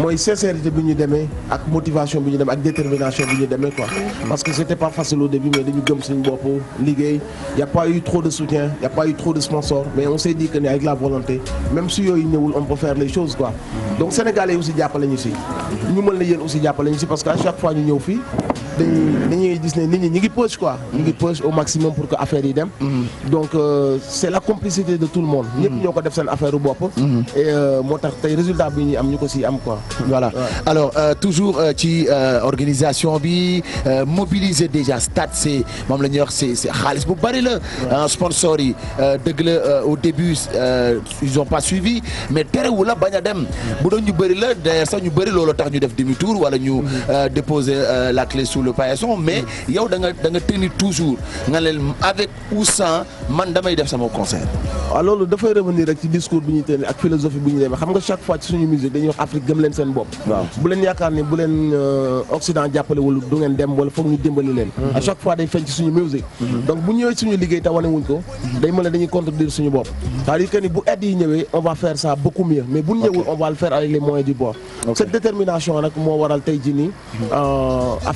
mooy sincérité bi ñu demee ak motivation bi ñu demee ak détermination bi ñu demee quoi. parce que c'était pas facile au début mais dañu gëm suñu bopp liggéey y a pas eu trop de soutien y a pas eu trop de sponsors mais on s'est dit que ni avec la volonté même si yooyu ñëwul on peut faire les choses quoi. donc sénégalais yi aussi jàppale ñu si. ñu mën la yéen aussi jàppale ñu si parce que à chaque fois ñu ñëw fii. dañuy dañuy gis ne nit ñi ñu ngi push quoi. ñu ngi push au maximum pour que affaire yi dem. Mhm. donc euh, c' est la complicité de tout le monde. ñëpp mhm. ñoo ko def seen affaire bopp. Mhm. et euh, moo tax tey résultat bi ñuy am ñu ko si am quoi. voilà alors euh, toujours ci organisation bi mobiliser déjà stade c'est moom la ñuy wax c'est c'est xaalis bu bari la. Ah, sponsor yi dëgg au début ils ont pas suivi mais terewul la bañ a dem. bu doon ñu bëri la d'ailleurs sax ñu bëri loolu tax ñu def demi tour wala ñu déposer la clé sous le paillasson mais mm. yow da nga da toujours nga leen avec ou sans man damay def sama concert. waaw ah, loolu dafay revenir rek ci discours bi ñuy tenir ak philosophie bi ñuy demee xam nga chaque fois ci suñu musique dañuy Afrique gëm seen bopp. bu leen yaakaar ni bu leen euh, Occident jàppale wala du ngeen dem wala foog ñu dimbali leen. Mm-hmm. à chaque fois day feeñ ci suñu musique. Mm-hmm. donc bu ñëwee suñu liggéey te wane wuñ ko. Mm-hmm. day mel ne dañuy contredire suñu bopp.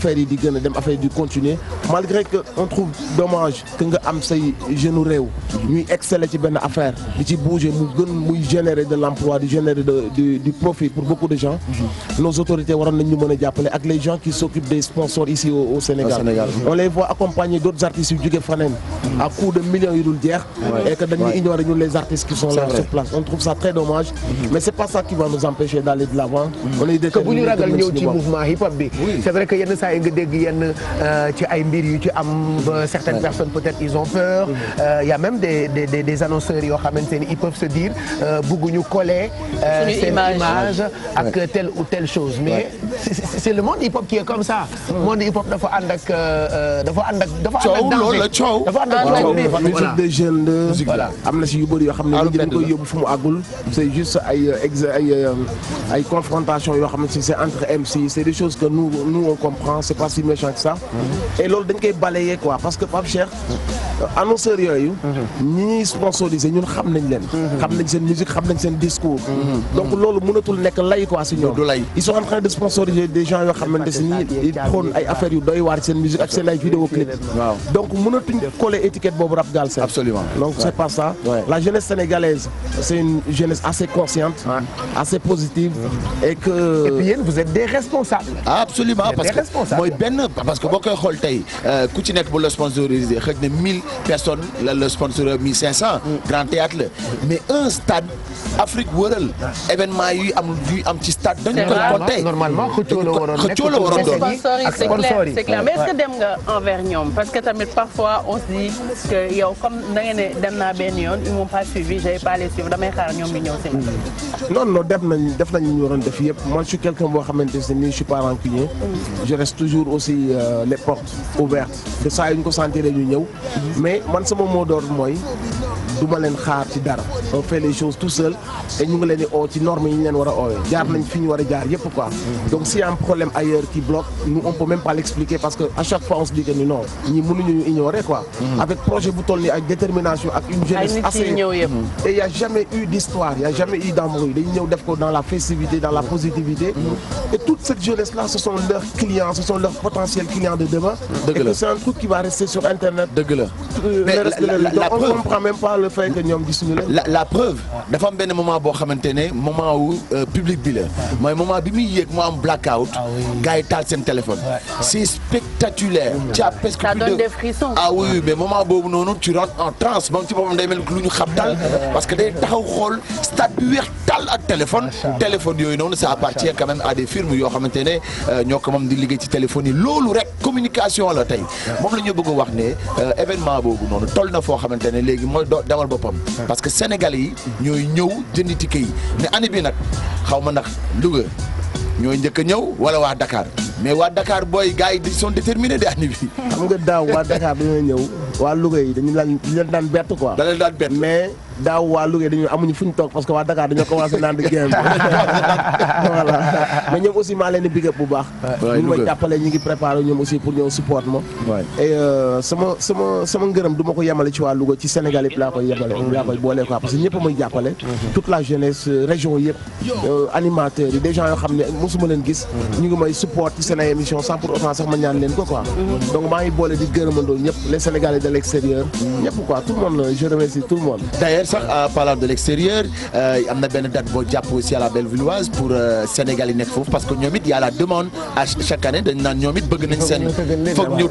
cest di gën a dem affaire di continuer malgré que on trouve dommage que nga am say jeune réew ñuy exceller ci benn affaire di ci bouger mu gën muy générer de l'emploi du profit pour beaucoup de gens mhm. nos autorités waroon nañ a les gens qui s'occupent des sponsors ici au Sénégal on les voit accompagner d'autres artistes yu jóge faneen à coup de millions yu et que dañuy ignorer ñun les artistes qui sont là sur place on trouve ça très dommage mhm. mais c'est dégg yenn euh, ci ay mbir yu ci am ba certaines personnes peut-être ils ont peur il mm-hmm. euh, y a même des des des annonceurs yoo xamante ni ils peuvent se dire euh, bëgguñu coller seen image ak telle ou telle chose mais c'est le monde hip-hop qui est comme ça mm. monde hip-hop dafa ànd ak dafa ànd ak dafa ànd ak loolu la coow dafa ànd ak musique de jeune la am na si yu bëri yoo xam ne ah, ñu dañ koy yóbbu fu mu àggul c'est juste ay ex ay ay confrontation yoo xam ne c'est entre MC c'est des choses que nous nous on comprend c'est pas si méchant que ça. et loolu dañ koy balayer quoi parce que Pape Cheikh. Euh, annonceurs yooyu. ñi ñuy sponsorisé ñun xam nañ leen. xam nañ seen musique xam nañ seen discours. donc loolu mënatul nekk lay quoi si ñoom. ils sont en train de sponsoriser des gens yoo xamante ne nii xool ay affaires yu doy waar seen musique ak seen ay vidéo clip. waaw donc mënatuñ coller étiquette boobu rap Galsen. absolument donc c'est pas ça. la jeunesse sénégalaise c'est une jeunesse assez consciente. assez positive. et que et puis yéen vous êtes des responsables. absolument parce que benn parce que boo koy xool tey euh, ku ci nekk bu la sponsorisé xëj na 1000 personnes la la sponsorisé 1500. grand théâtre la mais un stade Afrique wëral événement yuy am yuy am ci stade. dañu koy compter normalement xëccoo la waroon nekk xëccoo la waroon doon ak sponsor yi c'est clair mais est-ce que dem nga envers ñoom parce que tamit parfois on se dit que yow comme da nga ne dem naa benn yoon ils m'ont pas suivi j'ai pas les suivi damay xaar ñoom ñu ñëw si non non def nañ def nañ ñu waroon def yëpp moi je suis quelqu'un boo xamante ne je suis pas rancunier je reste toujours aussi euh, les portes ouvertes te saa man sama mot d'ordre mooy du ma leen xaar ci dara on fait les choses tout seul et ñu ngi leen ci normes yi ñu leen war a oowee jaar nañ fi ñu war a jaar yëpp quoi donc a un problème ailleurs qui bloque nous on peut même pas l'expliquer parce que à chaque fois on se dit que non ñi mënuñu ñu ignorer quoi mhm. avec projet bu toll détermination ak une jeunesse assez mhm. et il y a jamais eu d'histoire il jamais eu d'embrouille dañu ñëw def ko dans la festivité dans la mhm. potentiel client de demain. dëgg la et que c'est la euh, preuve même pas le fait que ñoom gisuñu la. la preuve dafa am benn moment boo xamante ne moment wu euh, public bi la mooy moment bi muy yéeg mu am blackout. Ah gars yi taal seen téléphone. c'est spectaculaire. tu as presque plus de ça ah moment boobu noonu tu rentres en transe moom ci boppam day lu ñu xam daal parce que day taxaw xool stade bi weex tal ak téléphone. téléphone yooyu noonu ça appartient quand même à des firmes yoo xamante ne euh, ñoo ko moom di liggéey téléphone yi. loolu rek communication la tey moom la ñu bëgg wax ne euh, événement boobu noonu toll na foo xamante ne léegi mooy demal boppam parce que sénégalais yi ñooy ñëw jënd ticket yi mais année bi nag xaw ma ndax Louga ñooy njëkk ñëw wala waa Dakar mais waa Dakar booy gars yi sont déterminés de année bi xam nga daaw waa Dakar dañoo ñëw waa Louga yi dañu daan dañu daan bett quoi. da leen daan bett mais. daaw waa Louga dañu amuñu fuñ toog parce que waa Dakar dañoo commencé naan di game voilà ñoom aussi maa leen di big bu baax ñu ma jàppale ñu ngi préparé ñoom aussi pour ñëw support ma et euh, sama sama sama ngërëm du ma ko yemale ci waa Louga ci Sénégal yëpp laa koy yemale laa koy boolee quoi parce que ñëpp a may jàppale mhm. toute la jeunesse euh, région yëpp euh, animateurs yi des yoo xam ne mosuma leen gis mhm. ñu ngi may support ci seen ay émission sans pour autant sax ma ñaan leen ko quoi mhm. donc maa ngi boole di le d'ailleurs sax en de l'extérieur euh, am na benn date boo jàpp aussi à la Bellevilloise pour euh, Sénégal yi parce que ñoom it la demande à chaque année dañ naan ñoom it bëgg nañ seen foog ñëw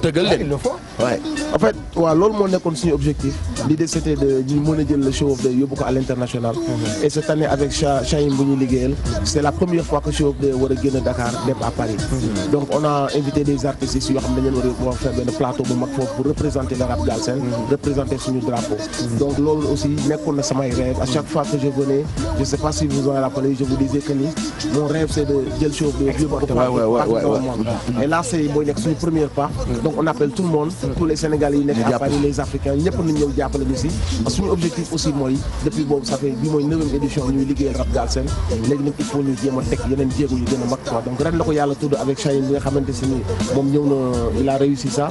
ah, en fait waaw loolu moo nekkoon suñu objectif l'idée c'était de ñu mën le show of the yóbbu l'international mm-hmm. et cette avec Chaïm bu ñu c'est la première fois que show of the war a Dakar dem à Paris mm-hmm. donc a plateau pour représenter pour samay rêve à chaque fois que je vous en rappelez je vous disais que ni mon rêve c'est de jël chose de vieux bateau et là c'est mooy nekk mm. tous les sénégalais yi nekk à les africains ñëpp nañ ñëw jàppale ñu si suñu objectif aussi mooy depuis boobu ça fait bi mooy neuvième édition ñuy liggéeyal rap Galsen léegi il faut ñu jéem a teg yeneen jéego yu gën a mag donc ren la ko yàlla tudd avec Chahine a réussi ça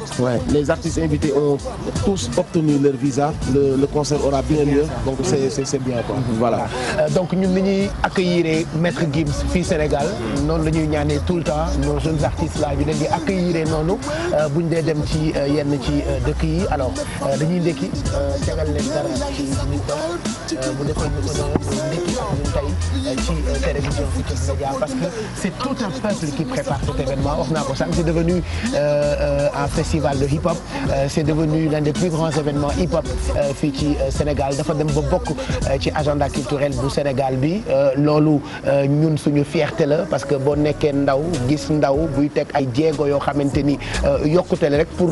donc c'est c'est c'est bien quoi. Mhm, voilà euh, donc ñun ni ñuy accueillir maître Gims fii Sénégal noonu la ñuy ñaanee tout le temps nos jeunes artistes là ñu leen di accueillir noonu euh, buñ dee dem ci euh, yenn ci dëkk yi alors dañuy ndekki jagal leen mu defoon ñu ko doon nekki ak ñun tey euh, ci télévision Futurs Médias parce que c'est tout un peuple qui prépare cet événement wax naa ko sax c'est devenu euh, euh, un festival de hip-hop c'est devenu l'un des plus grands événements hip-hop fii ci Sénégal dafa dem ba bokk ci agenda culturel bu Sénégal bi loolu ñun suñu fierté la parce que boo nekkee ndaw gis ndaw buy teg ay jéego yoo xamante ni yokkute la rek pour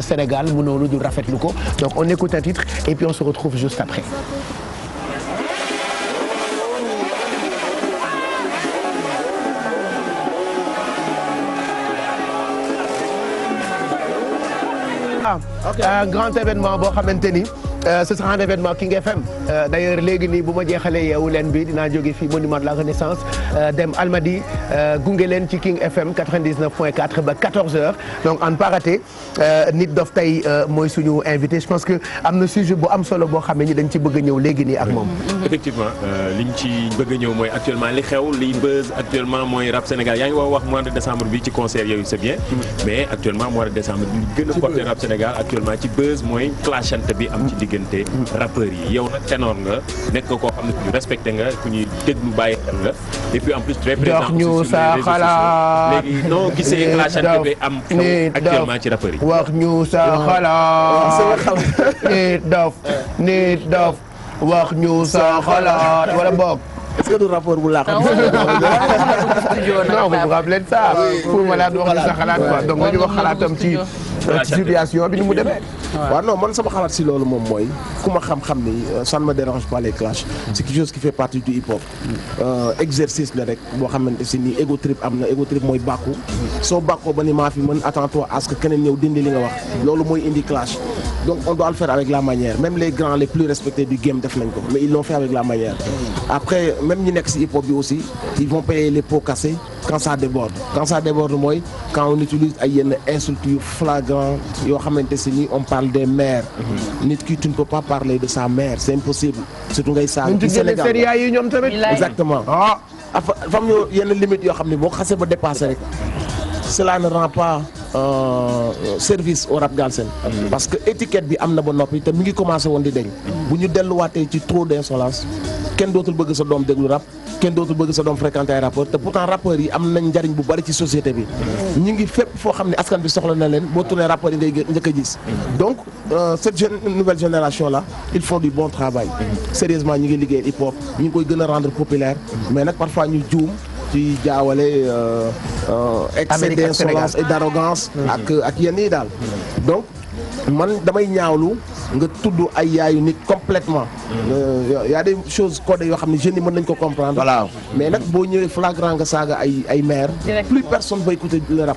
Sénégal mënoo lu dul rafetlu ko donc on écoute un titre et puis on se retrouve juste après ok un grand événement boo xamante ni. Euh, ce sera un événement King FM euh, d'ailleurs léegi nii bu ma jeexalee yeewu leen bi dinaa jóge fii monument de la renaissance euh, dem Almadi gunge leen ci King FM 99 point 4 ba 14 heures donc en paraté nit dof tey mooy suñu invité je que am na sujet bu am solo boo xam ne ñi dañ ci bëgg a ñëw léegi nii ak moom. Mmh. effectivement liñ ci bëgg a ñëw mooy actuellement li xew li buzz actuellement mooy rap Sénégal yaa ngi wax wax mois de décembre bi ci concert yooyu c'est bien. Mmh. mais actuellement a porté rap Sénégal actuellement ci buzz diggante rappeurs yi yow nag ténor nga nekk nga koo xam ne ñu respecté nga ku ñuy déglu bàyyi xel nga et ñu sa xalaat léegi noo gisee eh, clashante bi am eh, actuellement ci rappeurs yi wax ñu sa eh, xalaat nit dof nit dof wax ñu sa xalaat wala boog est ah, non vous rappelez ça ah, pour ma laat wax ñu sa xalaat quoi donc dañu wax xalaatam ci euh, situation bi mu demee. waaw non man sama xalaat si loolu moom mooy ku ma xam-xam ni euh, ça ne me dérange pas les clashs mm. c'est quelque chose qui fait partie du hip hop mm. euh, exercice la rek mooy bàkku mm. soo bàkkoo ba ni maa fi mën attends-toi que keneen ñëw wax loolu mooy indi clash donc on doit le faire avec la manière même les grands les plus respectés du game def nañ ko mais ils l'ont fait avec la manière après même ñi nekk si hip hop bi aussi ils vont payer les pots cassés quand ça déborde quand parle des mères. Mhm. nit ki tu ne peux pas parler de sa mère c'est impossible. surtout ngay saaga ci Sénégal ñun yi ñoom tamit. exactement ah. fa am yenn limites yoo xam ne boo xasee ba dépassé rek. cela ne rend pas. Euh, service au rap Galsen parce que étiquette bi am na ba noppi te mu ngi commencé woon di deñ bu ñu delluwaatee ci trop d'insolence kenn dootul bëgg sa doom déglu rap kenn dootul bëgg sa doom fréquenté ay rappeurs te pourtant rappeurs yi am nañ njariñ bu bari ci société bi ñi ngi fépp foo xam ne askan bi soxla na leen boo tourné rappeurs yi ngay njëkk a gis donc euh, cette jeune nouvelle génération la il faut du bon travail sérieusement ñi ngi liggéey hip hop ñi koy gën a rendre populaire mais nag parfois ciy jaawale euh, euh, excès d'insolence et d'arrogance ak ak yenn yi daal donc man damay ñaawlu nga tudd ay yaayu nit complètement euh, y a des choses codées yoo xam ne jeunes yi mën nañ ko comprendre. voilà mais nag boo ñëwee flagrant nga saaga ay ay maire plus personne va écouter le rap.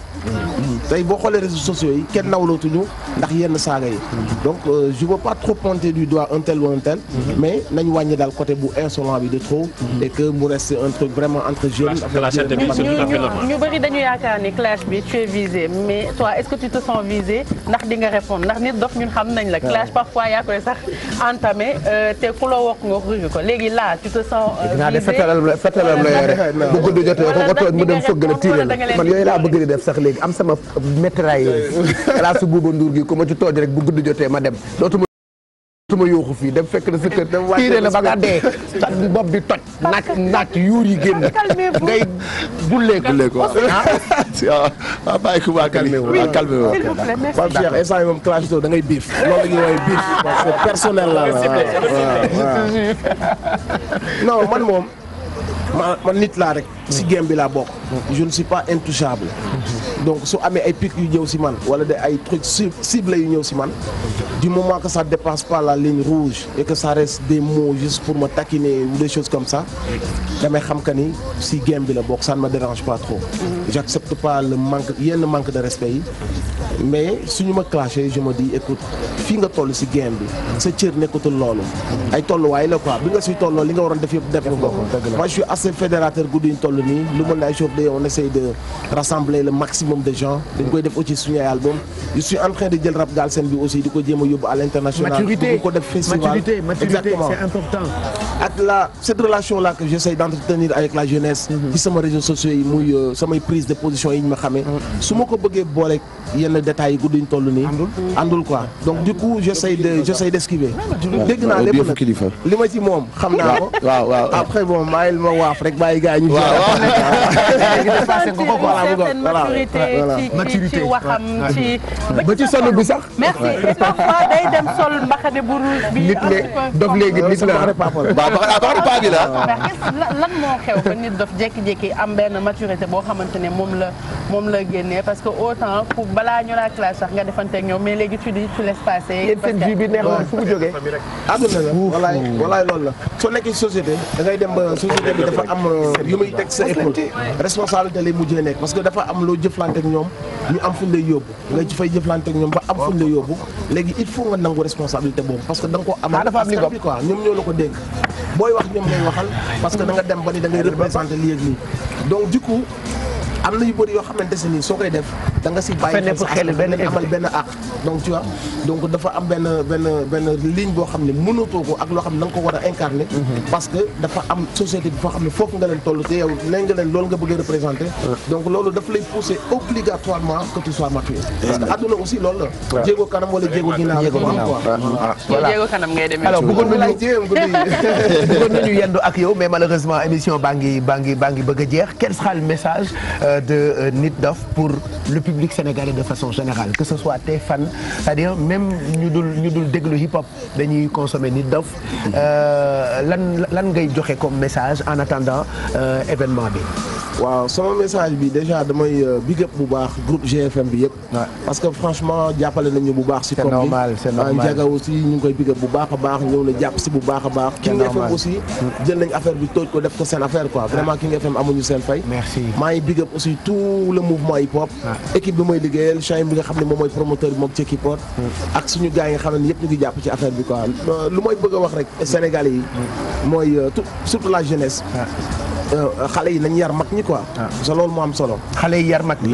Mm. boo xoolee réseaux sociaux yi kenn nawlootuñu ndax yenn saaga yi. donc euh, je veux pas trop pointer du doigt un mm-hmm. mais nañ wàññi daal côté bu insolent bi de trop. Mm-hmm. et que mu reste un vraiment entre jeunes. ndax di répondre ndax nit dof ñun xam nañ la ah. clash parfois yaa koy sax entamé euh, te ku la wokk nga ruuj ko léegi là tu te sens visé euh, fetalam la bu gudd jotee ko ko tooj mu dem fëgg la tiire la man yooyu laa bëgg di def sax léegi am sama métrailleuse classe Bouba nduur gi ko ma ci tooj rek bu gudd jotee ma dem dootuma ma yooxu fii dem fekk na sa kër tiire la ba nga bopp bi toj naaj naaj yuur yi génn ngay dulleeku waaw ah. Ah, ah, bàyyi ko waa calmé wu waa calmé wu Pape Cheikh instant yi moom clash da la ñuy woowee biif parce que personnel la non man moom man nit laa rek si game bi laa bokk je ne suis pas intouchable donc su amee ay pics yu ñëw si man wala de ay trucs ciblés yu ñëw si man du moment que ça dépasse pas la ligne rouge et que ça reste des mots juste pour me taquiner des choses comme ça damay xam que ni si game bi la bokk ça ma me dérange pas trop mm-hmm. j'accepte pas le manque yenn de respect yi mais suñu ma clashé je me écoute fii nga toll si game bi sa cër nekkatul loolu ay tolluwaay la quoi bi nga suy tolloo li nga waroon def yëpp def nga ko moi je suis assez fédérateur guddi toll nii lu mën ne ay album de album je suis de jël rap galsen bi aussi di ko jéem a yóbbu à l'international ko def festival exactement ak la cette relation là que j'essaie d'entretenir avec la jeunesse mhm. ci sama réseaux sociaux yi muy euh, samay prise de position yi ñu ma xamee mhm. su ma ko boole yenn détails yi gudduñ toll nii àndul donc du coup j'essaie d'esquiver dégg naa lépp nag li ma ci moom xam naa ko waaw waaw après bon ma waaf rek bàyyi gars yi ñu voilà ci maturité ci waxam ci. ba ci sol bi sax. merci et parfois day dem sol mbaxane bu rouge bi. nit le dof léegi nit la waaw lan moo xew ba nit jékki-jékki am benn maturité boo xamante ne moom la moom la génnee parce que autant pour balaa ñu la classe sax nga defante ak ñoom mais léegi tu dis tu laisses passer. parce que bi neexoon fu mu jógee. àdduna ah, la loolu la. soo nekkee société da dem ba société bi dafa am lu euh, muy teg sa épaule responsabilité lay mujjee nekk parce que dafa am loo jëf jëflante ak ñoom am fuñ yóbbu nga fay jëflante ñoom ba am fuñ yóbbu léegi il faut nga nangu responsabilité boobu parce que da nga ko ah, am bi quoi ñoom ñoo la ko dénk booy wax ñoom ngay waxal parce que da dem ba ni da ngay représenté lii lii donc du am na yu bëri yoo xam ne nii soo koy def da si bàyyi xel benn àq donc tu donc dafa am benn benn benn ligne boo xam ne mënatoo ko ak loo xam ne da ko war a incarner mhm. parce que dafa am société bi foofu nga leen toll te yow nee nga leen loolu nga bëgg a donc loolu daf lay pousser obligatoirement que tu sois mature parce que adduna aussi loolu la jéego kanam wala jéego ginnaaw voilà jéego kanam ngay demee alors bëggoon nañu yendu ak yow mais malheureusement émission baa ngi ngi baa ngi bëgg a jeex de euh, Nitdoff pour le public sénégalais de façon générale que ce soit tes fans c'est-à-dire même ñu dul ñu dul déglu hip hop dañuy consommer Nitdoff euh, lan lan ngay joxe comme message en attendant euh, événement bi. waaw sama message bi déjà damay big up bu baax groupe GFM bi yëpp. parce que franchement jàppale nañu bu baax. si comme bi c'est Jaga aussi ñu ngi koy big bu baax a baax ñëw na jàpp si bu baax a baax. King FM aussi mm. bi tooj ko def ko seen affaire amuñu seen fay. merci maa aussi aussi tout le mouvement hip hop. Ah. équipe bi mooy liggéeyal Chaim bi nga xam ne moom mooy promoteur bi moom ci hip hop. Hmm. ak suñu gars yi nga xam ne yëpp ñu ngi jàpp ci affaire bi quoi lu mooy bëgg wax rek Sénégalais yi. Hmm. mooy euh, surtout la jeunesse. Ah. Euh, xale yi nañ yar mag ñi quoi. solo ah. loolu moo am solo. xale yi yar mag ñi.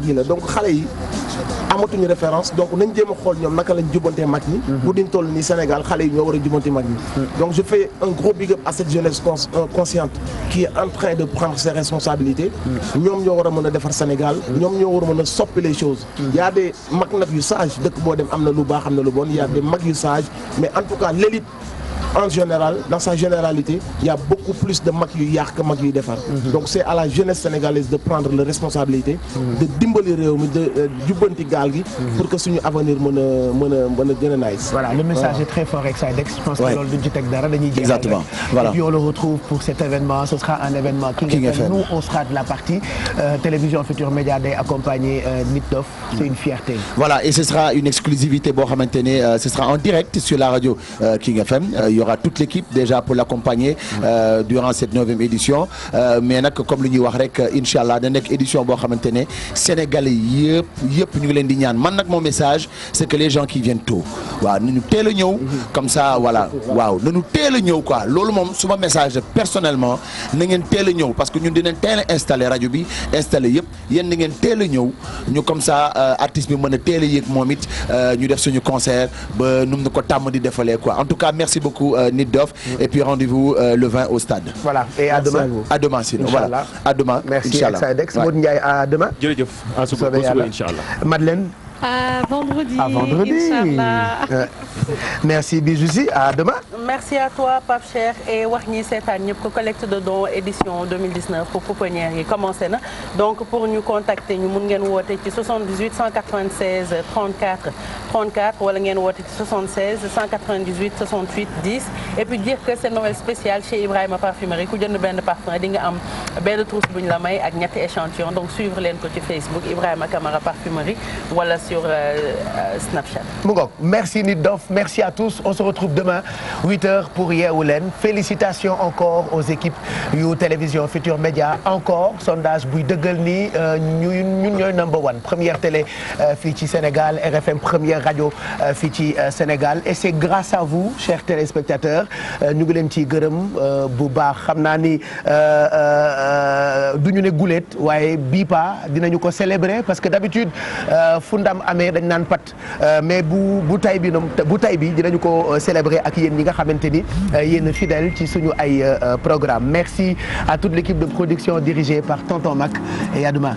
mag ñi la donc xale yi amatuñu référence donc nañ jéem a xool ñoom naka lañ jubantee mag ñi bu mhm. diñ toll nii Sénégal xale yi ñoo war a jubante mag ñi mhm. donc je fais un gros big up à cette euh, consciente qui en train de prendre ses responsabilités mhm. ñoom ñoo war a mën a defar Sénégal ñoom ñoo war a mën a soppi les choses y a des mag nag yu sage dëkk boo dem am na lu baax am na lu bon y a des mag yu sage mais en tout cas l'élite en général dans sa généralité il y a beaucoup plus de mag yu yàq que mag yuy defar mhm. donc c'est à la jeunesse sénégalaise de prendre la responsabilité mhm. de dimbali réew mi de euh, jubbanti gaal gi mhm. pour que suñu avenir mën a mën a mën a gën a nice le message est très fort avec Sidex je pense ci teg dara dañuy jeexal exactement voilà et puis on le retrouve pour cet événement ce sera un événement King, King FM nous on sera de la partie euh, télévision Futur Média day accompagner euh, Nit Dof mm. c'est une fierté voilà et ce sera une exclusivité boo xamante ne ce sera la radio euh, King FM y aura toute l'équipe déjà pour l'accompagner mm. euh, durant cette neuvième édition euh, mais nag comme li ñuy wax rek incha édition boo xamante ne sénégalais yëpp yëpp ñu di ñaan man nag mon message c'est que les gens qui viennent tôt waaw nañu teel a ñëw mm-hmm. comme ça voilà waaw nañu teel a quoi loolu moom suma message personnellement na ngeen teel a ñëw parce que ñun dinañ teel a installé rajo bi installé yëpp yéen na ngeen teel a ñëw ñu comme ça euh, artiste bi mën a teel euh, ñu def suñu concert ba nu mu ko tàmm di defalee quoi en rendez-vous euh, Nit Doff et puis rendez-vous euh, le 20 au stade. voilà et à demain à demain sinon voilà à demain. incha allah merci Saedex Modou Ndiaye à demain. jërëjëf à suba incha allah Madeleine. À vendredi. À vendredi. Euh, merci Bijouzi, à demain. Merci à toi Pape Cheikh et wax ñi de dons édition 2019 pour pouponnières yi commencé ñu mun ngeen woote ci 78 196 34 34 wala ngeen woote ci 76 198 68 10 et puis dire Ibrahima Parfumerie ku jënd benn parfum di nga am benn trousse bu ñu la may ak ñetti échantillon leen ko ci Facebook Ibrahima sur euh, euh, Snapchat. mu merci nit dof merci à tous on se retrouve demain 8h pour Yeewu Leen félicitations encore aux équipes yu télévision Futur Média encore sondage buy dëggal ni euh, ñun ñun ñooy number one première télé fii ci Sénégal RFM première rajo fii ci Sénégal et c'est grâce à vous chers téléspectateurs ñu ngi leen ciy gërëm bu baax xam naa ni du ñu ne guléet parce que d'habitude fu ndam amee dañ naan pat euh, mais bu bu tay bi noom bu tay bi dinañu ko euh, célébrer ak yéen ñi nga xamante ni euh, yéen fidèle ci suñu ay programme merci à toute l'équipe de production dirigée par Tonton Mac à demain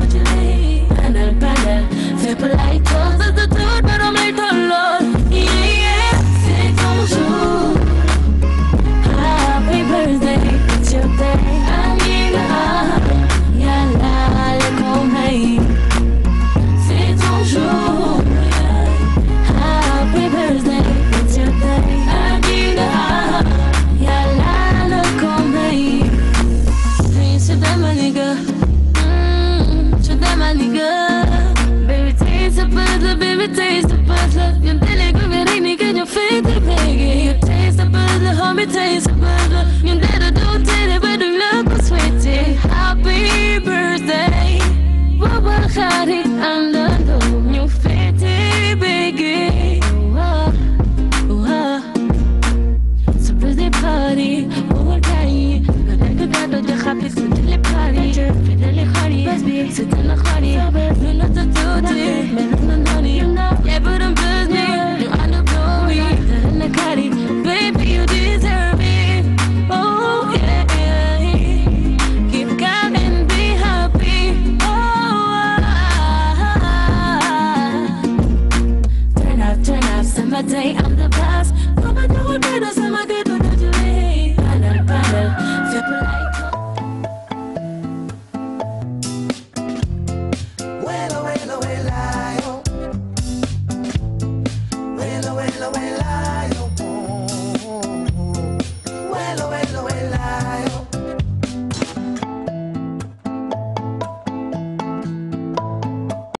polite ñun gube rek ni gëj a féete léegi tey sa bët la homie tey sa bët la ñun dara doo tere ba duñ la ko souhaité happy birthday booba xarit àndandoo ñu féete béegi بدي خبيث مثل بخاري مثل خاري بس بي ستنا خاري من نوت توتي من نوت نوني Yeah, but I'm busy You end up glory ستنا خاري Baby, you deserve it Oh, yeah, yeah Keep calm and be happy Oh, ah, ah, ah. Turn up, turn up Somebody, I'm